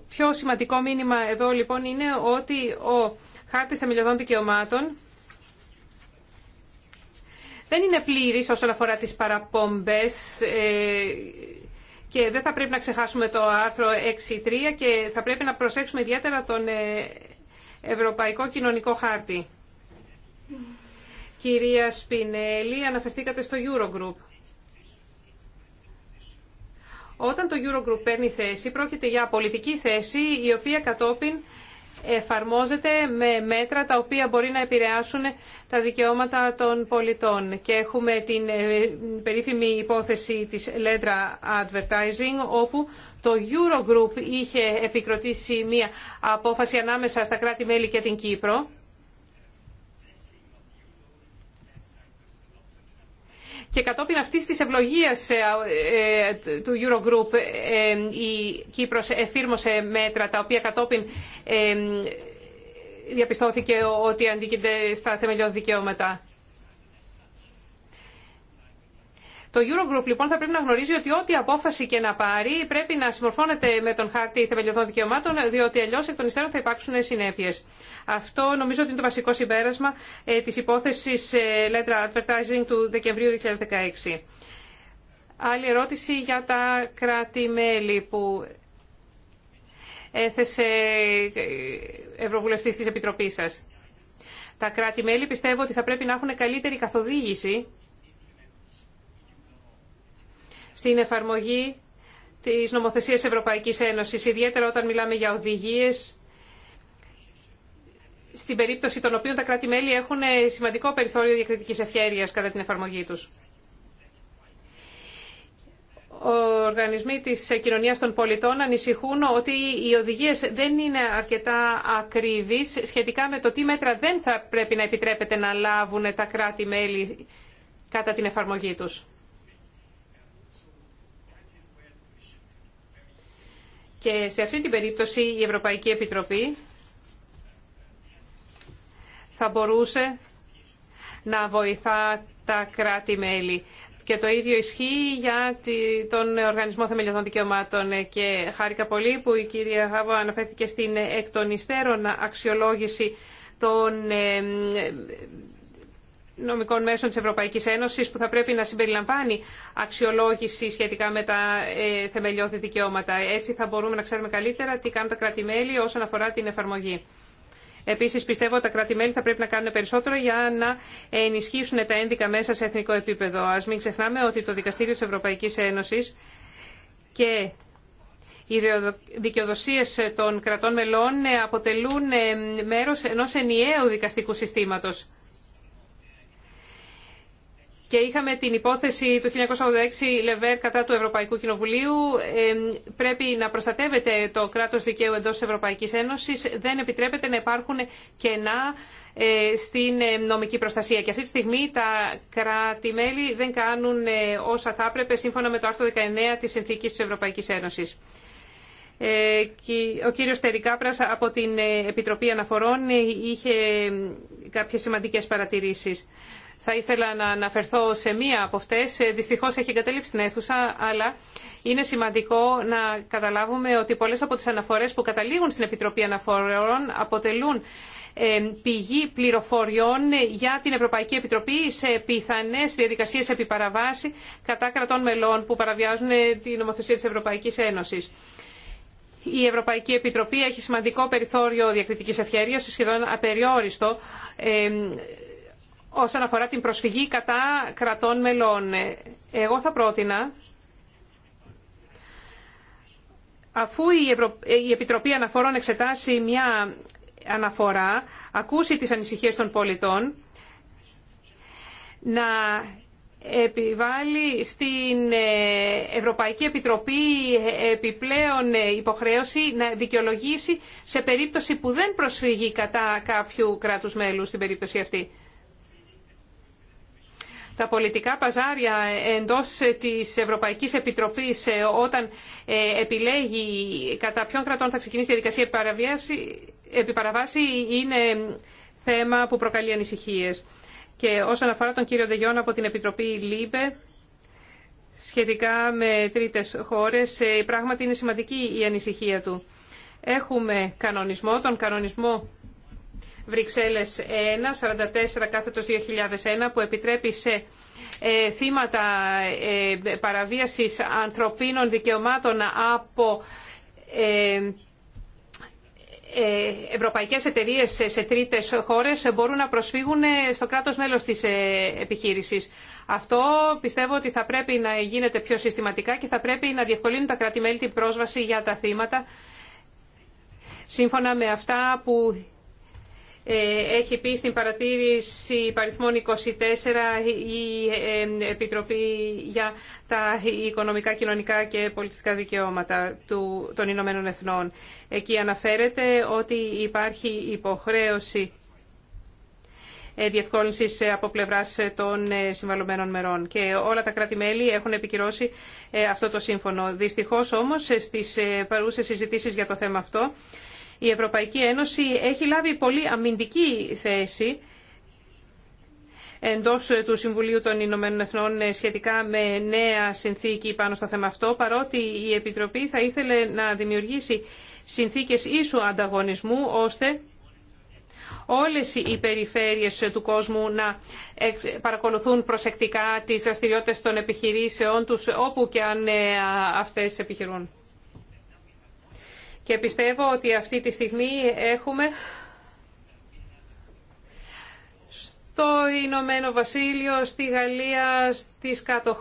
πιο σημαντικό μήνυμα εδώ λοιπόν είναι ότι ο χάρτης θεμελιωδών δικαιωμάτων δεν είναι πλήρης όσον αφορά τις παραπομπές ε, και δεν θα πρέπει να ξεχάσουμε το άρθρο 6.3 και θα πρέπει να προσέξουμε ιδιαίτερα τον ε, Ευρωπαϊκό Κοινωνικό Χάρτη. Κυρία Σπινέλη, αναφερθήκατε στο Eurogroup. Όταν το Eurogroup παίρνει θέση, πρόκειται για πολιτική θέση, η οποία κατόπιν εφαρμόζεται με μέτρα τα οποία μπορεί να επηρεάσουν τα δικαιώματα των πολιτών. Και έχουμε την ε, περίφημη υπόθεση της Ledra Advertising, όπου το Eurogroup είχε επικροτήσει μία απόφαση ανάμεσα στα κράτη-μέλη και την Κύπρο. Και κατόπιν αυτής της ευλογίας ε, ε, του Eurogroup ε, η Κύπρος εφήρμοσε μέτρα τα οποία κατόπιν διαπιστώθηκε ότι αντίκειται στα θεμελιώδη δικαιώματα. Το Eurogroup λοιπόν θα πρέπει να γνωρίζει ότι ό,τι απόφαση και να πάρει πρέπει να συμμορφώνεται με τον χάρτη θεμελιωδών δικαιωμάτων, διότι αλλιώ εκ των υστέρων θα υπάρξουν συνέπειε. Αυτό νομίζω ότι είναι το βασικό συμπέρασμα ε, τη υπόθεση ε, Letter Advertising του Δεκεμβρίου 2016. Άλλη ερώτηση για τα κράτη-μέλη που έθεσε ε, Ευρωβουλευτής της Επιτροπής σας. Τα κράτη-μέλη πιστεύω ότι θα πρέπει να έχουν καλύτερη καθοδήγηση στην εφαρμογή της νομοθεσίας Ευρωπαϊκής Ένωσης, ιδιαίτερα όταν μιλάμε για οδηγίες, στην περίπτωση των οποίων τα κράτη-μέλη έχουν σημαντικό περιθώριο διακριτικής ευχέρειας κατά την εφαρμογή τους. Οργανισμοί της κοινωνίας των πολιτών ανησυχούν ότι οι οδηγίες δεν είναι αρκετά ακρίβεις σχετικά με το τι μέτρα δεν θα πρέπει να επιτρέπεται να λάβουν τα κράτη-μέλη κατά την εφαρμογή τους. Και σε αυτή την περίπτωση η Ευρωπαϊκή Επιτροπή θα μπορούσε να βοηθά τα κράτη-μέλη. Και το ίδιο ισχύει για τον Οργανισμό Θεμελιωτών Δικαιωμάτων. Και χάρηκα πολύ που η κυρία Χάβο αναφέρθηκε στην εκ των υστέρων αξιολόγηση των ε, νομικών μέσων της Ευρωπαϊκής Ένωσης που θα πρέπει να συμπεριλαμβάνει αξιολόγηση σχετικά με τα ε, θεμελιώδη δικαιώματα. Έτσι θα μπορούμε να ξέρουμε καλύτερα τι κάνουν τα κράτη-μέλη όσον αφορά την εφαρμογή. Επίσης πιστεύω ότι τα κράτη-μέλη θα πρέπει να κάνουν περισσότερο για να ενισχύσουν τα ένδικα μέσα σε εθνικό επίπεδο. Ας μην ξεχνάμε ότι το Δικαστήριο της Ευρωπαϊκής Ένωσης και οι δικαιοδοσίε των κρατών μελών αποτελούν ε, μέρος ενός ενιαίου δικαστικού συστήματος και είχαμε την υπόθεση του 1986 Λεβέρ κατά του Ευρωπαϊκού Κοινοβουλίου. Ε, πρέπει να προστατεύεται το κράτος δικαίου εντός της Ευρωπαϊκής Ένωσης. Δεν επιτρέπεται να υπάρχουν κενά ε, στην ε, νομική προστασία. Και αυτή τη στιγμή τα κράτη-μέλη δεν κάνουν ε, όσα θα έπρεπε σύμφωνα με το άρθρο 19 της Συνθήκης της Ευρωπαϊκής Ένωσης. Ο κύριος Τερικάπρας από την Επιτροπή Αναφορών είχε κάποιες σημαντικές παρατηρήσεις. Θα ήθελα να αναφερθώ σε μία από αυτές. Ε, δυστυχώς έχει εγκαταλείψει την αίθουσα, αλλά είναι σημαντικό να καταλάβουμε ότι πολλές από τις αναφορές που καταλήγουν στην Επιτροπή Αναφορών αποτελούν ε, πηγή πληροφοριών για την Ευρωπαϊκή Επιτροπή σε πιθανές διαδικασίες επιπαραβάση κατά κρατών μελών που παραβιάζουν ε, την νομοθεσία της Ευρωπαϊκής Ένωσης. Η Ευρωπαϊκή Επιτροπή έχει σημαντικό περιθώριο διακριτικής ευχέρειας, σχεδόν απεριόριστο, όσον αφορά την προσφυγή κατά κρατών μελών. Ε, εγώ θα πρότεινα, αφού η, Επιτροπή Αναφορών εξετάσει μια αναφορά, ακούσει τις ανησυχίες των πολιτών, να επιβάλλει στην ε, Ευρωπαϊκή Επιτροπή ε, επιπλέον υποχρέωση να δικαιολογήσει σε περίπτωση που δεν προσφύγει κατά κάποιου κράτους μέλους στην περίπτωση αυτή τα πολιτικά παζάρια εντός της Ευρωπαϊκής Επιτροπής ε, όταν ε, επιλέγει κατά ποιον κρατών θα ξεκινήσει η διαδικασία επιπαραβάση είναι θέμα που προκαλεί ανησυχίες. Και όσον αφορά τον κύριο Δεγιόν από την Επιτροπή ΛΥΜΠΕ, σχετικά με τρίτες χώρες, ε, πράγματι είναι σημαντική η ανησυχία του. Έχουμε κανονισμό, τον κανονισμό Βρυξέλλες 1, 44 κάθετος 2001 που επιτρέπει σε ε, θύματα ε, παραβίασης ανθρωπίνων δικαιωμάτων από ε, ευρωπαϊκές εταιρείες σε τρίτες χώρες μπορούν να προσφύγουν στο κράτος μέλος της επιχείρησης. Αυτό πιστεύω ότι θα πρέπει να γίνεται πιο συστηματικά και θα πρέπει να διευκολύνουν τα κράτη-μέλη την πρόσβαση για τα θύματα σύμφωνα με αυτά που ε, έχει πει στην παρατήρηση παριθμών 24 η ε, ε, Επιτροπή για τα Οικονομικά, Κοινωνικά και Πολιτιστικά Δικαιώματα των Ηνωμένων Εθνών. Εκεί αναφέρεται ότι υπάρχει υποχρέωση διευκόλυνση από πλευρά των συμβαλωμένων μερών. Και όλα τα κράτη-μέλη έχουν επικυρώσει αυτό το σύμφωνο. Δυστυχώ όμω στι παρούσε συζητήσει για το θέμα αυτό η Ευρωπαϊκή Ένωση έχει λάβει πολύ αμυντική θέση εντός του Συμβουλίου των Ηνωμένων Εθνών σχετικά με νέα συνθήκη πάνω στο θέμα αυτό, παρότι η Επιτροπή θα ήθελε να δημιουργήσει συνθήκες ίσου ανταγωνισμού, ώστε όλες οι περιφέρειες του κόσμου να παρακολουθούν προσεκτικά τις δραστηριότητες των επιχειρήσεών τους, όπου και αν ε, αυτές επιχειρούν. Και πιστεύω ότι αυτή τη στιγμή έχουμε στο Ηνωμένο Βασίλειο, στη Γαλλία, στις κάτω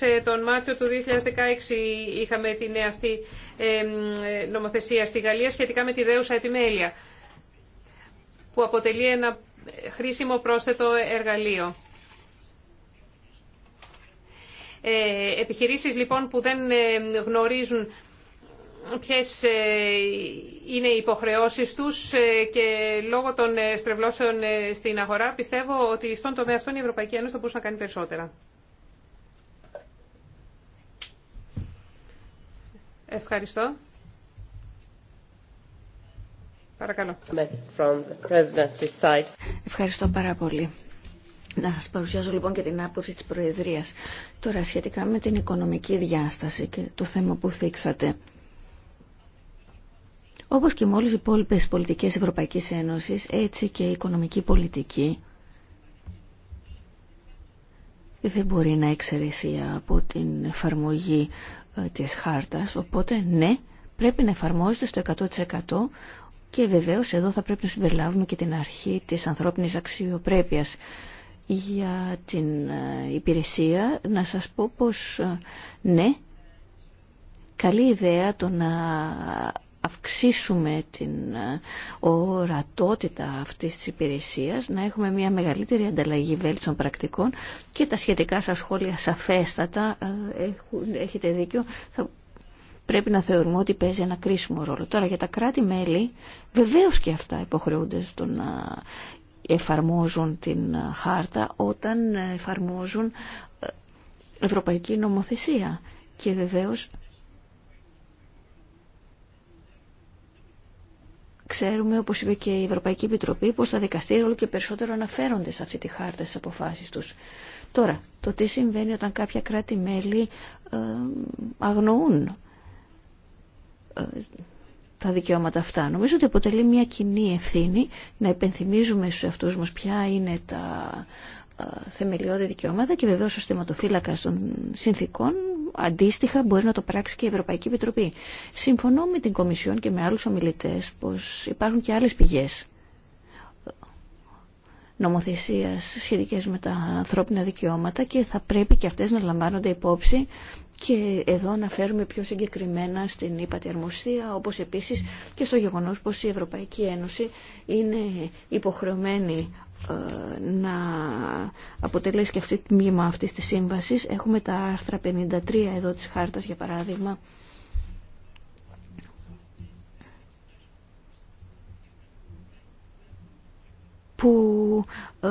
ε, Τον Μάρτιο του 2016 είχαμε την αυτή νομοθεσία στη Γαλλία σχετικά με τη δέουσα επιμέλεια, που αποτελεί ένα χρήσιμο πρόσθετο εργαλείο. Ε, επιχειρήσεις λοιπόν που δεν ε, γνωρίζουν ποιες ε, είναι οι υποχρεώσεις τους ε, και λόγω των ε, στρεβλώσεων στην αγορά πιστεύω ότι στον τομέα αυτόν η Ευρωπαϊκή Ένωση θα μπορούσε να κάνει περισσότερα. Ευχαριστώ. Παρακαλώ. Ευχαριστώ πάρα πολύ. Να σας παρουσιάσω λοιπόν και την άποψη της Προεδρίας. Τώρα σχετικά με την οικονομική διάσταση και το θέμα που θίξατε. Όπως και με όλες οι υπόλοιπες πολιτικές Ευρωπαϊκής Ένωσης, έτσι και η οικονομική πολιτική δεν μπορεί να εξαιρεθεί από την εφαρμογή ε, της χάρτας, οπότε ναι, πρέπει να εφαρμόζεται στο 100% και βεβαίως εδώ θα πρέπει να συμπεριλάβουμε και την αρχή της ανθρώπινης αξιοπρέπειας για την ε, υπηρεσία. Να σας πω πως ε, ναι, καλή ιδέα το να αυξήσουμε την ε, ορατότητα αυτής της υπηρεσίας, να έχουμε μια μεγαλύτερη ανταλλαγή βέλτιστων πρακτικών και τα σχετικά σας σχόλια σαφέστατα, ε, έχετε δίκιο, θα πρέπει να θεωρούμε ότι παίζει ένα κρίσιμο ρόλο. Τώρα για τα κράτη-μέλη, βεβαίως και αυτά υποχρεούνται στο να εφαρμόζουν την ε, χάρτα όταν εφαρμόζουν ευρωπαϊκή νομοθεσία. Και βεβαίως Ξέρουμε, όπως είπε και η Ευρωπαϊκή Επιτροπή, πως τα δικαστήρια όλο και περισσότερο αναφέρονται σε αυτή τη χάρτα στις αποφάσεις τους. Τώρα, το τι συμβαίνει όταν κάποια κράτη-μέλη ε, αγνοούν ε, τα δικαιώματα αυτά. Νομίζω ότι αποτελεί μια κοινή ευθύνη να υπενθυμίζουμε στους αυτούς μας ποια είναι τα ε, θεμελιώδη δικαιώματα και βεβαίως ο θεματοφύλακας των συνθήκων αντίστοιχα μπορεί να το πράξει και η Ευρωπαϊκή Επιτροπή. Συμφωνώ με την Κομισιόν και με άλλους ομιλητές πως υπάρχουν και άλλε πηγές νομοθεσία σχετικέ με τα ανθρώπινα δικαιώματα και θα πρέπει και αυτές να λαμβάνονται υπόψη και εδώ να φέρουμε πιο συγκεκριμένα στην ύπατη αρμοσία, όπως επίσης και στο γεγονός πως η Ευρωπαϊκή Ένωση είναι υποχρεωμένη ε, να αποτελέσει και αυτή τη μήμα αυτής της σύμβασης. Έχουμε τα άρθρα 53 εδώ της χάρτας για παράδειγμα που ε,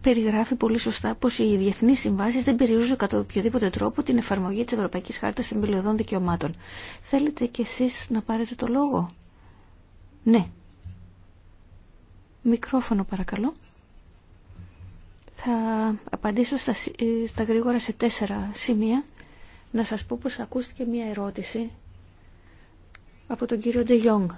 περιγράφει πολύ σωστά πως οι διεθνείς συμβάσεις δεν περιορίζουν κατά οποιοδήποτε τρόπο την εφαρμογή της Ευρωπαϊκής Χάρτας Θεμελιωδών Δικαιωμάτων. Θέλετε κι εσείς να πάρετε το λόγο? Ναι. Μικρόφωνο παρακαλώ. Θα απαντήσω ε, στα, γρήγορα σε τέσσερα σημεία. Να σας πω πως ακούστηκε μία ερώτηση από τον κύριο Ντεγιόγκ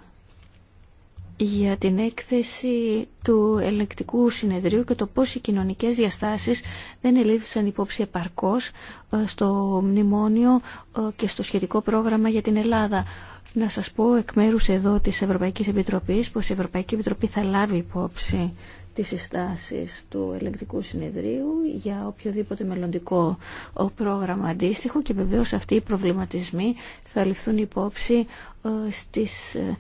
για την έκθεση του ελεκτικού συνεδρίου και το πώς οι κοινωνικές διαστάσεις δεν ελήφθησαν υπόψη επαρκώς ε, στο μνημόνιο ε, και στο σχετικό πρόγραμμα για την Ελλάδα να σας πω εκ μέρους εδώ της Ευρωπαϊκής Επιτροπής πως η Ευρωπαϊκή Επιτροπή θα λάβει υπόψη τις συστάσεις του ελεγκτικού συνεδρίου για οποιοδήποτε μελλοντικό πρόγραμμα αντίστοιχο και βεβαίως αυτοί οι προβληματισμοί θα ληφθούν υπόψη ε, στις ε,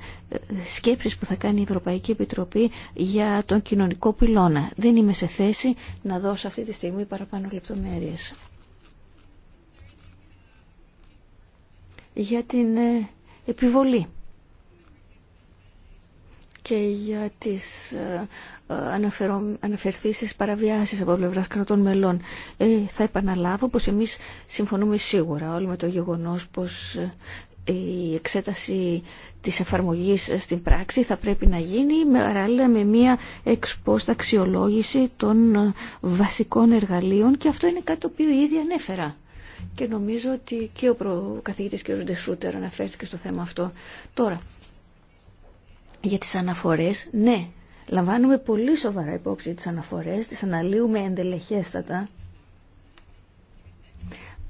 σκέψεις που θα κάνει η Ευρωπαϊκή Επιτροπή για τον κοινωνικό πυλώνα. Δεν είμαι σε θέση να δώσω αυτή τη στιγμή παραπάνω λεπτομέρειες. Για την ε, επιβολή και για τις ε, ε, αναφερθήσεις παραβιάσεις από πλευρά κρατών μελών. Ε, θα επαναλάβω πως εμείς συμφωνούμε σίγουρα όλοι με το γεγονός πως ε, η εξέταση της εφαρμογής στην πράξη θα πρέπει να γίνει με, παράλληλα με μια εξπόστα αξιολόγηση των βασικών εργαλείων και αυτό είναι κάτι το οποίο ήδη ανέφερα και νομίζω ότι και ο καθηγητής κ. Ντεσούτερ αναφέρθηκε στο θέμα αυτό. Τώρα, για τις αναφορές, ναι, λαμβάνουμε πολύ σοβαρά υπόψη τις αναφορές, τις αναλύουμε εντελεχέστατα,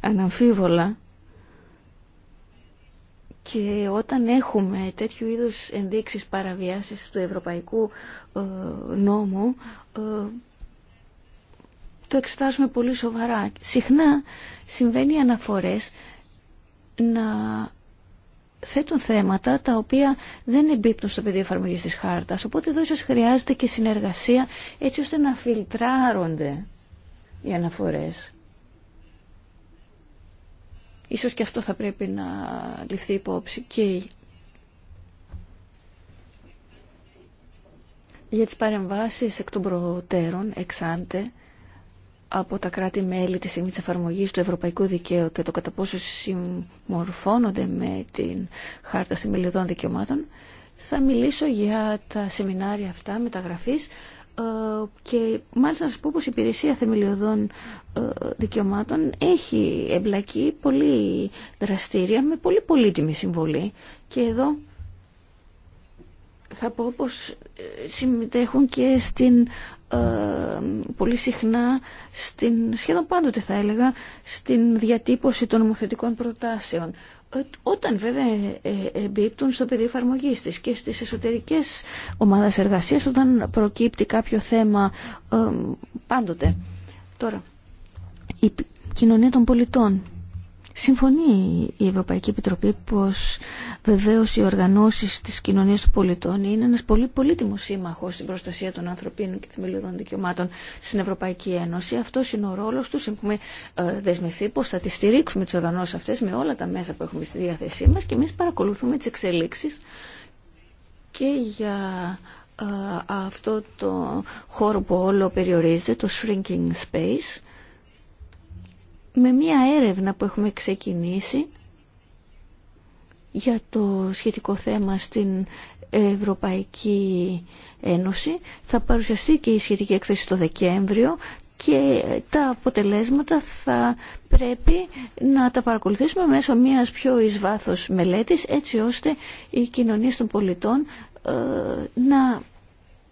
αναμφίβολα, και όταν έχουμε τέτοιου είδους ενδείξεις παραβιάσεις του ευρωπαϊκού ε, νόμου ε, το εξετάζουμε πολύ σοβαρά. Συχνά συμβαίνει οι αναφορές να θέτουν θέματα τα οποία δεν εμπίπτουν στο πεδίο εφαρμογή της χάρτας. Οπότε εδώ ίσως χρειάζεται και συνεργασία έτσι ώστε να φιλτράρονται οι αναφορές. Ίσως και αυτό θα πρέπει να ληφθεί υπόψη και για τις παρεμβάσεις εκ των προτέρων, εξάντε, από τα κράτη-μέλη τη στιγμή τη εφαρμογή του ευρωπαϊκού δικαίου και το κατά πόσο συμμορφώνονται με την Χάρτα Θεμελιωδών Δικαιωμάτων, θα μιλήσω για τα σεμινάρια αυτά μεταγραφή ε, και μάλιστα να σα πω πω η Υπηρεσία Θεμελιωδών ε, Δικαιωμάτων έχει εμπλακεί πολύ δραστήρια με πολύ πολύτιμη συμβολή και εδώ θα πω πως ε, συμμετέχουν και στην ε, πολύ συχνά στην, σχεδόν πάντοτε θα έλεγα στην διατύπωση των νομοθετικών προτάσεων ε, όταν βέβαια ε, εμπίπτουν στο πεδίο εφαρμογή τη και στις εσωτερικές ομάδες εργασίας όταν προκύπτει κάποιο θέμα πάντοτε τώρα η κοινωνία των πολιτών Συμφωνεί η Ευρωπαϊκή Επιτροπή πως βεβαίως οι οργανώσεις της κοινωνίας των πολιτών είναι ένας πολύ πολύτιμος σύμμαχος στην προστασία των ανθρωπίνων και θεμελιωδών δικαιωμάτων στην Ευρωπαϊκή Ένωση. Αυτό είναι ο ρόλος τους. Έχουμε ε, δεσμευθεί πως θα τις στηρίξουμε τις οργανώσεις αυτές με όλα τα μέσα που έχουμε στη διάθεσή μας και εμείς παρακολουθούμε τις εξελίξεις και για ε, αυτό το χώρο που όλο περιορίζεται, το shrinking space με μία έρευνα που έχουμε ξεκινήσει για το σχετικό θέμα στην Ευρωπαϊκή Ένωση. Θα παρουσιαστεί και η σχετική έκθεση το Δεκέμβριο και τα αποτελέσματα θα πρέπει να τα παρακολουθήσουμε μέσω μιας πιο εις βάθος μελέτης έτσι ώστε οι κοινωνίες των πολιτών ε, να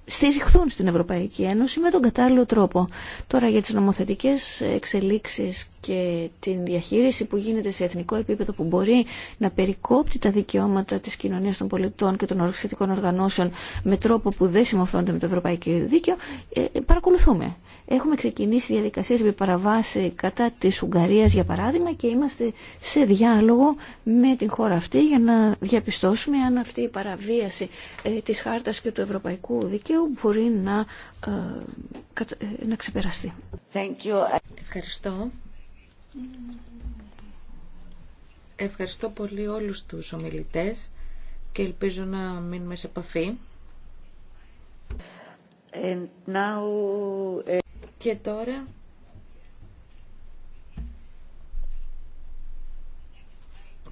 στηριχθούν στην Ευρωπαϊκή Ένωση με τον κατάλληλο τρόπο. Τώρα για τις νομοθετικές εξελίξεις και την διαχείριση που γίνεται σε εθνικό επίπεδο που μπορεί να περικόπτει τα δικαιώματα της κοινωνίας των πολιτών και των οργανωτικών οργανώσεων με τρόπο που δεν συμμορφώνεται με το ευρωπαϊκό δίκαιο, ε, ε, παρακολουθούμε. Έχουμε ξεκινήσει διαδικασίες με παραβάση κατά της Ουγγαρίας για παράδειγμα και είμαστε σε διάλογο με την χώρα αυτή για να διαπιστώσουμε αν αυτή η παραβίαση ε, της χάρτας και του ευρωπαϊκού δικαίου μπορεί να, να ξεπεραστεί. Thank you. Ευχαριστώ. Ευχαριστώ πολύ όλους τους ομιλητές και ελπίζω να μείνουμε σε επαφή. And now... Ε, και τώρα...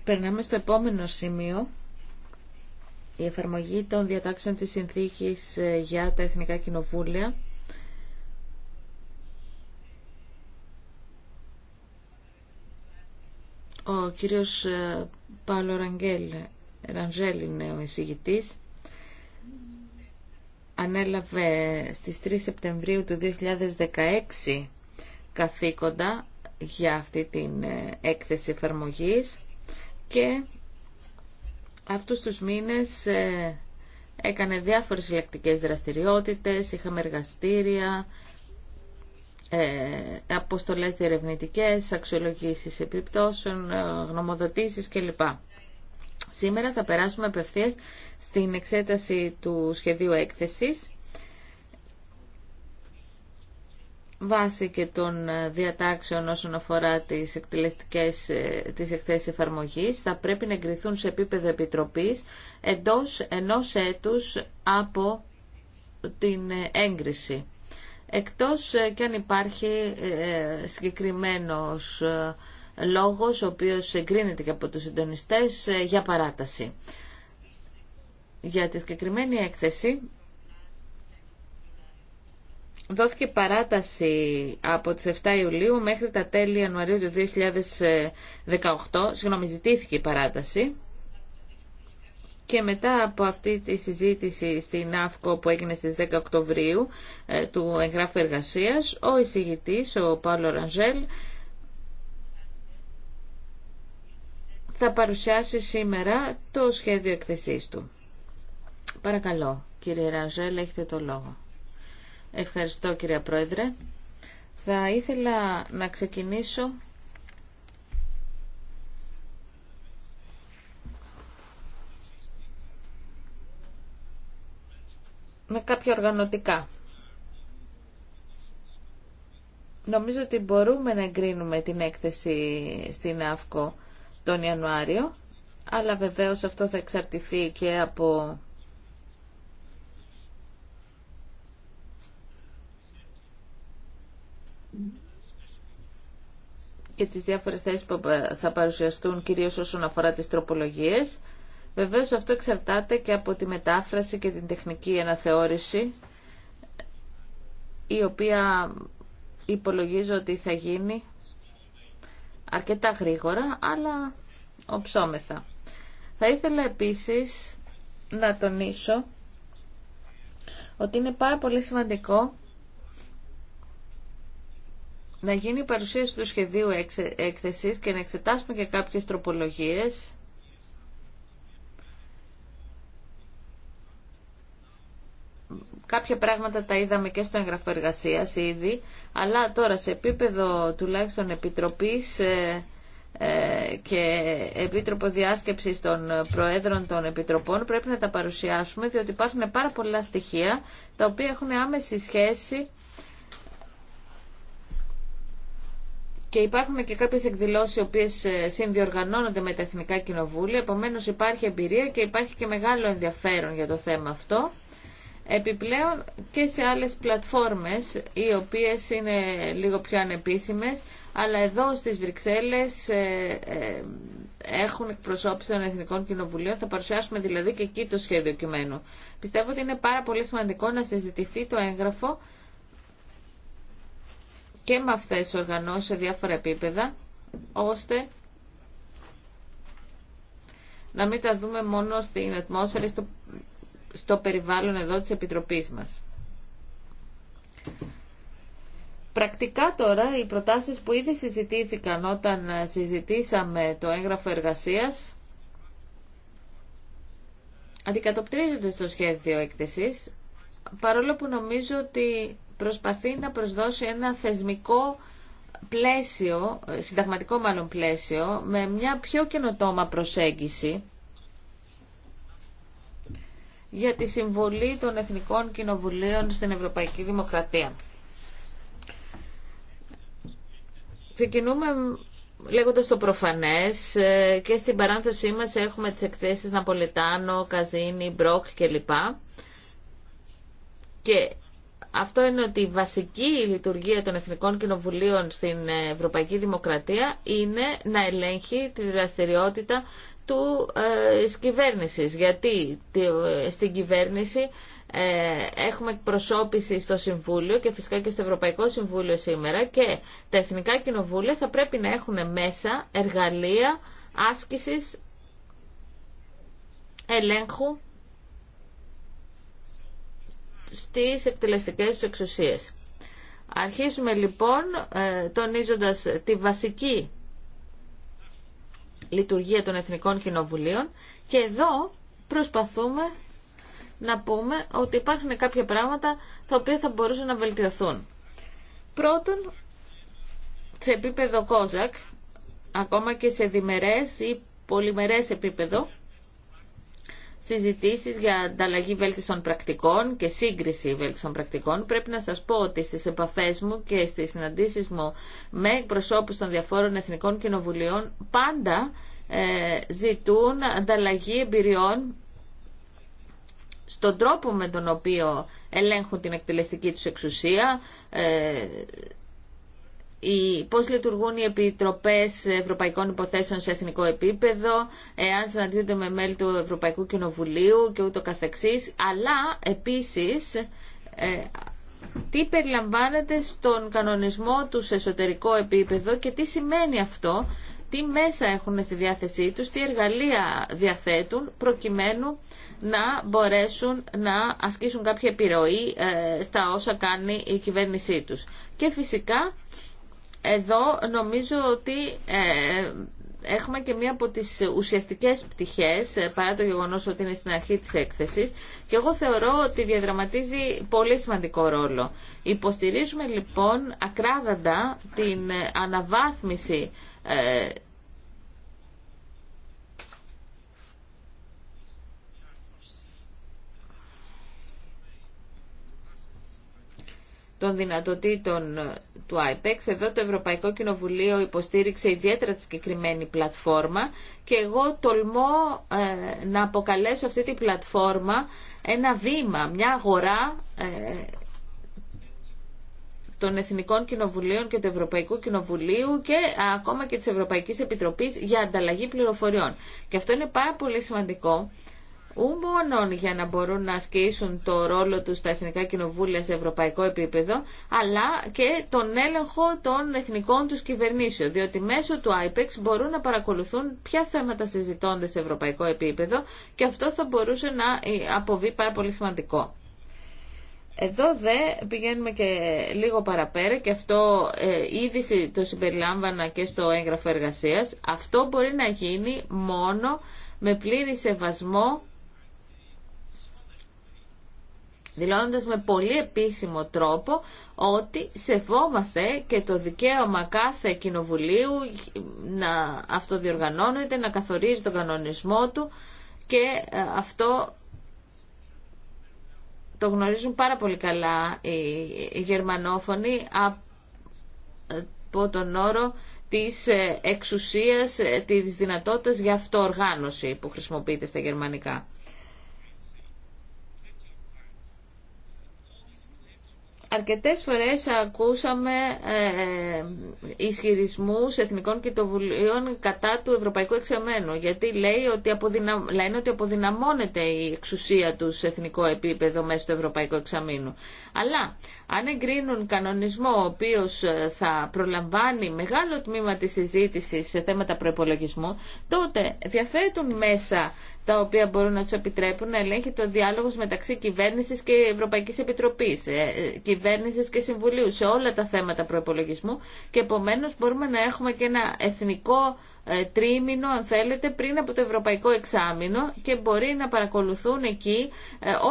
Περνάμε στο επόμενο σημείο. Η εφαρμογή των διατάξεων της συνθήκης ε, για τα Εθνικά Κοινοβούλια κύριος ε, Πάλο Ραγγέλ, είναι ο εισηγητής. Ανέλαβε στις 3 Σεπτεμβρίου του 2016 καθήκοντα για αυτή την ε, έκθεση εφαρμογής και αυτούς τους μήνες ε, έκανε διάφορες συλλεκτικές δραστηριότητες, είχαμε εργαστήρια, ε, αποστολές διερευνητικές, αξιολογήσεις επιπτώσεων, ε, γνωμοδοτήσεις κλπ. Σήμερα θα περάσουμε απευθείας στην εξέταση του σχεδίου έκθεσης βάσει και των ε, διατάξεων όσον αφορά τις, εκτελεστικές, ε, τις εκθέσεις εφαρμογής θα πρέπει να εγκριθούν σε επίπεδο επιτροπής εντός ενός έτους από την έγκριση εκτός ε, και αν υπάρχει ε, ε, συγκεκριμένος λόγος, ο οποίος εγκρίνεται και από τους συντονιστές για παράταση. Για τη συγκεκριμένη έκθεση δόθηκε παράταση από τις 7 Ιουλίου μέχρι τα τέλη Ιανουαρίου του 2018, συγγνώμη, ζητήθηκε η παράταση και μετά από αυτή τη συζήτηση στην ΑΦΚΟ που έγινε στις 10 Οκτωβρίου ε, του εγγράφου εργασίας, ο εισηγητής, ο Παύλο Ρανζέλ, θα παρουσιάσει σήμερα το σχέδιο εκθεσής του. Παρακαλώ, κύριε Ρανζέλ, έχετε το λόγο. Ευχαριστώ, κύριε Πρόεδρε. Θα ήθελα να ξεκινήσω με κάποια οργανωτικά. Νομίζω ότι μπορούμε να εγκρίνουμε την έκθεση στην ΑΦΚΟ τον Ιανουάριο, αλλά βεβαίως αυτό θα εξαρτηθεί και από και τις διάφορες θέσεις που θα παρουσιαστούν κυρίως όσον αφορά τις τροπολογίες. Βεβαίως αυτό εξαρτάται και από τη μετάφραση και την τεχνική αναθεώρηση η οποία υπολογίζω ότι θα γίνει αρκετά γρήγορα αλλά οψόμεθα. Θα ήθελα επίσης να τονίσω ότι είναι πάρα πολύ σημαντικό να γίνει η παρουσίαση του σχεδίου έκθεσης και να εξετάσουμε και κάποιες τροπολογίες Κάποια πράγματα τα είδαμε και στο έγγραφο εργασία ήδη, αλλά τώρα σε επίπεδο τουλάχιστον επιτροπής ε, ε, και επίτροπο διάσκεψη των προέδρων των επιτροπών πρέπει να τα παρουσιάσουμε διότι υπάρχουν πάρα πολλά στοιχεία τα οποία έχουν άμεση σχέση και υπάρχουν και κάποιες εκδηλώσεις οι οποίες ε, συνδιοργανώνονται με τα Εθνικά Κοινοβούλια επομένως υπάρχει εμπειρία και υπάρχει και μεγάλο ενδιαφέρον για το θέμα αυτό επιπλέον και σε άλλες πλατφόρμες οι οποίες είναι λίγο πιο ανεπίσημες αλλά εδώ στις Βρυξέλλες ε, ε, έχουν εκπροσώπηση των Εθνικών Κοινοβουλίων θα παρουσιάσουμε δηλαδή και εκεί το σχέδιο κειμένου πιστεύω ότι είναι πάρα πολύ σημαντικό να συζητηθεί το έγγραφο και με αυτές τις οργανώσεις σε διάφορα επίπεδα ώστε να μην τα δούμε μόνο στην ατμόσφαιρα στο στο περιβάλλον εδώ της Επιτροπής μας. Πρακτικά τώρα οι προτάσεις που ήδη συζητήθηκαν όταν συζητήσαμε το έγγραφο εργασίας αντικατοπτρίζονται στο σχέδιο έκθεσης παρόλο που νομίζω ότι προσπαθεί να προσδώσει ένα θεσμικό πλαίσιο, συνταγματικό μάλλον πλαίσιο, με μια πιο καινοτόμα προσέγγιση για τη συμβολή των Εθνικών Κοινοβουλίων στην Ευρωπαϊκή Δημοκρατία. Ξεκινούμε λέγοντας το προφανές ε, και στην παράνθεσή μας έχουμε τις εκθέσεις Ναπολιτάνο, Καζίνη, Μπρόκ κλπ. Και αυτό είναι ότι η βασική λειτουργία των Εθνικών Κοινοβουλίων στην Ευρωπαϊκή Δημοκρατία είναι να ελέγχει τη δραστηριότητα του ε, κυβέρνησης. Γιατί ε, στην κυβέρνηση ε, έχουμε εκπροσώπηση στο Συμβούλιο και φυσικά και στο Ευρωπαϊκό Συμβούλιο σήμερα και τα Εθνικά Κοινοβούλια θα πρέπει να έχουν μέσα εργαλεία άσκησης ελέγχου στις εκτελεστικές εξουσίες. Αρχίζουμε λοιπόν ε, τονίζοντας τη βασική λειτουργία των Εθνικών Κοινοβουλίων και εδώ προσπαθούμε να πούμε ότι υπάρχουν κάποια πράγματα τα οποία θα μπορούσαν να βελτιωθούν. Πρώτον, σε επίπεδο ΚΟΖΑΚ, ακόμα και σε διμερές ή πολυμερές επίπεδο, συζητήσεις για ανταλλαγή βέλτιστων πρακτικών και σύγκριση βέλτιστων πρακτικών. Πρέπει να σας πω ότι στις επαφές μου και στις συναντήσεις μου με προσώπους των διαφόρων εθνικών κοινοβουλίων πάντα ε, ζητούν ανταλλαγή εμπειριών στον τρόπο με τον οποίο ελέγχουν την εκτελεστική τους εξουσία, ε, οι, πώς λειτουργούν οι επιτροπές ευρωπαϊκών υποθέσεων σε εθνικό επίπεδο, εάν συναντιούνται με μέλη του Ευρωπαϊκού Κοινοβουλίου και ούτω καθεξής, αλλά επίσης ε, τι περιλαμβάνεται στον κανονισμό του σε εσωτερικό επίπεδο και τι σημαίνει αυτό, τι μέσα έχουν στη διάθεσή τους, τι εργαλεία διαθέτουν προκειμένου να μπορέσουν να ασκήσουν κάποια επιρροή ε, στα όσα κάνει η κυβέρνησή τους. Και φυσικά εδώ νομίζω ότι ε, έχουμε και μία από τις ουσιαστικές πτυχές, ε, παρά το γεγονός ότι είναι στην αρχή της έκθεσης, και εγώ θεωρώ ότι διαδραματίζει πολύ σημαντικό ρόλο. Υποστηρίζουμε λοιπόν ακράδαντα την ε, αναβάθμιση των δυνατοτήτων του IPEX. Εδώ το Ευρωπαϊκό Κοινοβουλίο υποστήριξε ιδιαίτερα τη συγκεκριμένη πλατφόρμα και εγώ τολμώ ε, να αποκαλέσω αυτή τη πλατφόρμα ένα βήμα, μια αγορά ε, των Εθνικών Κοινοβουλίων και του Ευρωπαϊκού Κοινοβουλίου και ε, ακόμα και της Ευρωπαϊκής Επιτροπής για ανταλλαγή πληροφοριών. Και αυτό είναι πάρα πολύ σημαντικό ου μόνον για να μπορούν να ασκήσουν το ρόλο τους στα εθνικά κοινοβούλια σε ευρωπαϊκό επίπεδο, αλλά και τον έλεγχο των εθνικών τους κυβερνήσεων, διότι μέσω του IPEX μπορούν να παρακολουθούν ποια θέματα συζητώνται σε ευρωπαϊκό επίπεδο και αυτό θα μπορούσε να ε, αποβεί πάρα πολύ σημαντικό. Εδώ δε πηγαίνουμε και λίγο παραπέρα και αυτό ε, ήδη το συμπεριλάμβανα και στο έγγραφο εργασίας. Αυτό μπορεί να γίνει μόνο με πλήρη σεβασμό δηλώνοντας με πολύ επίσημο τρόπο ότι σεβόμαστε και το δικαίωμα κάθε κοινοβουλίου να αυτοδιοργανώνεται, να καθορίζει τον κανονισμό του και ε, αυτό το γνωρίζουν πάρα πολύ καλά οι γερμανόφωνοι από τον όρο της ε, εξουσίας, ε, της δυνατότητας για αυτοοργάνωση που χρησιμοποιείται στα γερμανικά. Αρκετές φορές ακούσαμε ε, ε ισχυρισμούς εθνικών κοιτοβουλίων κατά του Ευρωπαϊκού Εξαμένου, γιατί λέει ότι αποδυναμ... λένε ότι αποδυναμώνεται η εξουσία του σε εθνικό επίπεδο μέσα στο Ευρωπαϊκό Εξαμήνου. Αλλά αν εγκρίνουν κανονισμό ο οποίος ε, θα προλαμβάνει μεγάλο τμήμα της συζήτησης σε θέματα προπολογισμού, τότε διαθέτουν μέσα τα οποία μπορούν να του επιτρέπουν να ελέγχει το διάλογο μεταξύ κυβέρνηση και Ευρωπαϊκή Επιτροπή, ε, ε, κυβέρνηση και Συμβουλίου σε όλα τα θέματα προπολογισμού και επομένω μπορούμε να έχουμε και ένα εθνικό ε, τρίμηνο, αν θέλετε, πριν από το ευρωπαϊκό εξάμεινο και μπορεί να παρακολουθούν εκεί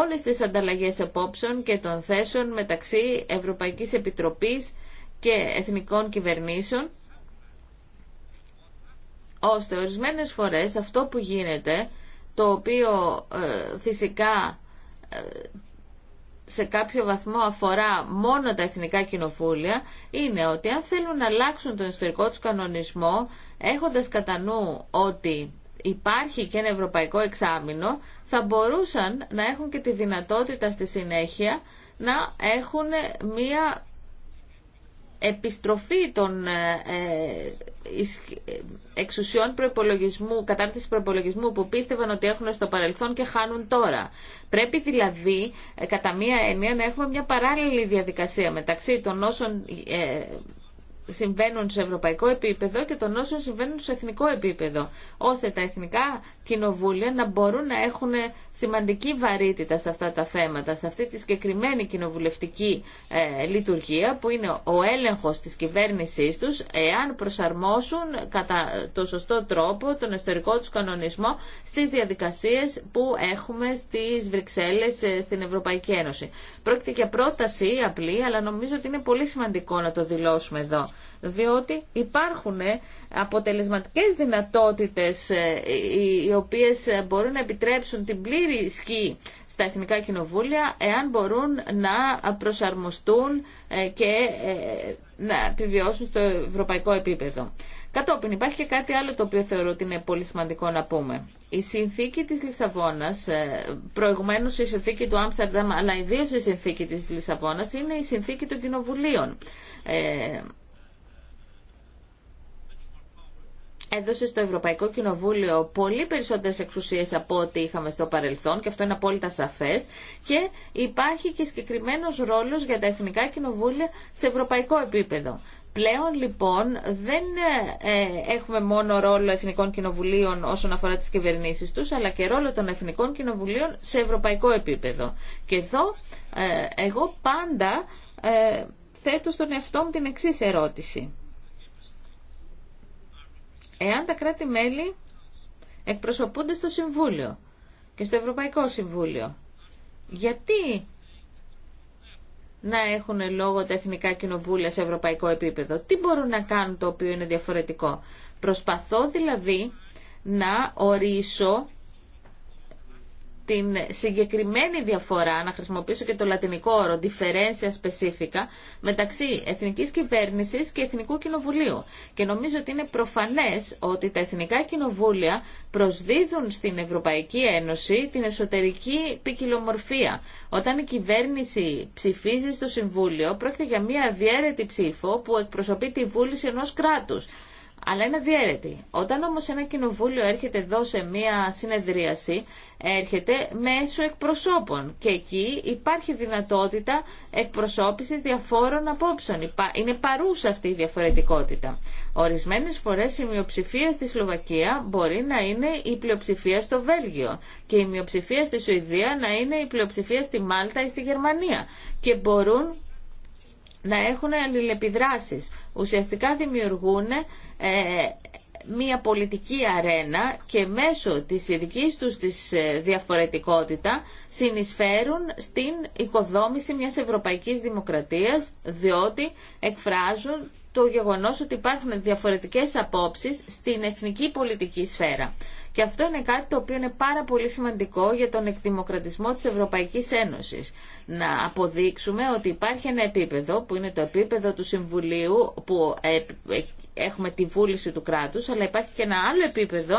όλες τις ανταλλαγές επόψεων και των θέσεων μεταξύ Ευρωπαϊκής Επιτροπής και Εθνικών Κυβερνήσεων ώστε ορισμένες φορές αυτό που γίνεται το οποίο ε, φυσικά ε, σε κάποιο βαθμό αφορά μόνο τα εθνικά κοινοβούλια είναι ότι αν θέλουν να αλλάξουν τον ιστορικό τους κανονισμό έχοντας κατά νου ότι υπάρχει και ένα ευρωπαϊκό εξάμεινο θα μπορούσαν να έχουν και τη δυνατότητα στη συνέχεια να έχουν μία επιστροφή των ε, ε, ε, εξουσιών προπολογισμού, κατάρτιση προπολογισμού που πίστευαν ότι έχουν στο παρελθόν και χάνουν τώρα. Πρέπει δηλαδή, κατά μία έννοια, να έχουμε μια παράλληλη διαδικασία μεταξύ των όσων συμβαίνουν σε ευρωπαϊκό επίπεδο και των όσων συμβαίνουν σε εθνικό επίπεδο, ώστε τα εθνικά κοινοβούλια να μπορούν να έχουν σημαντική βαρύτητα σε αυτά τα θέματα, σε αυτή τη συγκεκριμένη κοινοβουλευτική ε, λειτουργία που είναι ο έλεγχος της κυβέρνησής τους, εάν προσαρμόσουν κατά το σωστό τρόπο τον εσωτερικό τους κανονισμό στις διαδικασίες που έχουμε στις Βρυξέλλες, ε, στην Ευρωπαϊκή Ένωση. Πρόκειται για πρόταση απλή, αλλά νομίζω ότι είναι πολύ σημαντικό να το δηλώσουμε εδώ διότι υπάρχουν ε, αποτελεσματικές δυνατότητες ε, οι οποίες ε, μπορούν να επιτρέψουν την πλήρη σκή στα εθνικά κοινοβούλια εάν μπορούν να προσαρμοστούν και να επιβιώσουν στο ευρωπαϊκό επίπεδο. Κατόπιν υπάρχει και κάτι άλλο το οποίο θεωρώ ότι είναι πολύ σημαντικό να πούμε. Η συνθήκη της Λισαβόνας, προηγουμένως η συνθήκη του Άμστερνταμ, αλλά ιδίως η συνθήκη της Λισαβόνας, είναι η συνθήκη των κοινοβουλίων. έδωσε στο Ευρωπαϊκό Κοινοβούλιο πολύ περισσότερες εξουσίες από ό,τι είχαμε στο παρελθόν και αυτό είναι απόλυτα σαφές και υπάρχει και συγκεκριμένος ρόλος για τα Εθνικά Κοινοβούλια σε ευρωπαϊκό επίπεδο. Πλέον λοιπόν δεν ε, έχουμε μόνο ρόλο εθνικών κοινοβουλίων όσον αφορά τις κυβερνήσεις τους, αλλά και ρόλο των εθνικών κοινοβουλίων σε ευρωπαϊκό επίπεδο. Και εδώ ε, εγώ πάντα ε, θέτω στον εαυτό μου την εξής ερώτηση. Εάν τα κράτη-μέλη εκπροσωπούνται στο Συμβούλιο και στο Ευρωπαϊκό Συμβούλιο, γιατί να έχουν λόγο τα εθνικά κοινοβούλια σε ευρωπαϊκό επίπεδο. Τι μπορούν να κάνουν το οποίο είναι διαφορετικό. Προσπαθώ δηλαδή να ορίσω την συγκεκριμένη διαφορά, να χρησιμοποιήσω και το λατινικό όρο, differentia specifica, μεταξύ εθνικής κυβέρνησης και εθνικού κοινοβουλίου. Και νομίζω ότι είναι προφανές ότι τα εθνικά κοινοβούλια προσδίδουν στην Ευρωπαϊκή Ένωση την εσωτερική ποικιλομορφία. Όταν η κυβέρνηση ψηφίζει στο Συμβούλιο, πρόκειται για μια αδιαίρετη ψήφο που εκπροσωπεί τη βούληση ενός κράτους αλλά είναι αδιαίρετη. Όταν όμω ένα κοινοβούλιο έρχεται εδώ σε μία συνεδρίαση, έρχεται μέσω εκπροσώπων και εκεί υπάρχει δυνατότητα εκπροσώπηση διαφόρων απόψεων. Είναι παρούσα αυτή η διαφορετικότητα. Ορισμένε φορέ η μειοψηφία στη Σλοβακία μπορεί να είναι η πλειοψηφία στο Βέλγιο και η μειοψηφία στη Σουηδία να είναι η πλειοψηφία στη Μάλτα ή στη Γερμανία και μπορούν να έχουν αλληλεπιδράσεις. Ουσιαστικά δημιουργούν ε, μια πολιτική αρένα και μέσω της ειδική τους της ε, διαφορετικότητα συνεισφέρουν στην οικοδόμηση μιας ευρωπαϊκής δημοκρατίας διότι εκφράζουν το γεγονός ότι υπάρχουν διαφορετικές απόψεις στην εθνική πολιτική σφαίρα. Και αυτό είναι κάτι το οποίο είναι πάρα πολύ σημαντικό για τον εκδημοκρατισμό της Ευρωπαϊκής Ένωσης. Να αποδείξουμε ότι υπάρχει ένα επίπεδο που είναι το επίπεδο του Συμβουλίου που ε, έχουμε τη βούληση του κράτους, αλλά υπάρχει και ένα άλλο επίπεδο,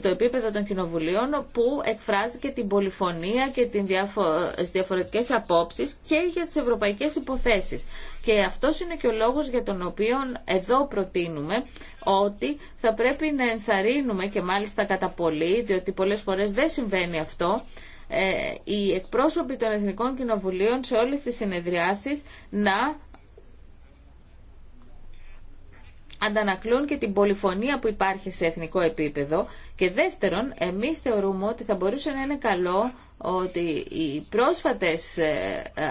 το επίπεδο των κοινοβουλίων, που εκφράζει και την πολυφωνία και τις διαφο διαφορετικές απόψεις και για τις ευρωπαϊκές υποθέσεις. Και αυτό είναι και ο λόγος για τον οποίο εδώ προτείνουμε ότι θα πρέπει να ενθαρρύνουμε και μάλιστα κατά πολύ, διότι πολλές φορές δεν συμβαίνει αυτό, ε, οι εκπρόσωποι των Εθνικών Κοινοβουλίων σε όλες τις συνεδριάσεις να αντανακλούν και την πολυφωνία που υπάρχει σε εθνικό επίπεδο και δεύτερον εμείς θεωρούμε ότι θα μπορούσε να είναι καλό ότι οι πρόσφατες ε,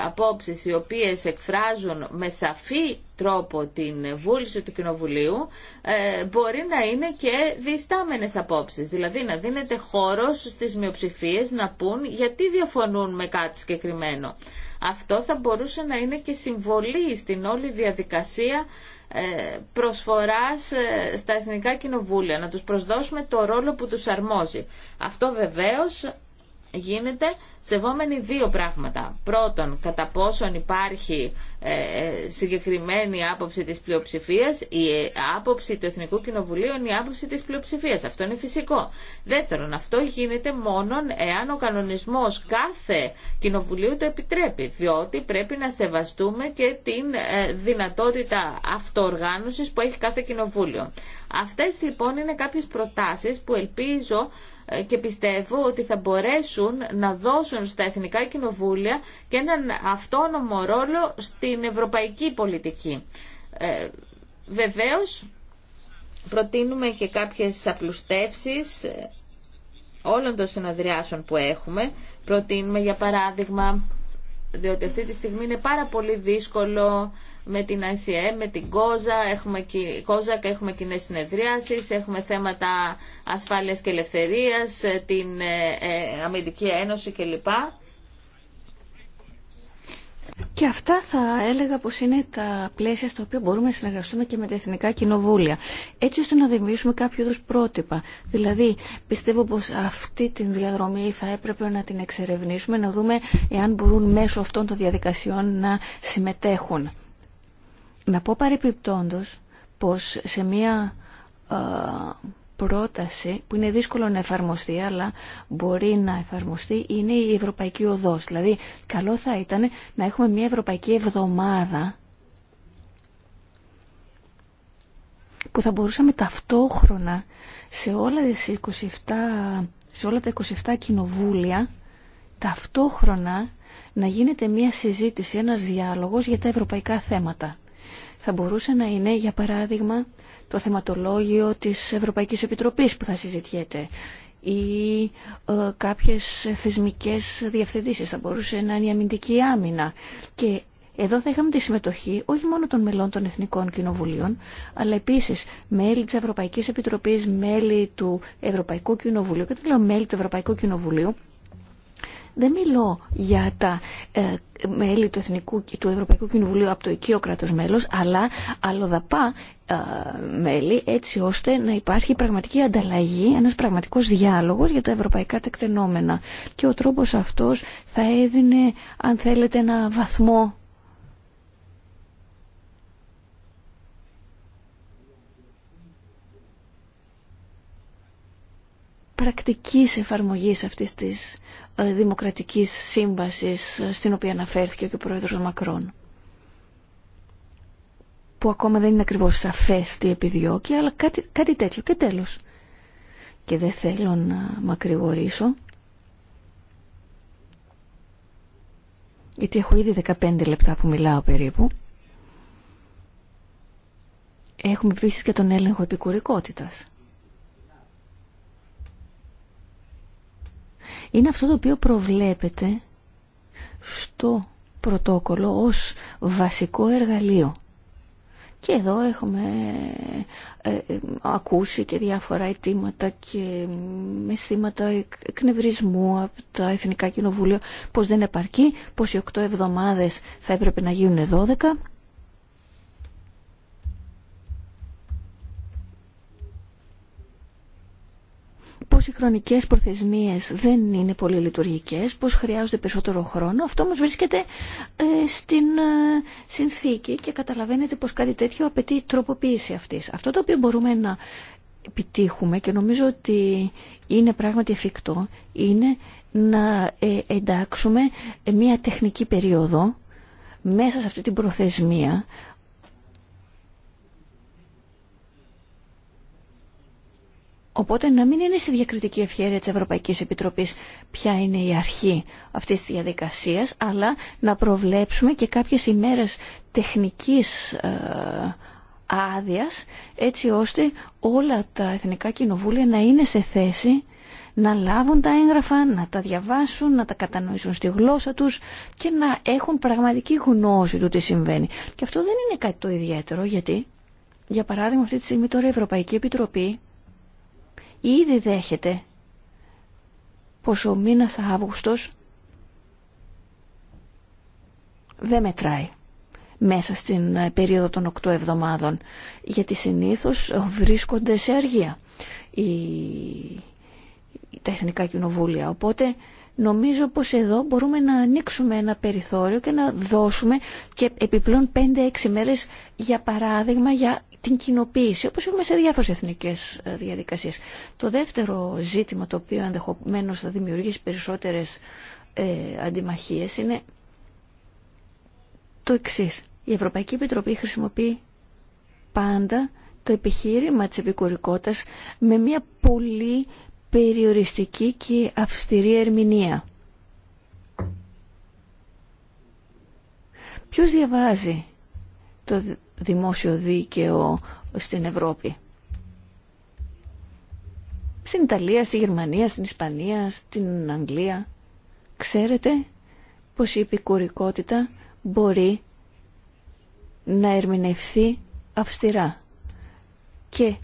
απόψεις οι οποίες εκφράζουν με σαφή τρόπο την βούληση του Κοινοβουλίου ε, μπορεί να είναι και διστάμενες απόψεις. Δηλαδή να δίνεται χώρος στις μειοψηφίες να πούν γιατί διαφωνούν με κάτι συγκεκριμένο. Αυτό θα μπορούσε να είναι και συμβολή στην όλη διαδικασία ε, προσφοράς ε, στα εθνικά κοινοβούλια, να τους προσδώσουμε το ρόλο που τους αρμόζει. Αυτό βεβαίως γίνεται σεβόμενοι δύο πράγματα. Πρώτον, κατά πόσον υπάρχει ε, ε συγκεκριμένη άποψη της πλειοψηφίας, η ε, άποψη του Εθνικού Κοινοβουλίου είναι η άποψη της πλειοψηφίας. Αυτό είναι φυσικό. Δεύτερον, αυτό γίνεται μόνο εάν ο κανονισμός κάθε κοινοβουλίου το επιτρέπει, διότι πρέπει να σεβαστούμε και την ε, δυνατότητα αυτοοργάνωσης που έχει κάθε κοινοβούλιο. Αυτές λοιπόν είναι κάποιες προτάσεις που ελπίζω ε, και πιστεύω ότι θα μπορέσουν να δώσουν στα εθνικά κοινοβούλια και έναν αυτόνομο ρόλο στην ευρωπαϊκή πολιτική. Ε, βεβαίως, προτείνουμε και κάποιες απλουστεύσεις ε, όλων των συνοδριάσεων που έχουμε. Προτείνουμε, για παράδειγμα, διότι αυτή τη στιγμή είναι πάρα πολύ δύσκολο με την ICM, με την Κόζα, έχουμε, Κόζα και έχουμε κοινέ συνεδριάσεις, έχουμε θέματα ασφάλειας και ελευθερίας, ε, την ε, ε, Αμυντική Ένωση κλπ. Και αυτά θα έλεγα πως είναι τα πλαίσια στα οποία μπορούμε να συνεργαστούμε και με τα εθνικά κοινοβούλια, έτσι ώστε να δημιουργήσουμε κάποιο είδους πρότυπα. Δηλαδή, πιστεύω πως αυτή την διαδρομή θα έπρεπε να την εξερευνήσουμε, να δούμε εάν μπορούν μέσω αυτών των διαδικασιών να συμμετέχουν. Να πω παρεπιπτόντως πως σε μία ε, πρόταση που είναι δύσκολο να εφαρμοστεί αλλά μπορεί να εφαρμοστεί είναι η Ευρωπαϊκή Οδός. Δηλαδή καλό θα ήταν να έχουμε μια Ευρωπαϊκή Εβδομάδα που θα μπορούσαμε ταυτόχρονα σε όλα, τα 27 κοινοβούλια ταυτόχρονα να γίνεται μια συζήτηση, ένας διάλογος για τα ευρωπαϊκά θέματα. Θα μπορούσε να είναι, για παράδειγμα, το θεματολόγιο της Ευρωπαϊκής Επιτροπής που θα συζητιέται ή ε, κάποιες θεσμικές διευθετήσεις. Θα μπορούσε να είναι η αμυντική άμυνα. Και Και εδώ θα είχαμε τη συμμετοχή όχι μόνο των μελών των Εθνικών Κοινοβουλίων, αλλά επίσης μέλη της Ευρωπαϊκής Επιτροπής, μέλη του Ευρωπαϊκού Κοινοβουλίου, και το λέω μέλη του Ευρωπαϊκού Κοινοβουλίου, δεν μιλώ για τα ε, μέλη του Εθνικού του Ευρωπαϊκού Κοινοβουλίου από το οικείο κράτος μέλος, αλλά αλλοδαπά ε, μέλη έτσι ώστε να υπάρχει πραγματική ανταλλαγή, ένας πραγματικός διάλογος για τα ευρωπαϊκά τεκτενόμενα. Και ο τρόπος αυτός θα έδινε, αν θέλετε, ένα βαθμό πρακτικής εφαρμογής αυτής της ε, δημοκρατικής σύμβασης ε, στην οποία αναφέρθηκε και ο πρόεδρος Μακρόν που ακόμα δεν είναι ακριβώς σαφές τι επιδιώκει αλλά κάτι, τέτοιο και τέλος και δεν θέλω να μακρηγορήσω γιατί έχω ήδη 15 λεπτά που μιλάω περίπου έχουμε επίση και τον έλεγχο επικουρικότητας είναι αυτό το οποίο προβλέπεται στο πρωτόκολλο ως βασικό εργαλείο. Και εδώ έχουμε ε, ε, ακούσει και διάφορα αιτήματα και αισθήματα εκνευρισμού από τα Εθνικά Κοινοβούλια πως δεν επαρκεί, πως οι 8 εβδομάδες θα έπρεπε να γίνουν 12 πως οι χρονικές προθεσμίες δεν είναι πολύ λειτουργικές, πως χρειάζονται περισσότερο χρόνο. Αυτό όμως βρίσκεται ε, στην ε, συνθήκη και καταλαβαίνετε πως κάτι τέτοιο απαιτεί τροποποίηση αυτής. Αυτό το οποίο μπορούμε να επιτύχουμε και νομίζω ότι είναι πράγματι εφικτό, είναι να ε, εντάξουμε μια τεχνική περίοδο μέσα σε αυτή την προθεσμία Οπότε να μην είναι στη διακριτική ευχαίρεια της Ευρωπαϊκής Επιτροπής ποια είναι η αρχή αυτής της διαδικασίας, αλλά να προβλέψουμε και κάποιες ημέρες τεχνικής ε, άδειας, έτσι ώστε όλα τα εθνικά κοινοβούλια να είναι σε θέση να λάβουν τα έγγραφα, να τα διαβάσουν, να τα κατανοήσουν στη γλώσσα τους και να έχουν πραγματική γνώση του τι συμβαίνει. Και αυτό δεν είναι κάτι το ιδιαίτερο, γιατί, για παράδειγμα, αυτή τη στιγμή τώρα η Ευρωπαϊκή Επιτροπή ήδη δέχεται πως ο μήνας Αύγουστος δεν μετράει μέσα στην ε, περίοδο των 8 εβδομάδων γιατί συνήθως ε, βρίσκονται σε αργία οι... τα εθνικά κοινοβούλια οπότε Νομίζω πως εδώ μπορούμε να ανοίξουμε ένα περιθώριο και να δώσουμε και επιπλέον 5-6 μέρες για παράδειγμα για την κοινοποίηση, όπως έχουμε σε διάφορες εθνικές ε, διαδικασίες. Το δεύτερο ζήτημα το οποίο ενδεχομένω θα δημιουργήσει περισσότερες ε, αντιμαχίες είναι το εξή. Η Ευρωπαϊκή Επιτροπή χρησιμοποιεί πάντα το επιχείρημα της επικουρικότητας με μια πολύ περιοριστική και αυστηρή ερμηνεία. Ποιος διαβάζει το δημόσιο δίκαιο στην Ευρώπη. Στην Ιταλία, στη Γερμανία, στην Ισπανία, στην Αγγλία. Ξέρετε πως η επικουρικότητα μπορεί να ερμηνευθεί αυστηρά. Και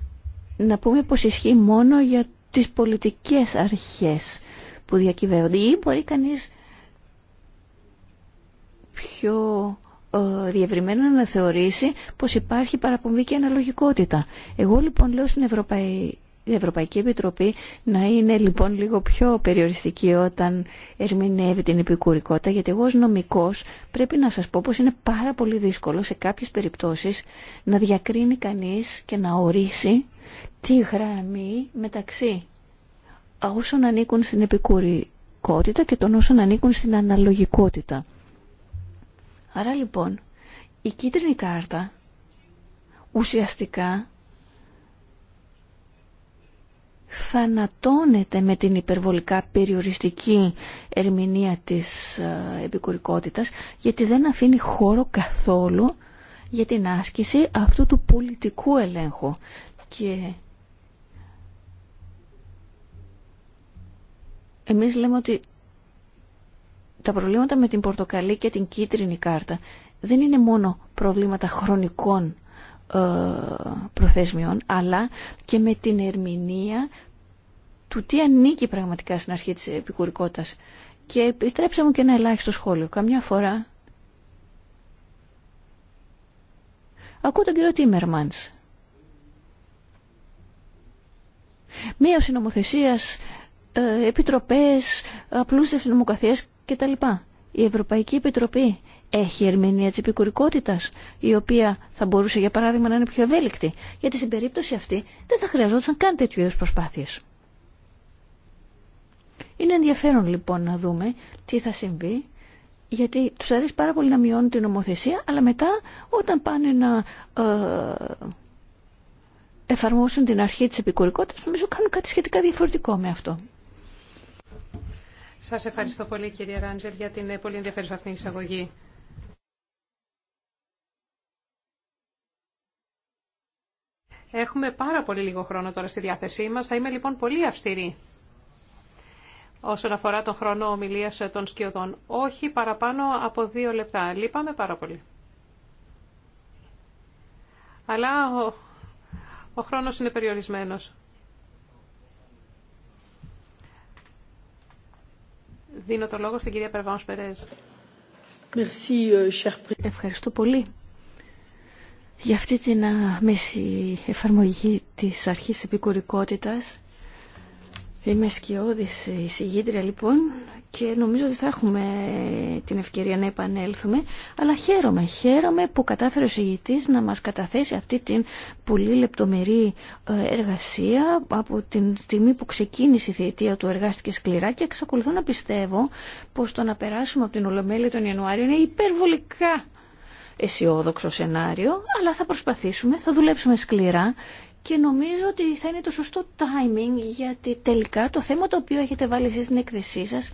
να πούμε πως ισχύει μόνο για τις πολιτικές αρχές που διακυβεύονται ή μπορεί κανείς πιο ε, διευρυμένα να θεωρήσει πως υπάρχει παραπομπή και αναλογικότητα. Εγώ λοιπόν λέω στην Ευρωπαϊ... η Ευρωπαϊκή Επιτροπή να είναι λοιπόν λίγο πιο περιοριστική εγω λοιπον λεω στην ευρωπαικη επιτροπη ερμηνεύει την επικουρικότητα γιατί εγώ ως νομικός πρέπει να σας πω πως είναι πάρα πολύ δύσκολο σε κάποιες περιπτώσεις να διακρίνει κανείς και να ορίσει τη γραμμή μεταξύ όσων ανήκουν στην επικουρικότητα και των όσων ανήκουν στην αναλογικότητα. Άρα λοιπόν, η κίτρινη κάρτα ουσιαστικά θανατώνεται με την υπερβολικά περιοριστική ερμηνεία της ε, επικουρικότητας γιατί δεν αφήνει χώρο καθόλου για την άσκηση αυτού του πολιτικού ελέγχου. Και εμείς λέμε ότι τα προβλήματα με την πορτοκαλί και την κίτρινη κάρτα δεν είναι μόνο προβλήματα χρονικών ε, προθεσμιών, αλλά και με την ερμηνεία του τι ανήκει πραγματικά στην αρχή της επικουρικότητας. Και επιτρέψτε μου και ένα ελάχιστο σχόλιο. Καμιά φορά ακούω τον κύριο Τίμερμαντς Μείωση νομοθεσία, ε, επιτροπές, απλούστευση τα κτλ. Η Ευρωπαϊκή Επιτροπή έχει ερμηνεία τη επικουρικότητα, η οποία θα μπορούσε για παράδειγμα να είναι πιο ευέλικτη, γιατί στην περίπτωση αυτή δεν θα χρειαζόταν καν τέτοιου είδου προσπάθειε. Είναι ενδιαφέρον λοιπόν να δούμε τι θα συμβεί, γιατί του αρέσει πάρα πολύ να μειώνουν την νομοθεσία, αλλά μετά όταν πάνε να ε, εφαρμόσουν την αρχή της επικουρικότητας, νομίζω κάνουν κάτι σχετικά διαφορετικό με αυτό. Σας ευχαριστώ πολύ κυρία Ράντζελ για την ε, πολύ ενδιαφέρουσα αυτή εισαγωγή. Έχουμε πάρα πολύ λίγο χρόνο τώρα στη διάθεσή μας. Θα είμαι λοιπόν πολύ αυστηρή όσον αφορά τον χρόνο ομιλίας των σκιωδών. Όχι παραπάνω από δύο λεπτά. Λείπαμε πάρα πολύ. Αλλά ο χρόνος είναι περιορισμένος. Δίνω το λόγο στην κυρία Περβάνος Περέζ. Euh, Ευχαριστώ πολύ για αυτή την αμέση εφαρμογή της αρχής επικουρικότητας. Είμαι σκιώδης εισηγήτρια λοιπόν και νομίζω ότι θα έχουμε την ευκαιρία να επανέλθουμε αλλά χαίρομαι, χαίρομαι που κατάφερε ο συγητής να μας καταθέσει αυτή την πολύ λεπτομερή ε, εργασία από την στιγμή που ξεκίνησε η θητεία του εργάστηκε σκληρά και εξακολουθώ να πιστεύω πως το να περάσουμε από την Ολομέλεια τον Ιανουάριο είναι υπερβολικά αισιόδοξο σενάριο αλλά θα προσπαθήσουμε, θα δουλέψουμε σκληρά και νομίζω ότι θα είναι το σωστό timing γιατί τελικά το θέμα το οποίο έχετε βάλει εσείς στην έκθεσή σας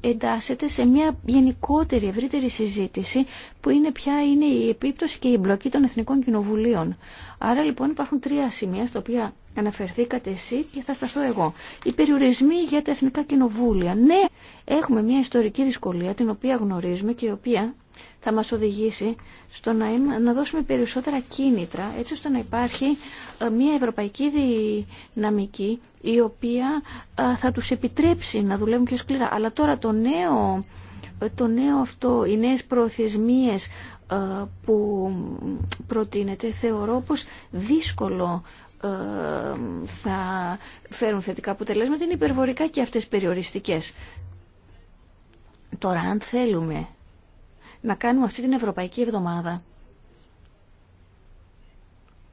εντάσσεται σε μια γενικότερη ευρύτερη συζήτηση που είναι ποια είναι η επίπτωση και η εμπλοκή των Εθνικών Κοινοβουλίων. Άρα λοιπόν υπάρχουν τρία σημεία στα οποία αναφερθήκατε εσύ και θα σταθώ εγώ. Οι περιορισμοί για τα εθνικά κοινοβούλια. Ναι, έχουμε μια ιστορική δυσκολία την οποία γνωρίζουμε και η οποία θα μας οδηγήσει στο να, να δώσουμε περισσότερα κίνητρα έτσι ώστε να υπάρχει ε, μια ευρωπαϊκή δυναμική η οποία ε, θα τους επιτρέψει να δουλεύουν πιο σκληρά. Αλλά τώρα το νέο ε, το νέο αυτό, οι νέες προθεσμίες ε, που προτείνεται θεωρώ πως δύσκολο ε, θα φέρουν θετικά αποτελέσματα είναι υπερβολικά και αυτές περιοριστικές. Τώρα αν θέλουμε να κάνουμε αυτή την Ευρωπαϊκή Εβδομάδα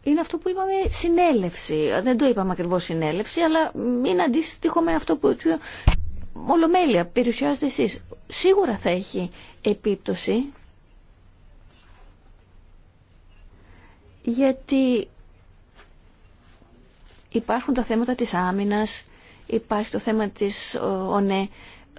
είναι αυτό που είπαμε συνέλευση. Δεν το είπαμε ακριβώς συνέλευση, αλλά είναι αντίστοιχο με αυτό που ολομέλεια περιουσιάζετε εσείς. Σίγουρα θα έχει επίπτωση γιατί υπάρχουν τα θέματα της άμυνας, υπάρχει το θέμα της ΟΝΕ,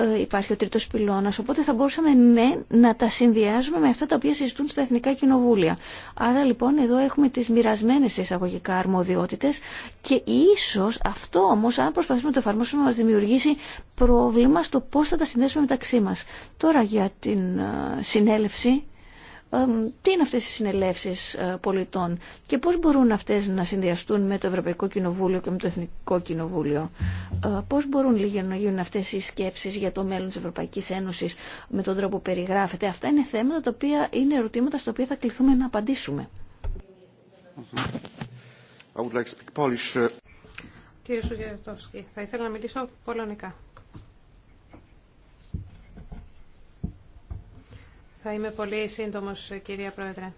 ναι, υπάρχει ο τρίτος πυλώνας, οπότε θα μπορούσαμε ναι, να τα συνδυάζουμε με αυτά τα οποία συζητούν στα Εθνικά Κοινοβούλια. Άρα λοιπόν εδώ έχουμε τις μοιρασμένε εισαγωγικά αρμοδιότητες και ίσως αυτό όμως αν προσπαθήσουμε να το εφαρμόσουμε μας δημιουργήσει πρόβλημα στο πώς θα τα συνδέσουμε μεταξύ μας. Τώρα για την ε, συνέλευση τι είναι αυτές οι συνελεύσεις ε, πολιτών και πώς μπορούν αυτές να συνδυαστούν με το Ευρωπαϊκό Κοινοβούλιο και με το Εθνικό Κοινοβούλιο. Ε, πώς μπορούν λίγοι να γίνουν αυτές οι σκέψεις για το μέλλον της Ευρωπαϊκής Ένωσης με τον τρόπο που περιγράφεται. Αυτά είναι θέματα τα οποία είναι ερωτήματα στα οποία θα κληθούμε να απαντήσουμε. Κύριε θα ήθελα να μιλήσω πολωνικά. Θα είμαι πολύ σύντομος, κυρία Πρόεδρε.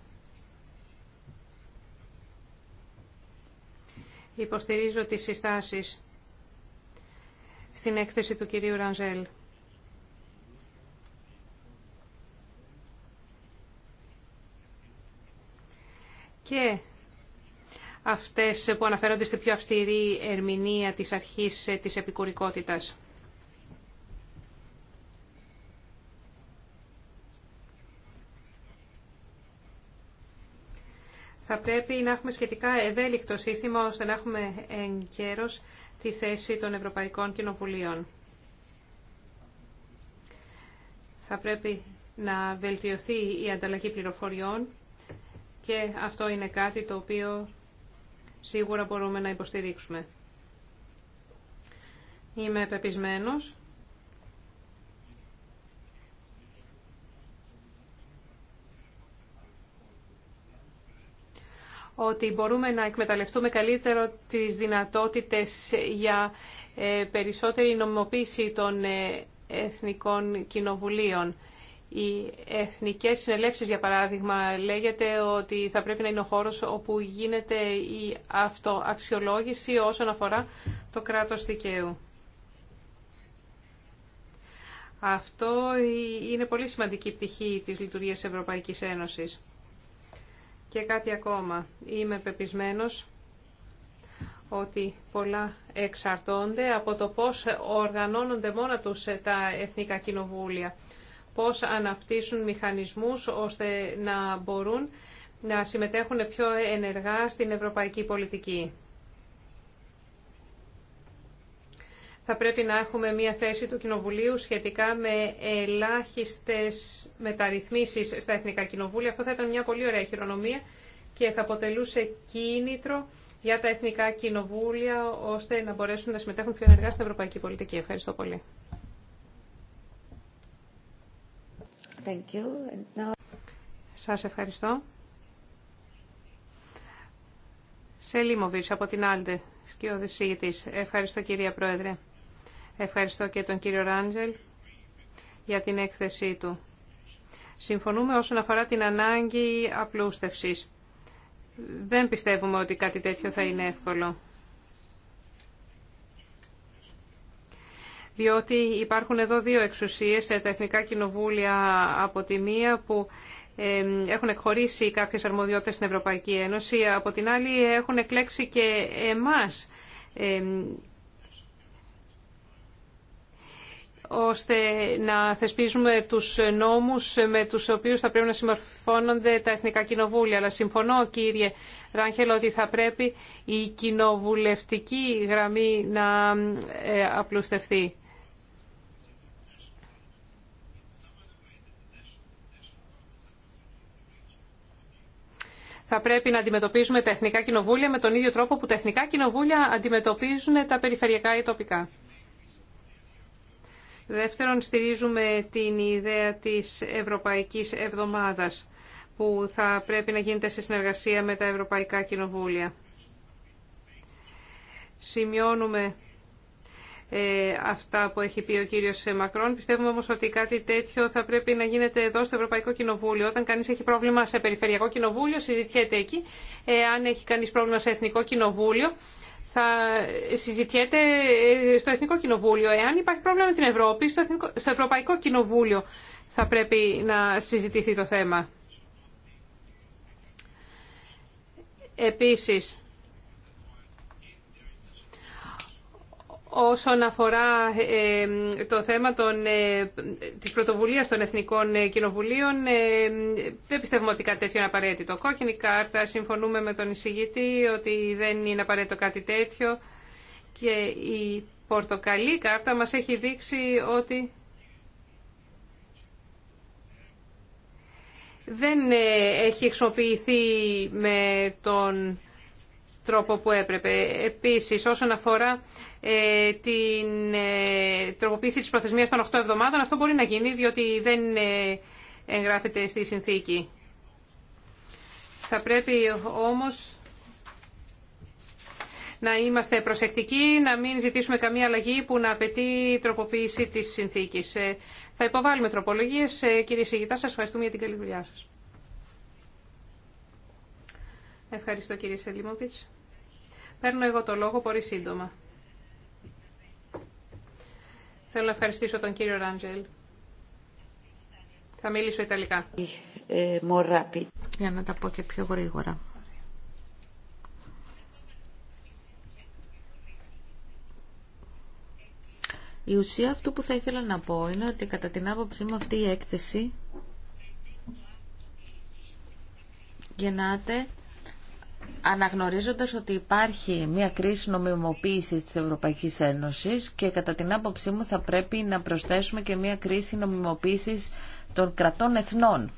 Υποστηρίζω τις συστάσεις στην έκθεση του κυρίου Ρανζέλ. Και αυτές που αναφέρονται στη πιο αυστηρή ερμηνεία της αρχής της επικουρικότητας. θα πρέπει να έχουμε σχετικά ευέλικτο σύστημα ώστε να έχουμε εγκαίρως τη θέση των Ευρωπαϊκών Κοινοβουλίων. Θα πρέπει να βελτιωθεί η ανταλλαγή πληροφοριών και αυτό είναι κάτι το οποίο σίγουρα μπορούμε να υποστηρίξουμε. Είμαι πεπισμένος ότι μπορούμε να εκμεταλλευτούμε καλύτερο τις δυνατότητες για ε, περισσότερη νομιμοποίηση των ε, εθνικών κοινοβουλίων. Οι εθνικές συνελεύσεις, για παράδειγμα, λέγεται ότι θα πρέπει να είναι ο χώρος όπου γίνεται η αυτοαξιολόγηση όσον αφορά το κράτος δικαίου. Αυτό είναι πολύ σημαντική πτυχή της λειτουργίας της Ευρωπαϊκής Ένωσης. Και κάτι ακόμα. Είμαι πεπισμένος ότι πολλά εξαρτώνται από το πώς οργανώνονται μόνα τους τα εθνικά κοινοβούλια, πώς αναπτύσσουν μηχανισμούς ώστε να μπορούν να συμμετέχουν πιο ενεργά στην ευρωπαϊκή πολιτική. θα πρέπει να έχουμε μία θέση του Κοινοβουλίου σχετικά με ελάχιστες μεταρρυθμίσεις στα Εθνικά Κοινοβούλια. Αυτό θα ήταν μια πολύ ωραία χειρονομία και θα αποτελούσε κίνητρο για τα Εθνικά Κοινοβούλια ώστε να μπορέσουν να συμμετέχουν πιο ενεργά στην ευρωπαϊκή πολιτική. Ευχαριστώ πολύ. Thank you. Now... Σας ευχαριστώ. Σελίμοβιτς από την Άλντε, σκιώδης Ευχαριστώ κυρία Πρόεδρε. Ευχαριστώ και τον κύριο Ράντζελ για την έκθεσή του. Συμφωνούμε όσον αφορά την ανάγκη απλούστευσης. Δεν πιστεύουμε ότι κάτι τέτοιο θα είναι εύκολο. Διότι υπάρχουν εδώ δύο εξουσίες, τα Εθνικά Κοινοβούλια από τη μία που έχουν εκχωρήσει κάποιες αρμοδιότητες στην Ευρωπαϊκή Ένωση, από την άλλη έχουν εκλέξει και εμάς ώστε να θεσπίζουμε τους νόμους με τους οποίους θα πρέπει να συμμορφώνονται τα εθνικά κοινοβούλια. Αλλά συμφωνώ κύριε Ράγχελ ότι θα πρέπει η κοινοβουλευτική γραμμή να ε, απλουστευτεί. θα πρέπει να αντιμετωπίζουμε τα εθνικά κοινοβούλια με τον ίδιο τρόπο που τα εθνικά κοινοβούλια αντιμετωπίζουν τα περιφερειακά ή τοπικά. Δεύτερον, στηρίζουμε την ιδέα της Ευρωπαϊκής Εβδομάδας που θα πρέπει να γίνεται σε συνεργασία με τα Ευρωπαϊκά Κοινοβούλια. Σημειώνουμε ε, αυτά που έχει πει ο κύριος Μακρόν. Πιστεύουμε όμως ότι κάτι τέτοιο θα πρέπει να γίνεται εδώ στο Ευρωπαϊκό Κοινοβούλιο. Όταν κανείς έχει πρόβλημα σε Περιφερειακό Κοινοβούλιο, συζητιέται εκεί. Ε, αν έχει κανείς πρόβλημα σε Εθνικό Κοινοβούλιο, θα συζητιέται ε, στο Εθνικό Κοινοβούλιο. Εάν υπάρχει πρόβλημα με την Ευρώπη, στο, Ευρωπαϊκό Κοινοβούλιο θα πρέπει να συζητηθεί το θέμα. Επίσης, όσον αφορά ε, το θέμα των, ε, της πρωτοβουλίας των Εθνικών Κοινοβουλίων ε, δεν πιστεύουμε ότι κάτι τέτοιο είναι απαραίτητο. Κόκκινη κάρτα, συμφωνούμε με τον εισηγητή ότι δεν είναι απαραίτητο κάτι τέτοιο και η πορτοκαλή κάρτα μας έχει δείξει ότι δεν έχει χρησιμοποιηθεί με τον τρόπο που έπρεπε. Επίσης, όσον αφορά ε, την ε, τροποποίηση της προθεσμίας των 8 εβδομάδων. Αυτό μπορεί να γίνει διότι δεν ε, εγγράφεται στη συνθήκη. Θα πρέπει όμως να είμαστε προσεκτικοί, να μην ζητήσουμε καμία αλλαγή που να απαιτεί τροποποίηση της συνθήκης. Θα υποβάλουμε τροπολογίες. Κύριε Σιγητά, σας ευχαριστούμε για την καλή δουλειά σας. Ευχαριστώ κύριε Σελίμοβιτς. Παίρνω εγώ το λόγο πολύ σύντομα. Θέλω να ευχαριστήσω τον κύριο Ράντζελ. Θα μιλήσω Ιταλικά. Ε, Για να τα πω και πιο γρήγορα. Η ουσία αυτού που θα ήθελα να πω είναι ότι κατά την άποψή μου αυτή η έκθεση γεννάται αναγνωρίζοντας ότι υπάρχει μια κρίση νομιμοποίησης της Ευρωπαϊκής Ένωσης και κατά την άποψή μου θα πρέπει να προσθέσουμε και μια κρίση νομιμοποίησης των κρατών εθνών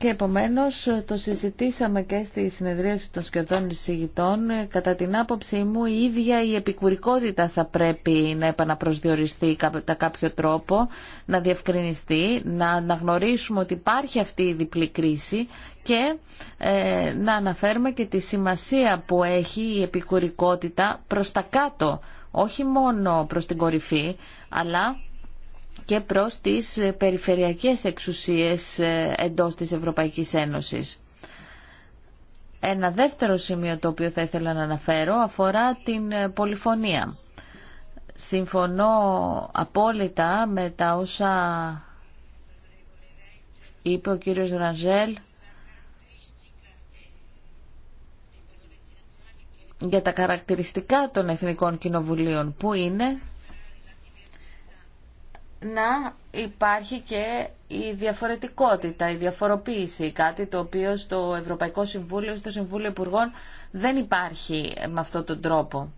και επομένως το συζητήσαμε και στη συνεδρίαση των σκιωτών εισηγητών. Κατά την άποψή μου η ίδια η επικουρικότητα θα πρέπει να επαναπροσδιοριστεί κατά κάποιο τρόπο, να διευκρινιστεί, να αναγνωρίσουμε ότι υπάρχει αυτή η διπλή κρίση και ε, να αναφέρουμε και τη σημασία που έχει η επικουρικότητα προς τα κάτω, όχι μόνο προς την κορυφή, αλλά και προς τις περιφερειακές εξουσίες ε, εντός της Ευρωπαϊκής Ένωσης. Ένα δεύτερο σημείο το οποίο θα ήθελα να αναφέρω αφορά την ε, πολυφωνία. Συμφωνώ απόλυτα με τα όσα είπε ο κύριος Ρανζέλ για τα χαρακτηριστικά των Εθνικών Κοινοβουλίων που είναι να υπάρχει και η διαφορετικότητα, η διαφοροποίηση, κάτι το οποίο στο Ευρωπαϊκό Συμβούλιο, στο Συμβούλιο Υπουργών δεν υπάρχει με αυτόν τον τρόπο.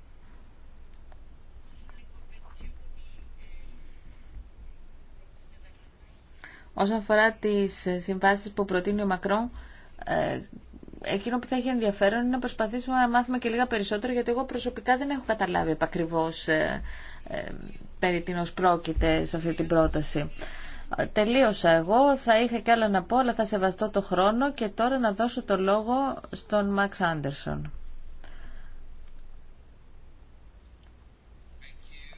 Όσον αφορά τις συμβάσεις που προτείνει ο Μακρόν, ε, εκείνο που θα έχει ενδιαφέρον είναι να προσπαθήσουμε να μάθουμε και λίγα περισσότερο, γιατί εγώ προσωπικά δεν έχω καταλάβει επακριβώς ε, ε, περί τίνος πρόκειται σε αυτή την πρόταση. Τελείωσα εγώ, θα είχα κι άλλα να πω, αλλά θα σεβαστώ το χρόνο και τώρα να δώσω το λόγο στον Μαξ Άντερσον.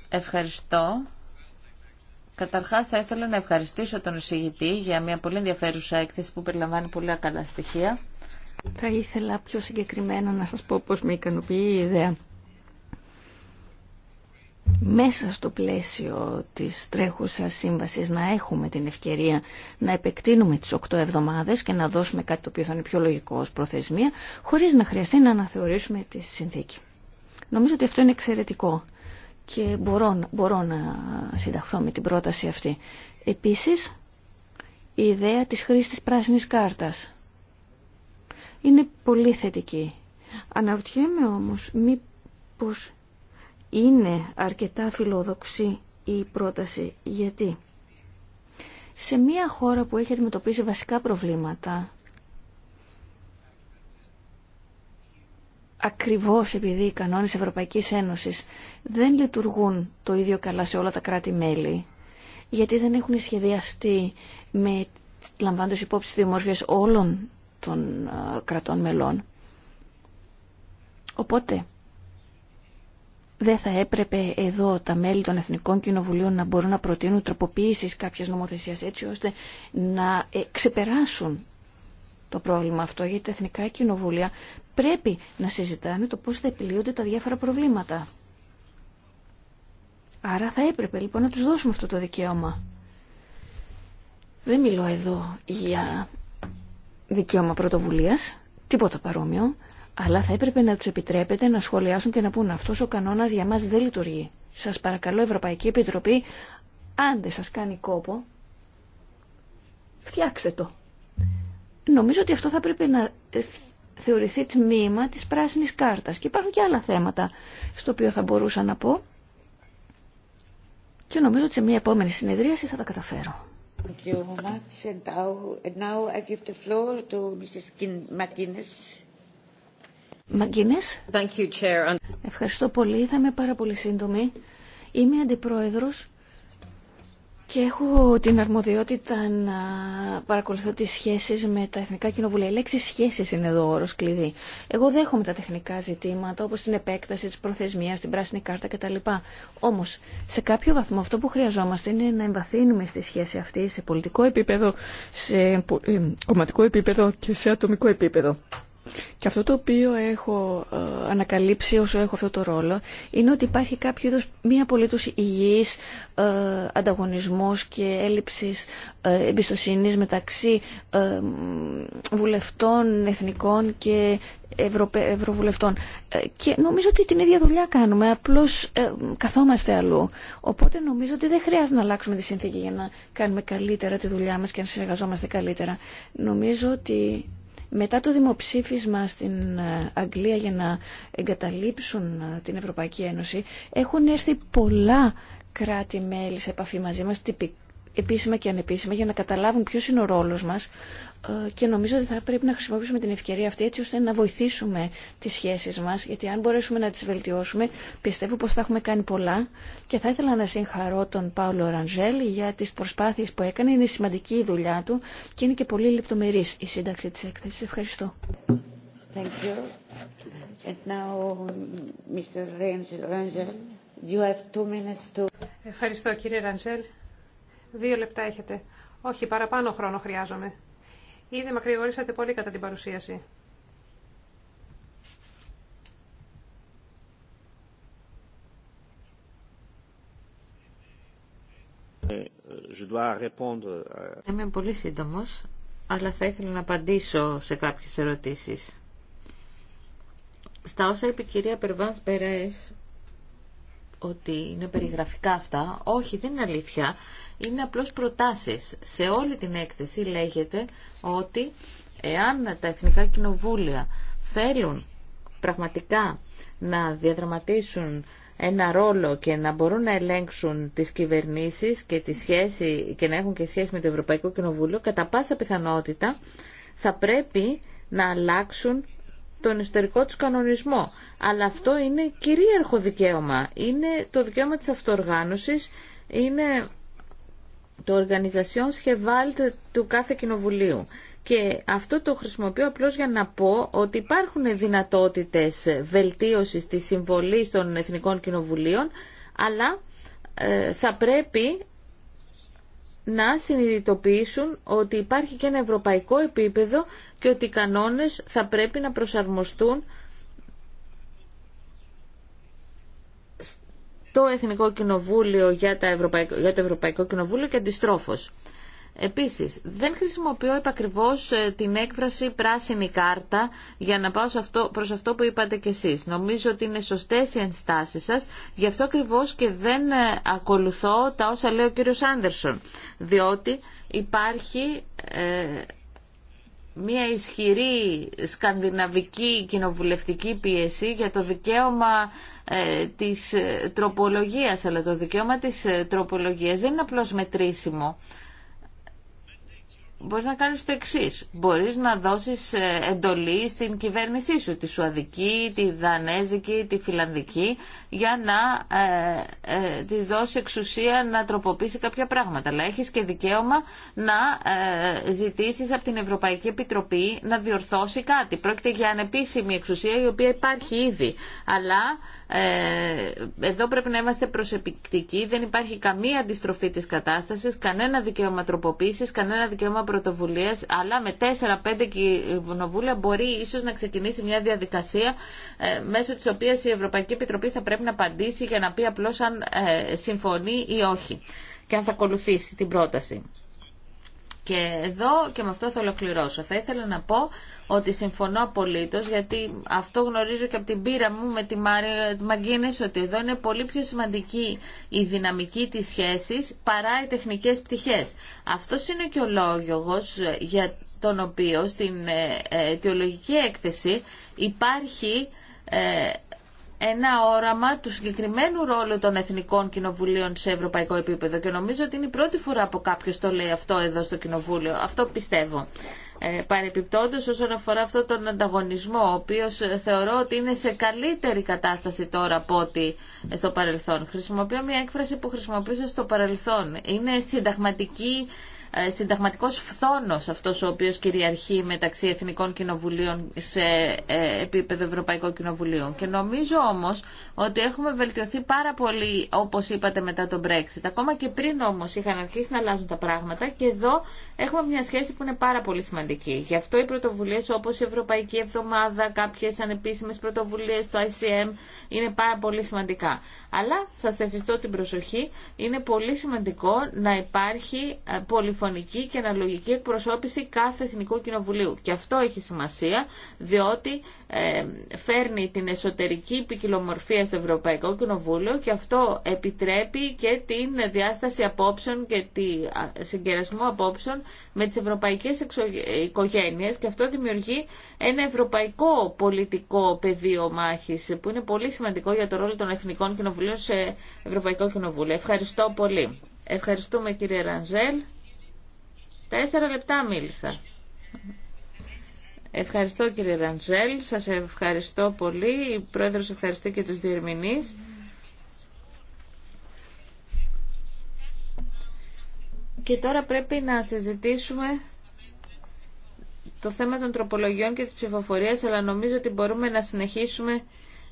Ευχαριστώ. Καταρχάς θα ήθελα να ευχαριστήσω τον εισηγητή για μια πολύ ενδιαφέρουσα έκθεση που περιλαμβάνει πολλά καλά στοιχεία. Θα ήθελα πιο συγκεκριμένα να σας πω πώς με ικανοποιεί η ιδέα μέσα στο πλαίσιο της τρέχουσας σύμβασης να έχουμε την ευκαιρία να επεκτείνουμε τις 8 εβδομάδες και να δώσουμε κάτι το οποίο θα είναι πιο λογικό ως προθεσμία, χωρίς να χρειαστεί να αναθεωρήσουμε τη συνθήκη. Νομίζω ότι αυτό είναι εξαιρετικό και μπορώ, μπορώ να συνταχθώ με την πρόταση αυτή. Επίσης, η ιδέα της χρήσης της πράσινης κάρτας είναι πολύ θετική. Αναρωτιέμαι όμως μήπως είναι αρκετά φιλόδοξη η πρόταση. Γιατί σε μια χώρα που έχει αντιμετωπίσει βασικά προβλήματα, ακριβώς επειδή οι κανόνες Ευρωπαϊκής Ένωσης δεν λειτουργούν το ίδιο καλά σε όλα τα κράτη-μέλη, γιατί δεν έχουν σχεδιαστεί με λαμβάνοντας υπόψη τις δημορφίες όλων των κρατών μελών. Οπότε, δεν θα έπρεπε εδώ τα μέλη των Εθνικών Κοινοβουλίων να μπορούν να προτείνουν τροποποίησης κάποιες νομοθεσίας έτσι ώστε να ε, ξεπεράσουν το πρόβλημα αυτό γιατί τα Εθνικά Κοινοβούλια πρέπει να συζητάνε το πώς θα επιλύονται τα διάφορα προβλήματα. Άρα θα έπρεπε λοιπόν να τους δώσουμε αυτό το δικαίωμα. Δεν μιλώ εδώ για δικαίωμα πρωτοβουλίας, τίποτα παρόμοιο, αλλά θα έπρεπε να τους επιτρέπετε να σχολιάσουν και να πούν αυτός ο κανόνας για μας δεν λειτουργεί. Σας παρακαλώ Ευρωπαϊκή Επιτροπή, αν δεν σα κάνει κόπο, φτιάξτε το. Νομίζω ότι αυτό θα πρέπει να θεωρηθεί τμήμα της πράσινης κάρτας και υπάρχουν και άλλα θέματα στο οποίο θα μπορούσα να πω και νομίζω ότι σε μια επόμενη συνεδρίαση θα τα καταφέρω. Thank you Ευχαριστώ πολύ. Θα είμαι πάρα πολύ σύντομη. Είμαι αντιπρόεδρος και έχω την αρμοδιότητα να παρακολουθώ τις σχέσεις με τα Εθνικά Κοινοβούλια. Η λέξη σχέσεις είναι εδώ όρος κλειδί. Εγώ δέχομαι τα τεχνικά ζητήματα όπως την επέκταση της προθεσμίας, την πράσινη κάρτα κτλ. Όμως σε κάποιο βαθμό αυτό που χρειαζόμαστε είναι να εμβαθύνουμε στη σχέση αυτή σε πολιτικό επίπεδο, σε ε, κομματικό επίπεδο και σε ατομικό επίπεδο. Και αυτό το οποίο έχω ε, ανακαλύψει όσο έχω αυτό το ρόλο είναι ότι υπάρχει κάποιο είδος μία απολύτως υγιής ε, ανταγωνισμός και έλλειψης ε, εμπιστοσύνης μεταξύ ε, βουλευτών εθνικών και ευρωβουλευτών. Ε, και νομίζω ότι την ίδια δουλειά κάνουμε, απλώς καθόμαστε αλλού. Οπότε νομίζω ότι δεν χρειάζεται να αλλάξουμε τη συνθήκη για να κάνουμε καλύτερα τη δουλειά μας και να συνεργαζόμαστε καλύτερα. Νομίζω ότι μετά το δημοψήφισμα στην ε, Αγγλία για να εγκαταλείψουν ε, την Ευρωπαϊκή Ένωση, έχουν έρθει πολλά κράτη-μέλη σε επαφή μαζί μας, επίσημα και ανεπίσημα για να καταλάβουν ποιος είναι ο ρόλος μας ε, και νομίζω ότι θα πρέπει να χρησιμοποιήσουμε την ευκαιρία αυτή έτσι ώστε να βοηθήσουμε τις σχέσεις μας γιατί αν μπορέσουμε να τις βελτιώσουμε πιστεύω πως θα έχουμε κάνει πολλά και θα ήθελα να συγχαρώ τον Πάολο Ραντζέλ για τις προσπάθειες που έκανε είναι σημαντική η δουλειά του και είναι και πολύ λεπτομερή η σύνταξη της έκθεσης Ευχαριστώ Ευχαριστώ κύριε Ραντζέλ Δύο λεπτά έχετε. Όχι, παραπάνω χρόνο χρειάζομαι. Ήδη μακρηγορήσατε πολύ κατά την παρουσίαση. Ε, ε, ε, Είμαι πολύ σύντομος, αλλά θα ήθελα να απαντήσω σε κάποιες ερωτήσεις. Στα όσα είπε η κυρία Περβάνς Περέες, ότι είναι περιγραφικά αυτά, όχι δεν είναι αλήθεια είναι απλώς προτάσεις. Σε όλη την έκθεση λέγεται ότι εάν τα εθνικά κοινοβούλια θέλουν πραγματικά να διαδραματίσουν ένα ρόλο και να μπορούν να ελέγξουν τις κυβερνήσεις και, τη σχέση, και να έχουν και σχέση με το Ευρωπαϊκό Κοινοβούλιο, κατά πάσα πιθανότητα θα πρέπει να αλλάξουν τον ιστορικό τους κανονισμό. Αλλά αυτό είναι κυρίαρχο δικαίωμα. Είναι το δικαίωμα της αυτοοργάνωσης, είναι το οργανιζασιόν σχεβάλτ του κάθε κοινοβουλίου. Και αυτό το χρησιμοποιώ απλώς για να πω ότι υπάρχουν δυνατότητες βελτίωσης της συμβολής των Εθνικών Κοινοβουλίων, αλλά ε, θα πρέπει να συνειδητοποιήσουν ότι υπάρχει και ένα ευρωπαϊκό επίπεδο και ότι οι κανόνες θα πρέπει να προσαρμοστούν το Εθνικό Κοινοβούλιο για, τα Ευρωπαϊκό, για το Ευρωπαϊκό Κοινοβούλιο και αντιστρόφως. Επίσης, δεν χρησιμοποιώ επακριβώς ε, την έκφραση πράσινη κάρτα για να πάω σε αυτό, προς αυτό που είπατε κι εσείς. Νομίζω ότι είναι σωστές οι ενστάσεις σας, γι' αυτό ακριβώς και δεν ε, ακολουθώ τα όσα λέει ο κύριος Άντερσον, διότι υπάρχει... Ε, μια ισχυρή σκανδιναβική κοινοβουλευτική πίεση για το δικαίωμα ε, της ε, τροπολογίας αλλά το δικαίωμα της ε, τροπολογίας δεν είναι απλώς μετρήσιμο μπορείς να κάνεις το εξή. Μπορείς να δώσεις ε, εντολή στην κυβέρνησή σου, τη Σουαδική, τη Δανέζικη, τη Φιλανδική, για να ε, ε της δώσει εξουσία να τροποποιήσει κάποια πράγματα. Αλλά έχεις και δικαίωμα να ε, ζητήσεις από την Ευρωπαϊκή Επιτροπή να διορθώσει κάτι. Πρόκειται για ανεπίσημη εξουσία η οποία υπάρχει ήδη. Αλλά ε, εδώ πρέπει να είμαστε προσεπικτικοί. Δεν υπάρχει καμία αντιστροφή της κατάστασης, κανένα δικαίωμα τροποποίησης, κανένα δικαίωμα πρωτοβουλίας, αλλά με 4-5 κοινοβούλια μπορεί ίσως να ξεκινήσει μια διαδικασία ε, μέσω της οποίας η Ευρωπαϊκή Επιτροπή θα πρέπει να απαντήσει για να πει απλώς αν ε, συμφωνεί ή όχι και αν θα ακολουθήσει την πρόταση. Και εδώ και με αυτό θα ολοκληρώσω. Θα ήθελα να πω ότι συμφωνώ απολύτω, γιατί αυτό γνωρίζω και από την πείρα μου με τη Μάρια Μαγκίνε, ότι εδώ είναι πολύ πιο σημαντική η δυναμική τη σχέση παρά οι τεχνικέ πτυχέ. Αυτό είναι και ο λόγο για τον οποίο στην ε, ε, αιτιολογική έκθεση υπάρχει ε, ένα όραμα του συγκεκριμένου ρόλου των Εθνικών Κοινοβουλίων σε ευρωπαϊκό επίπεδο και νομίζω ότι είναι η πρώτη φορά που κάποιο το λέει αυτό εδώ στο Κοινοβούλιο. Αυτό πιστεύω. Ε, παρεπιπτόντως όσον αφορά αυτό τον ανταγωνισμό, ο οποίος ε, θεωρώ ότι είναι σε καλύτερη κατάσταση τώρα από ό,τι ε, στο παρελθόν. Χρησιμοποιώ μια έκφραση που χρησιμοποίησα στο παρελθόν. Είναι συνταγματική ε, Συνταγματικό φθόνο αυτό ο οποίο κυριαρχεί μεταξύ Εθνικών Κοινοβουλίων σε ε, επίπεδο Ευρωπαϊκού Κοινοβουλίου. Και νομίζω όμω ότι έχουμε βελτιωθεί πάρα πολύ όπω είπατε μετά τον Brexit. Ακόμα και πριν όμω είχαν αρχίσει να αλλάζουν τα πράγματα και εδώ έχουμε μια σχέση που είναι πάρα πολύ σημαντική. Γι' αυτό οι πρωτοβουλίε, όπω η Ευρωπαϊκή Εβδομάδα, κάποιες ανεπίσημες πρωτοβουλίε, το ICM είναι πάρα πολύ σημαντικά. Αλλά σα ευχαριστώ την προσοχή, είναι πολύ σημαντικό να υπάρχει πολυφορία ε, και αναλογική εκπροσώπηση κάθε Εθνικού Κοινοβουλίου. Και αυτό έχει σημασία, διότι ε, φέρνει την εσωτερική ποικιλομορφία στο Ευρωπαϊκό Κοινοβούλιο και αυτό επιτρέπει και την διάσταση απόψεων και τη συγκερασμό απόψεων με τις ευρωπαϊκές οικογένειες και αυτό δημιουργεί ένα ευρωπαϊκό πολιτικό πεδίο μάχης που είναι πολύ σημαντικό για το ρόλο των Εθνικών Κοινοβουλίων σε Ευρωπαϊκό Κοινοβούλιο. Ευχαριστώ πολύ. Ευχαριστούμε κύριε Ρανζέλ. Τέσσερα λεπτά μίλησα. Ευχαριστώ κύριε Ραντζέλ, σας ευχαριστώ πολύ. Η Πρόεδρος ευχαριστεί και τους διερμηνείς. Και τώρα πρέπει να συζητήσουμε το θέμα των τροπολογιών και της ψηφοφορίας, αλλά νομίζω ότι μπορούμε να συνεχίσουμε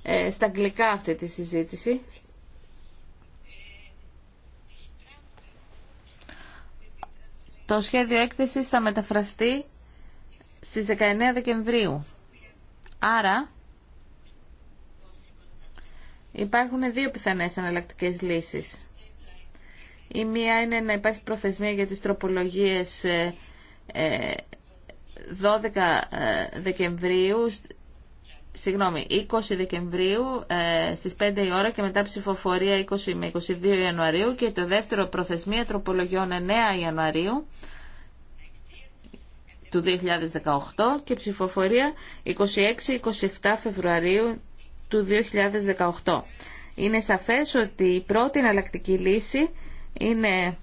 ε, στα αγγλικά αυτή τη συζήτηση. Το σχέδιο έκθεσης θα μεταφραστεί στις 19 Δεκεμβρίου. Άρα υπάρχουν δύο πιθανές εναλλακτικέ λύσεις. Η μία είναι να υπάρχει προθεσμία για τις τροπολογίες 12 ε, ε, ε, Δεκεμβρίου συγγνώμη, 20 Δεκεμβρίου ε, στις 5 η ώρα και μετά ψηφοφορία 20 με 22 Ιανουαρίου και το δεύτερο προθεσμία τροπολογιών 9 Ιανουαρίου του 2018 και ψηφοφορία 26-27 Φεβρουαρίου του 2018. Είναι σαφές ότι η πρώτη εναλλακτική λύση είναι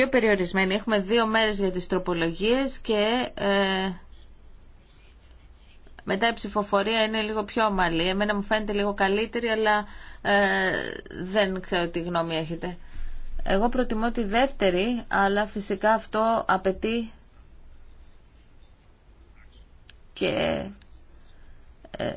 πιο περιορισμένη Έχουμε δύο μέρες για τις τροπολογίες και ε, μετά η ψηφοφορία είναι λίγο πιο ομαλή. Εμένα μου φαίνεται λίγο καλύτερη, αλλά ε, δεν ξέρω τι γνώμη έχετε. Εγώ προτιμώ τη δεύτερη, αλλά φυσικά αυτό απαιτεί και ε,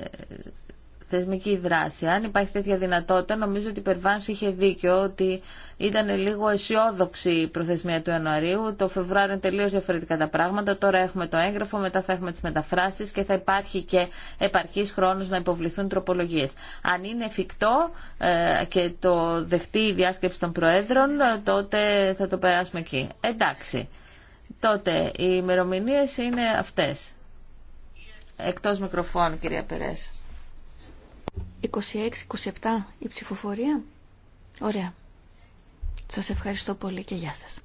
θεσμική δράση. Αν υπάρχει τέτοια δυνατότητα, νομίζω ότι η Περβάνση είχε δίκιο ότι ήταν λίγο αισιόδοξη η προθεσμία του Ιανουαρίου. Το Φεβρουάριο είναι τελείω διαφορετικά τα πράγματα. Τώρα έχουμε το έγγραφο, μετά θα έχουμε τι μεταφράσει και θα υπάρχει και επαρκή χρόνο να υποβληθούν τροπολογίε. Αν είναι εφικτό ε, και το δεχτεί η διάσκεψη των Προέδρων, ε, τότε θα το περάσουμε εκεί. Εντάξει. Τότε οι ημερομηνίε είναι αυτέ. Εκτός μικροφώνου, κυρία Περές. 26-27 η ψηφοφορία. Ωραία. Σας ευχαριστώ πολύ και γεια σας.